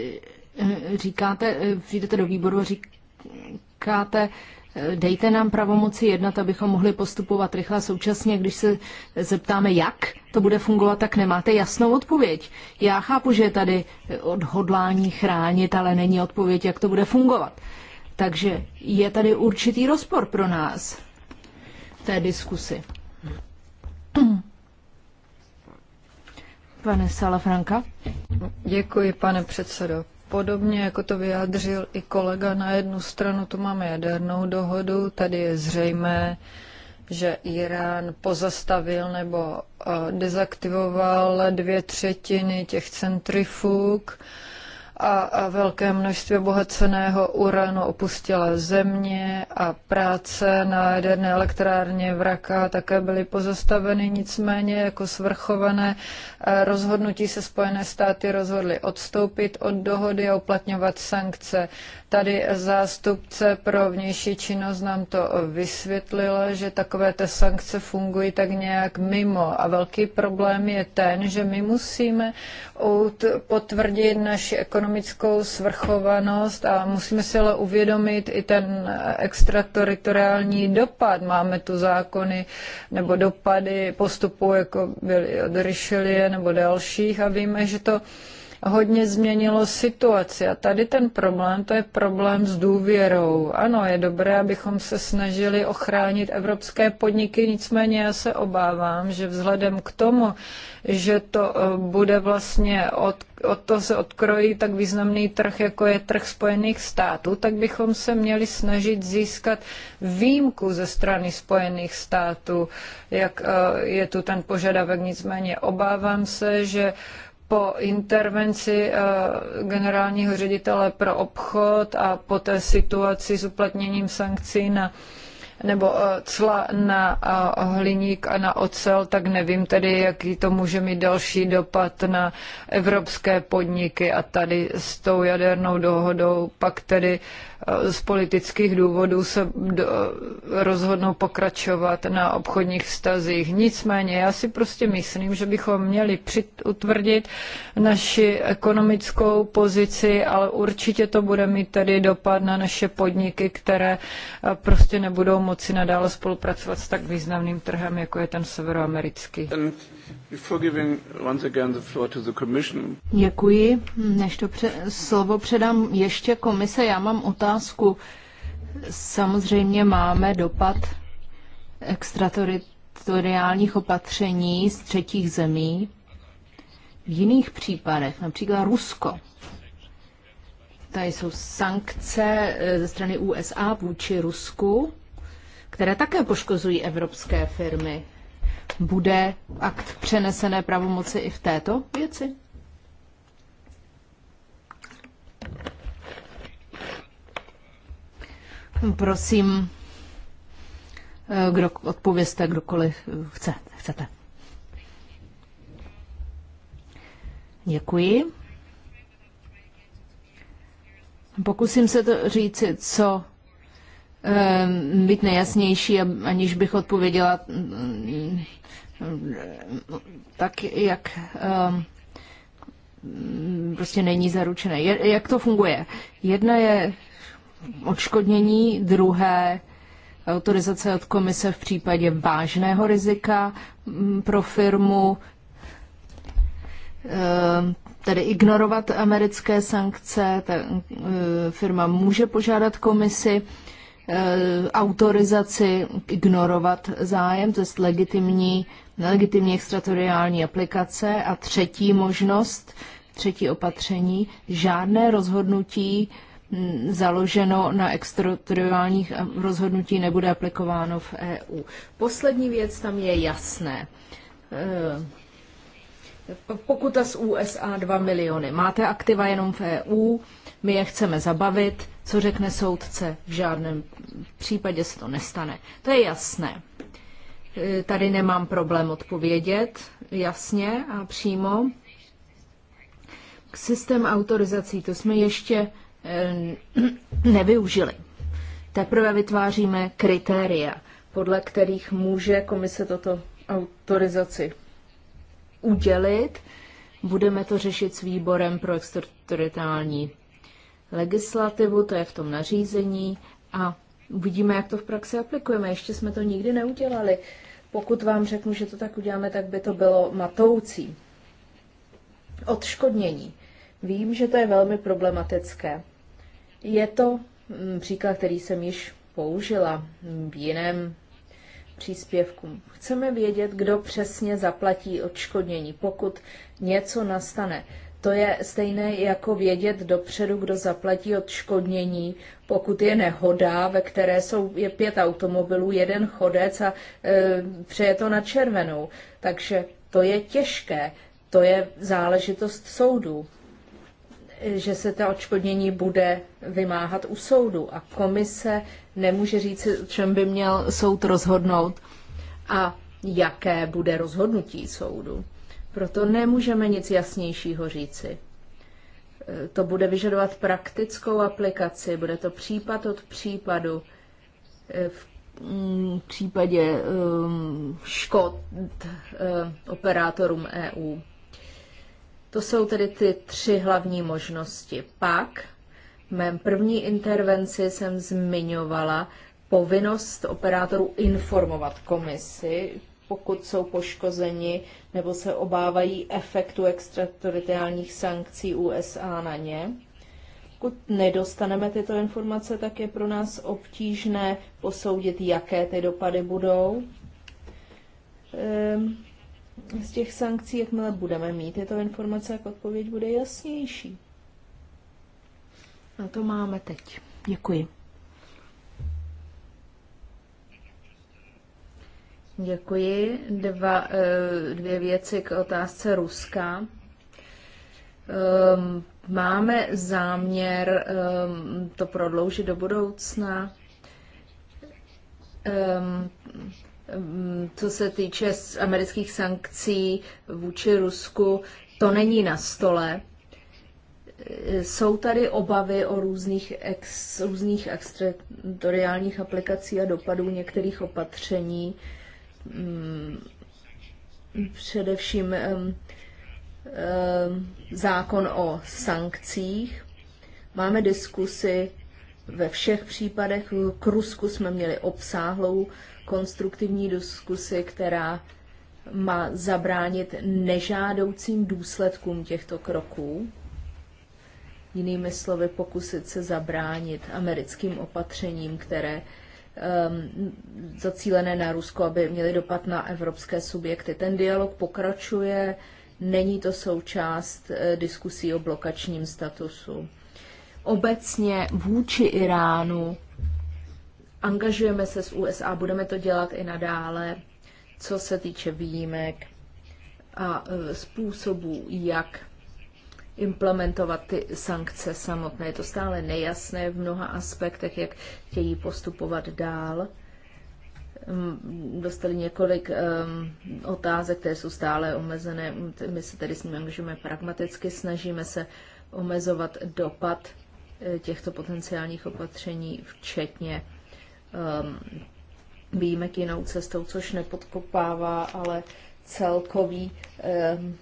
eh, říkáte, eh, přijdete do výboru a říkáte, eh, dejte nám pravomoci jednat, abychom mohli postupovat rychle. Současně, když se zeptáme, jak to bude fungovat, tak nemáte jasnou odpověď. Já chápu, že je tady odhodlání chránit, ale není odpověď, jak to bude fungovat. Takže je tady určitý rozpor pro nás v té diskusi. Pane Salafranka. Děkuji, pane předsedo. Podobně jako to vyjádřil i kolega, na jednu stranu tu máme jadernou dohodu, tady je zřejmé, že Irán pozastavil nebo eh, dezaktivoval dvě třetiny těch centrifug, a velké množství obohaceného uranu opustila země a práce na jaderné elektrárně v Raka také byly pozastaveny. Nicméně jako svrchované eh, rozhodnutí se Spojené státy rozhodly odstoupit od dohody a uplatňovat sankce. Tady zástupce pro vnější činnost nám to vysvětlila, že takové te sankce fungují tak nějak mimo. A velký problém je ten, že my musíme potvrdit naši ekonomickou ekonomickou svrchovanost a musíme si ale uvědomit i ten extrateritoriální dopad. Máme tu zákony nebo dopady postupů, jako byly od Richelieu nebo dalších a víme, že to hodně změnilo situaci. A tady ten problém, to je problém s důvěrou. Ano, je dobré, abychom se snažili ochránit evropské podniky, nicméně já se obávám, že vzhledem k tomu, že to eh, bude vlastně od od toho se odkrojí tak významný trh, jako je trh Spojených států, tak bychom se měli snažit získat výjimku ze strany Spojených států, jak eh, je tu ten požadavek. Nicméně obávám se, že po intervenci eh, generálního ředitele pro obchod a po té situaci s uplatněním sankcí na nebo eh, cla na eh, hliník a na ocel, tak nevím tedy, jaký to může mít další dopad na evropské podniky a tady s tou jadernou dohodou pak tedy uh, Eh, z politických důvodů se rozhodnou pokračovat na obchodních vztazích. Nicméně já si prostě myslím, že bychom měli utvrdit naši ekonomickou pozici, ale určitě to bude mít tedy dopad na naše podniky, které eh, prostě nebudou moci nadále spolupracovat s tak významným trhem, jako je ten severoamerický. Děkuji. Než to pře- slovo předám ještě komise, já mám otázku. Samozřejmě máme dopad extrateritoriálních opatření z třetích zemí. V jiných případech, například Rusko, tady jsou sankce eh, ze strany USA vůči Rusku, které také poškozují evropské firmy bude akt přenesené pravomoci i v této věci? Prosím, eh, kdo, odpověste, kdokoliv chce, chcete. Děkuji. Pokusím se to říci co Ehm, být nejasnější, aniž bych odpověděla mm, tak, jak ehm, prostě není zaručené. Jak to funguje? Jedna je odškodnění, druhé autorizace od komise v případě vážného rizika mm, pro firmu, ehm, tedy ignorovat americké sankce, ta eh, firma může požádat komisi Eh, autorizaci ignorovat zájem, to je legitimní, nelegitimní extratoriální aplikace a třetí možnost, třetí opatření, žádné rozhodnutí mm, založeno na extrateriálních eh, rozhodnutí nebude aplikováno v EU. Poslední věc tam je jasné. Eh, pokuta z USA 2 miliony. Máte aktiva jenom v EU, my je chceme zabavit, co řekne soudce. V žádném případě se to nestane. To je jasné. E, tady nemám problém odpovědět jasně a přímo. Systém autorizací, to jsme ještě e, nevyužili. Teprve vytváříme kritéria, podle kterých může komise toto autorizaci udělit. Budeme to řešit s výborem pro extraterritoriální legislativu, to je v tom nařízení a uvidíme, jak to v praxi aplikujeme. Ještě jsme to nikdy neudělali. Pokud vám řeknu, že to tak uděláme, tak by to bylo matoucí. Odškodnění. Vím, že to je velmi problematické. Je to mm, příklad, který jsem již použila v jiném příspěvku. Chceme vědět, kdo přesně zaplatí odškodnění, pokud něco nastane. To je stejné jako vědět dopředu, kdo zaplatí odškodnění, pokud je nehoda, ve které jsou je pět automobilů, jeden chodec a e, přeje to na červenou. Takže to je těžké, to je záležitost soudu, že se ta odškodnění bude vymáhat u soudu a komise nemůže říct, čem by měl soud rozhodnout a jaké bude rozhodnutí soudu. Proto nemůžeme nic jasnějšího říci. E, to bude vyžadovat praktickou aplikaci, bude to případ od případu. E, mm, v případě um, škod e, operátorům EU. To jsou tedy ty tři hlavní možnosti. Pak v mém první intervenci jsem zmiňovala povinnost operátorů informovat komisi, pokud jsou poškozeni nebo se obávají efektu extrateritoriálních sankcí USA na ně. Pokud nedostaneme tyto informace, tak je pro nás obtížné posoudit, jaké ty dopady budou. Ehm, z těch sankcí, jakmile budeme mít tyto informace, jak odpověď bude jasnější. No to máme teď. Děkuji. Děkuji. Dva, eh, dvě věci k otázce Ruska. Ehm, máme záměr ehm, to prodloužit do budoucna. Ehm, mm, co se týče amerických sankcí vůči Rusku, to není na stole. Jsou tady obavy o různých, ex, různých extrateriálních aplikací a dopadů některých opatření. Mm, především zákon o sankcích. Máme diskusy ve všech případech. K Rusku jsme měli obsáhlou konstruktivní diskusy, která má zabránit nežádoucím důsledkům těchto kroků. Jinými slovy, pokusit se zabránit americkým opatřením, které Um, zacílené na Rusko, aby měly dopad na evropské subjekty. Ten dialog pokračuje, není to součást eh, diskusí o blokačním statusu. Obecně vůči Iránu angažujeme se s USA, budeme to dělat i nadále, co se týče výjimek a eh, způsobů, jak implementovat ty sankce samotné. Je to stále nejasné v mnoha aspektech, jak chtějí postupovat dál. Mm, dostali několik um, otázek, které jsou stále omezené. My se tedy s nimi angažujeme pragmaticky, snažíme se omezovat dopad e, těchto potenciálních opatření, včetně um, výjimek jinou cestou, což nepodkopává ale celkový um,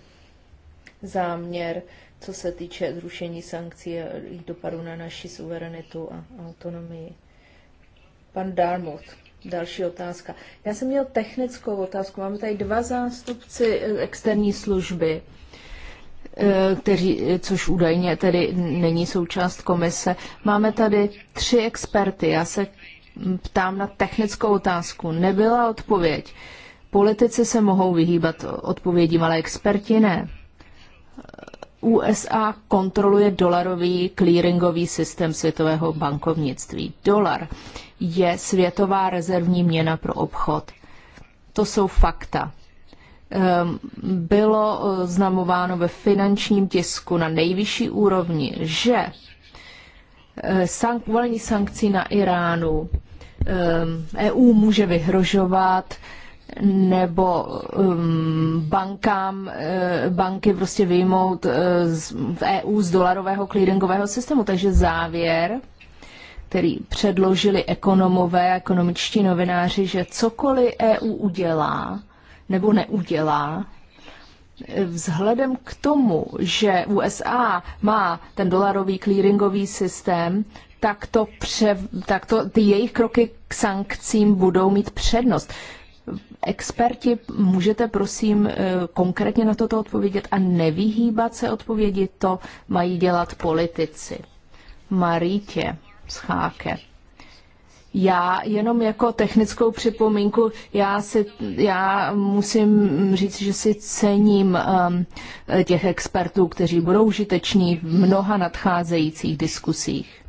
záměr co se týče zrušení sankcí a jejich dopadu na naši suverenitu a autonomii. Pan Darmouth, další otázka. Já jsem měl technickou otázku. Máme tady dva zástupci eh, externí služby, eh, kteří, eh, což údajně tedy není součást komise. Máme tady tři experty. Já se ptám na technickou otázku. Nebyla odpověď. Politici se mohou vyhýbat odpovědím, ale experti ne USA kontroluje dolarový clearingový systém světového bankovnictví. Dolar je světová rezervní měna pro obchod. To jsou fakta. Ehm, bylo znamováno ve finančním tisku na nejvyšší úrovni, že eh, sank, uvalení sankcí na Iránu EU ehm, e může vyhrožovat nebo um, bankám, eh, banky prostě vyjmout eh, z, v EU z dolarového clearingového systému. Takže závěr, který předložili ekonomové ekonomičtí novináři, že cokoliv EU udělá nebo neudělá, eh, vzhledem k tomu, že USA má ten dolarový clearingový systém, tak, to pře, tak to, ty jejich kroky k sankcím budou mít přednost experti, můžete prosím eh, konkrétně na toto odpovědět a nevyhýbat se odpovědi, to mají dělat politici. Marítě Scháke. Já jenom jako technickou připomínku, já, si, já musím říct, že si cením um, těch expertů, kteří budou užiteční v mnoha nadcházejících diskusích.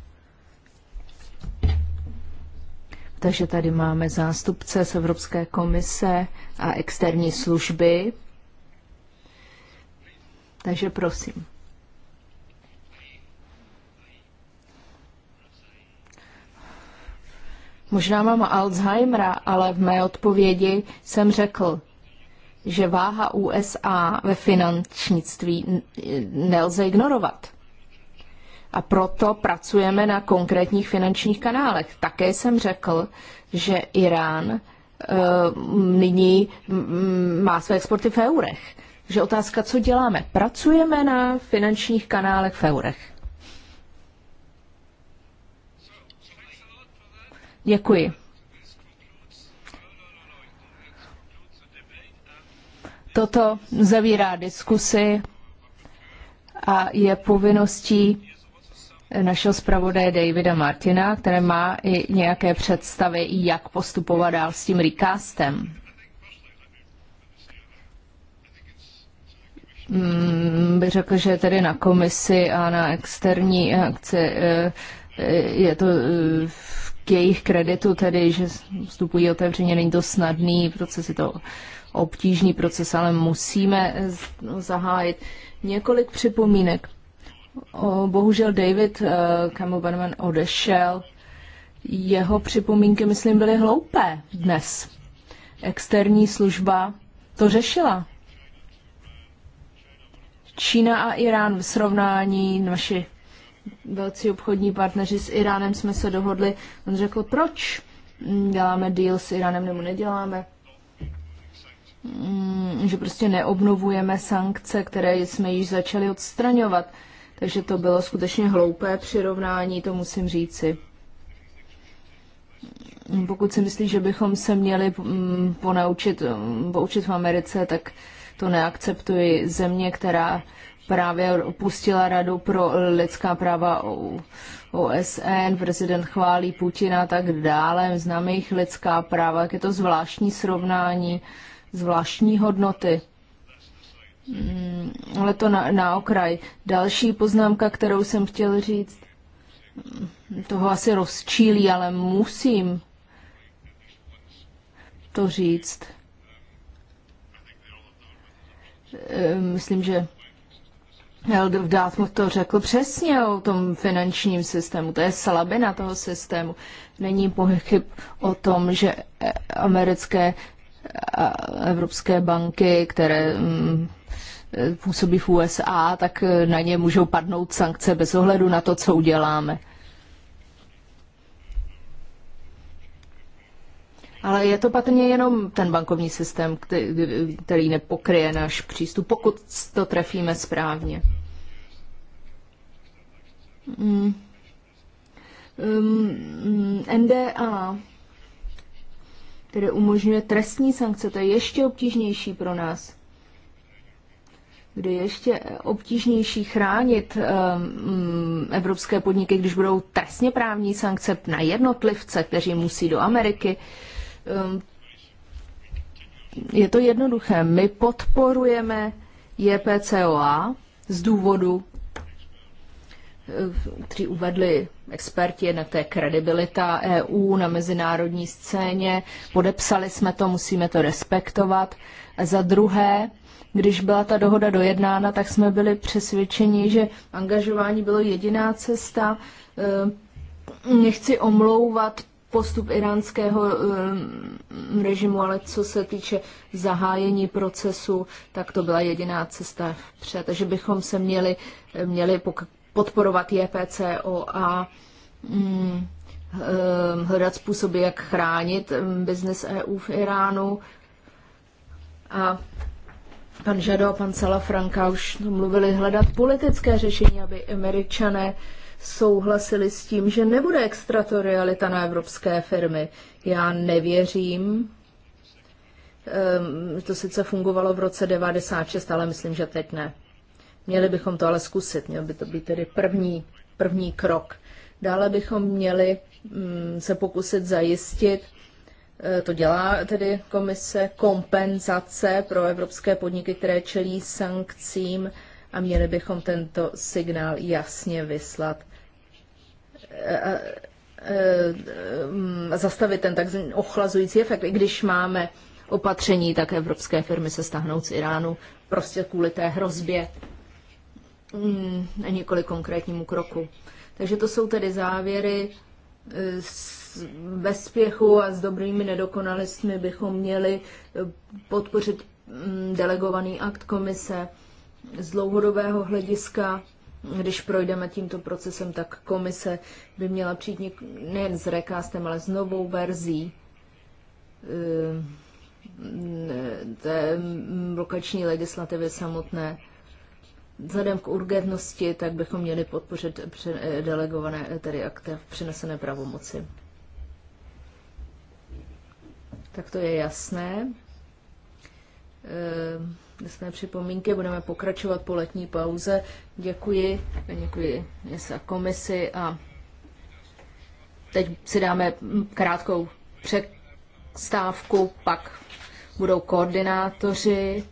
Takže tady máme zástupce z Evropské komise a externí služby. Takže prosím. Možná mám Alzheimera, ale v mé odpovědi jsem řekl, že váha USA ve finančnictví nelze ignorovat a proto pracujeme na konkrétních finančních kanálech. Také jsem řekl, že Irán eh, nyní má své exporty v eurech. že otázka, co děláme? Pracujeme na finančních kanálech v eurech. Děkuji. Toto zavírá diskusy a je povinností našeho zpravodaje Davida Martina, které má i nějaké představy, jak postupovat dál s tím recastem. Mm, bych řekl, že tedy na komisi a na externí akce eh, je to eh, k jejich kreditu tedy, že vstupují otevřeně, není to snadný proces, je to obtížný proces, ale musíme zahájit několik připomínek bohužel David eh, Campbell Bannerman odešel. Jeho připomínky, myslím, byly hloupé dnes. Externí služba to řešila. Čína a Irán v srovnání, naši velcí obchodní partneři s Iránem jsme se dohodli. On řekl, proč děláme deal s Iránem nebo neděláme. Mm, že prostě neobnovujeme sankce, které jsme již začali odstraňovat. Takže to bylo skutečně hloupé přirovnání, to musím říci. Pokud si myslí, že bychom se měli mm, ponaučit, mm, poučit v Americe, tak to neakceptuji. Země, která právě opustila Radu pro lidská práva OSN, prezident chválí Putina a tak dále, známe jich lidská práva, tak je to zvláštní srovnání, zvláštní hodnoty. Mm, ale to na, na okraj. Další poznámka, kterou jsem chtěl říct, mm, toho asi rozčílí, ale musím to říct. Ehm, myslím, že Helder v mu to řekl přesně o tom finančním systému. To je slabina toho systému. Není pochyb o tom, že americké evropské banky, které mm, e, působí v USA, tak e, na ně můžou padnout sankce bez ohledu na to, co uděláme. Ale je to patrně jenom ten bankovní systém, který nepokryje náš přístup, pokud to trefíme správně. Mm. Um, mm, NDA které umožňuje trestní sankce. To je ještě obtížnější pro nás, kde je ještě obtížnější chránit um, evropské podniky, když budou trestně právní sankce na jednotlivce, kteří musí do Ameriky. Um, je to jednoduché. My podporujeme JPCOA z důvodu který uvedli experti, jednak to je kredibilita EU na mezinárodní scéně, podepsali jsme to, musíme to respektovat. A za druhé, když byla ta dohoda dojednána, tak jsme byli přesvědčeni, že angažování bylo jediná cesta. Eh, nechci omlouvat postup iránského eh, režimu, ale co se týče zahájení procesu, tak to byla jediná cesta před. Takže bychom se měli, měli podporovat JPCO a mm, hm, hledat způsoby, jak chránit hm, biznis EU v Iránu. A pan Žado a pan Salafranka už mluvili hledat politické řešení, aby američané souhlasili s tím, že nebude extratorialita na evropské firmy. Já nevěřím. Hm, to sice fungovalo v roce 96, ale myslím, že teď ne. Měli bychom to ale zkusit, měl by to být tedy první, první krok. Dále bychom měli mm, se pokusit zajistit, e, to dělá tedy komise, kompenzace pro evropské podniky, které čelí sankcím a měli bychom tento signál jasně vyslat. E, e, zastavit ten takzvaný ochlazující efekt, i když máme opatření, tak evropské firmy se stáhnou z Iránu prostě kvůli té hrozbě Mm, a několik konkrétnímu kroku. Takže to jsou tedy závěry. Eh, s, ve spěchu a s dobrými nedokonalostmi bychom měli eh, podpořit mm, delegovaný akt komise. Z dlouhodobého hlediska, když projdeme tímto procesem, tak komise by měla přijít nejen s rekástem, ale s novou verzí eh, mm, té blokační legislativy samotné Vzhledem k urgentnosti, tak bychom měli podpořit delegované, tedy akte v přenesené pravomoci. Tak to je jasné. E, jasné připomínky, budeme pokračovat po letní pauze. Děkuji, děkuji a komisi a teď si dáme krátkou přestávku, pak budou koordinátoři,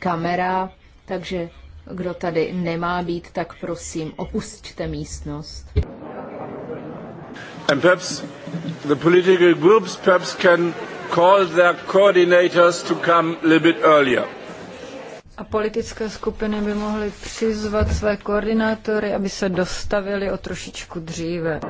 kamera, takže kdo tady nemá být, tak prosím, opusťte místnost. And perhaps the political groups perhaps can call their coordinators to come a little bit earlier. A politické skupiny by mohly přizvat své koordinátory, aby se dostavili o trošičku dříve.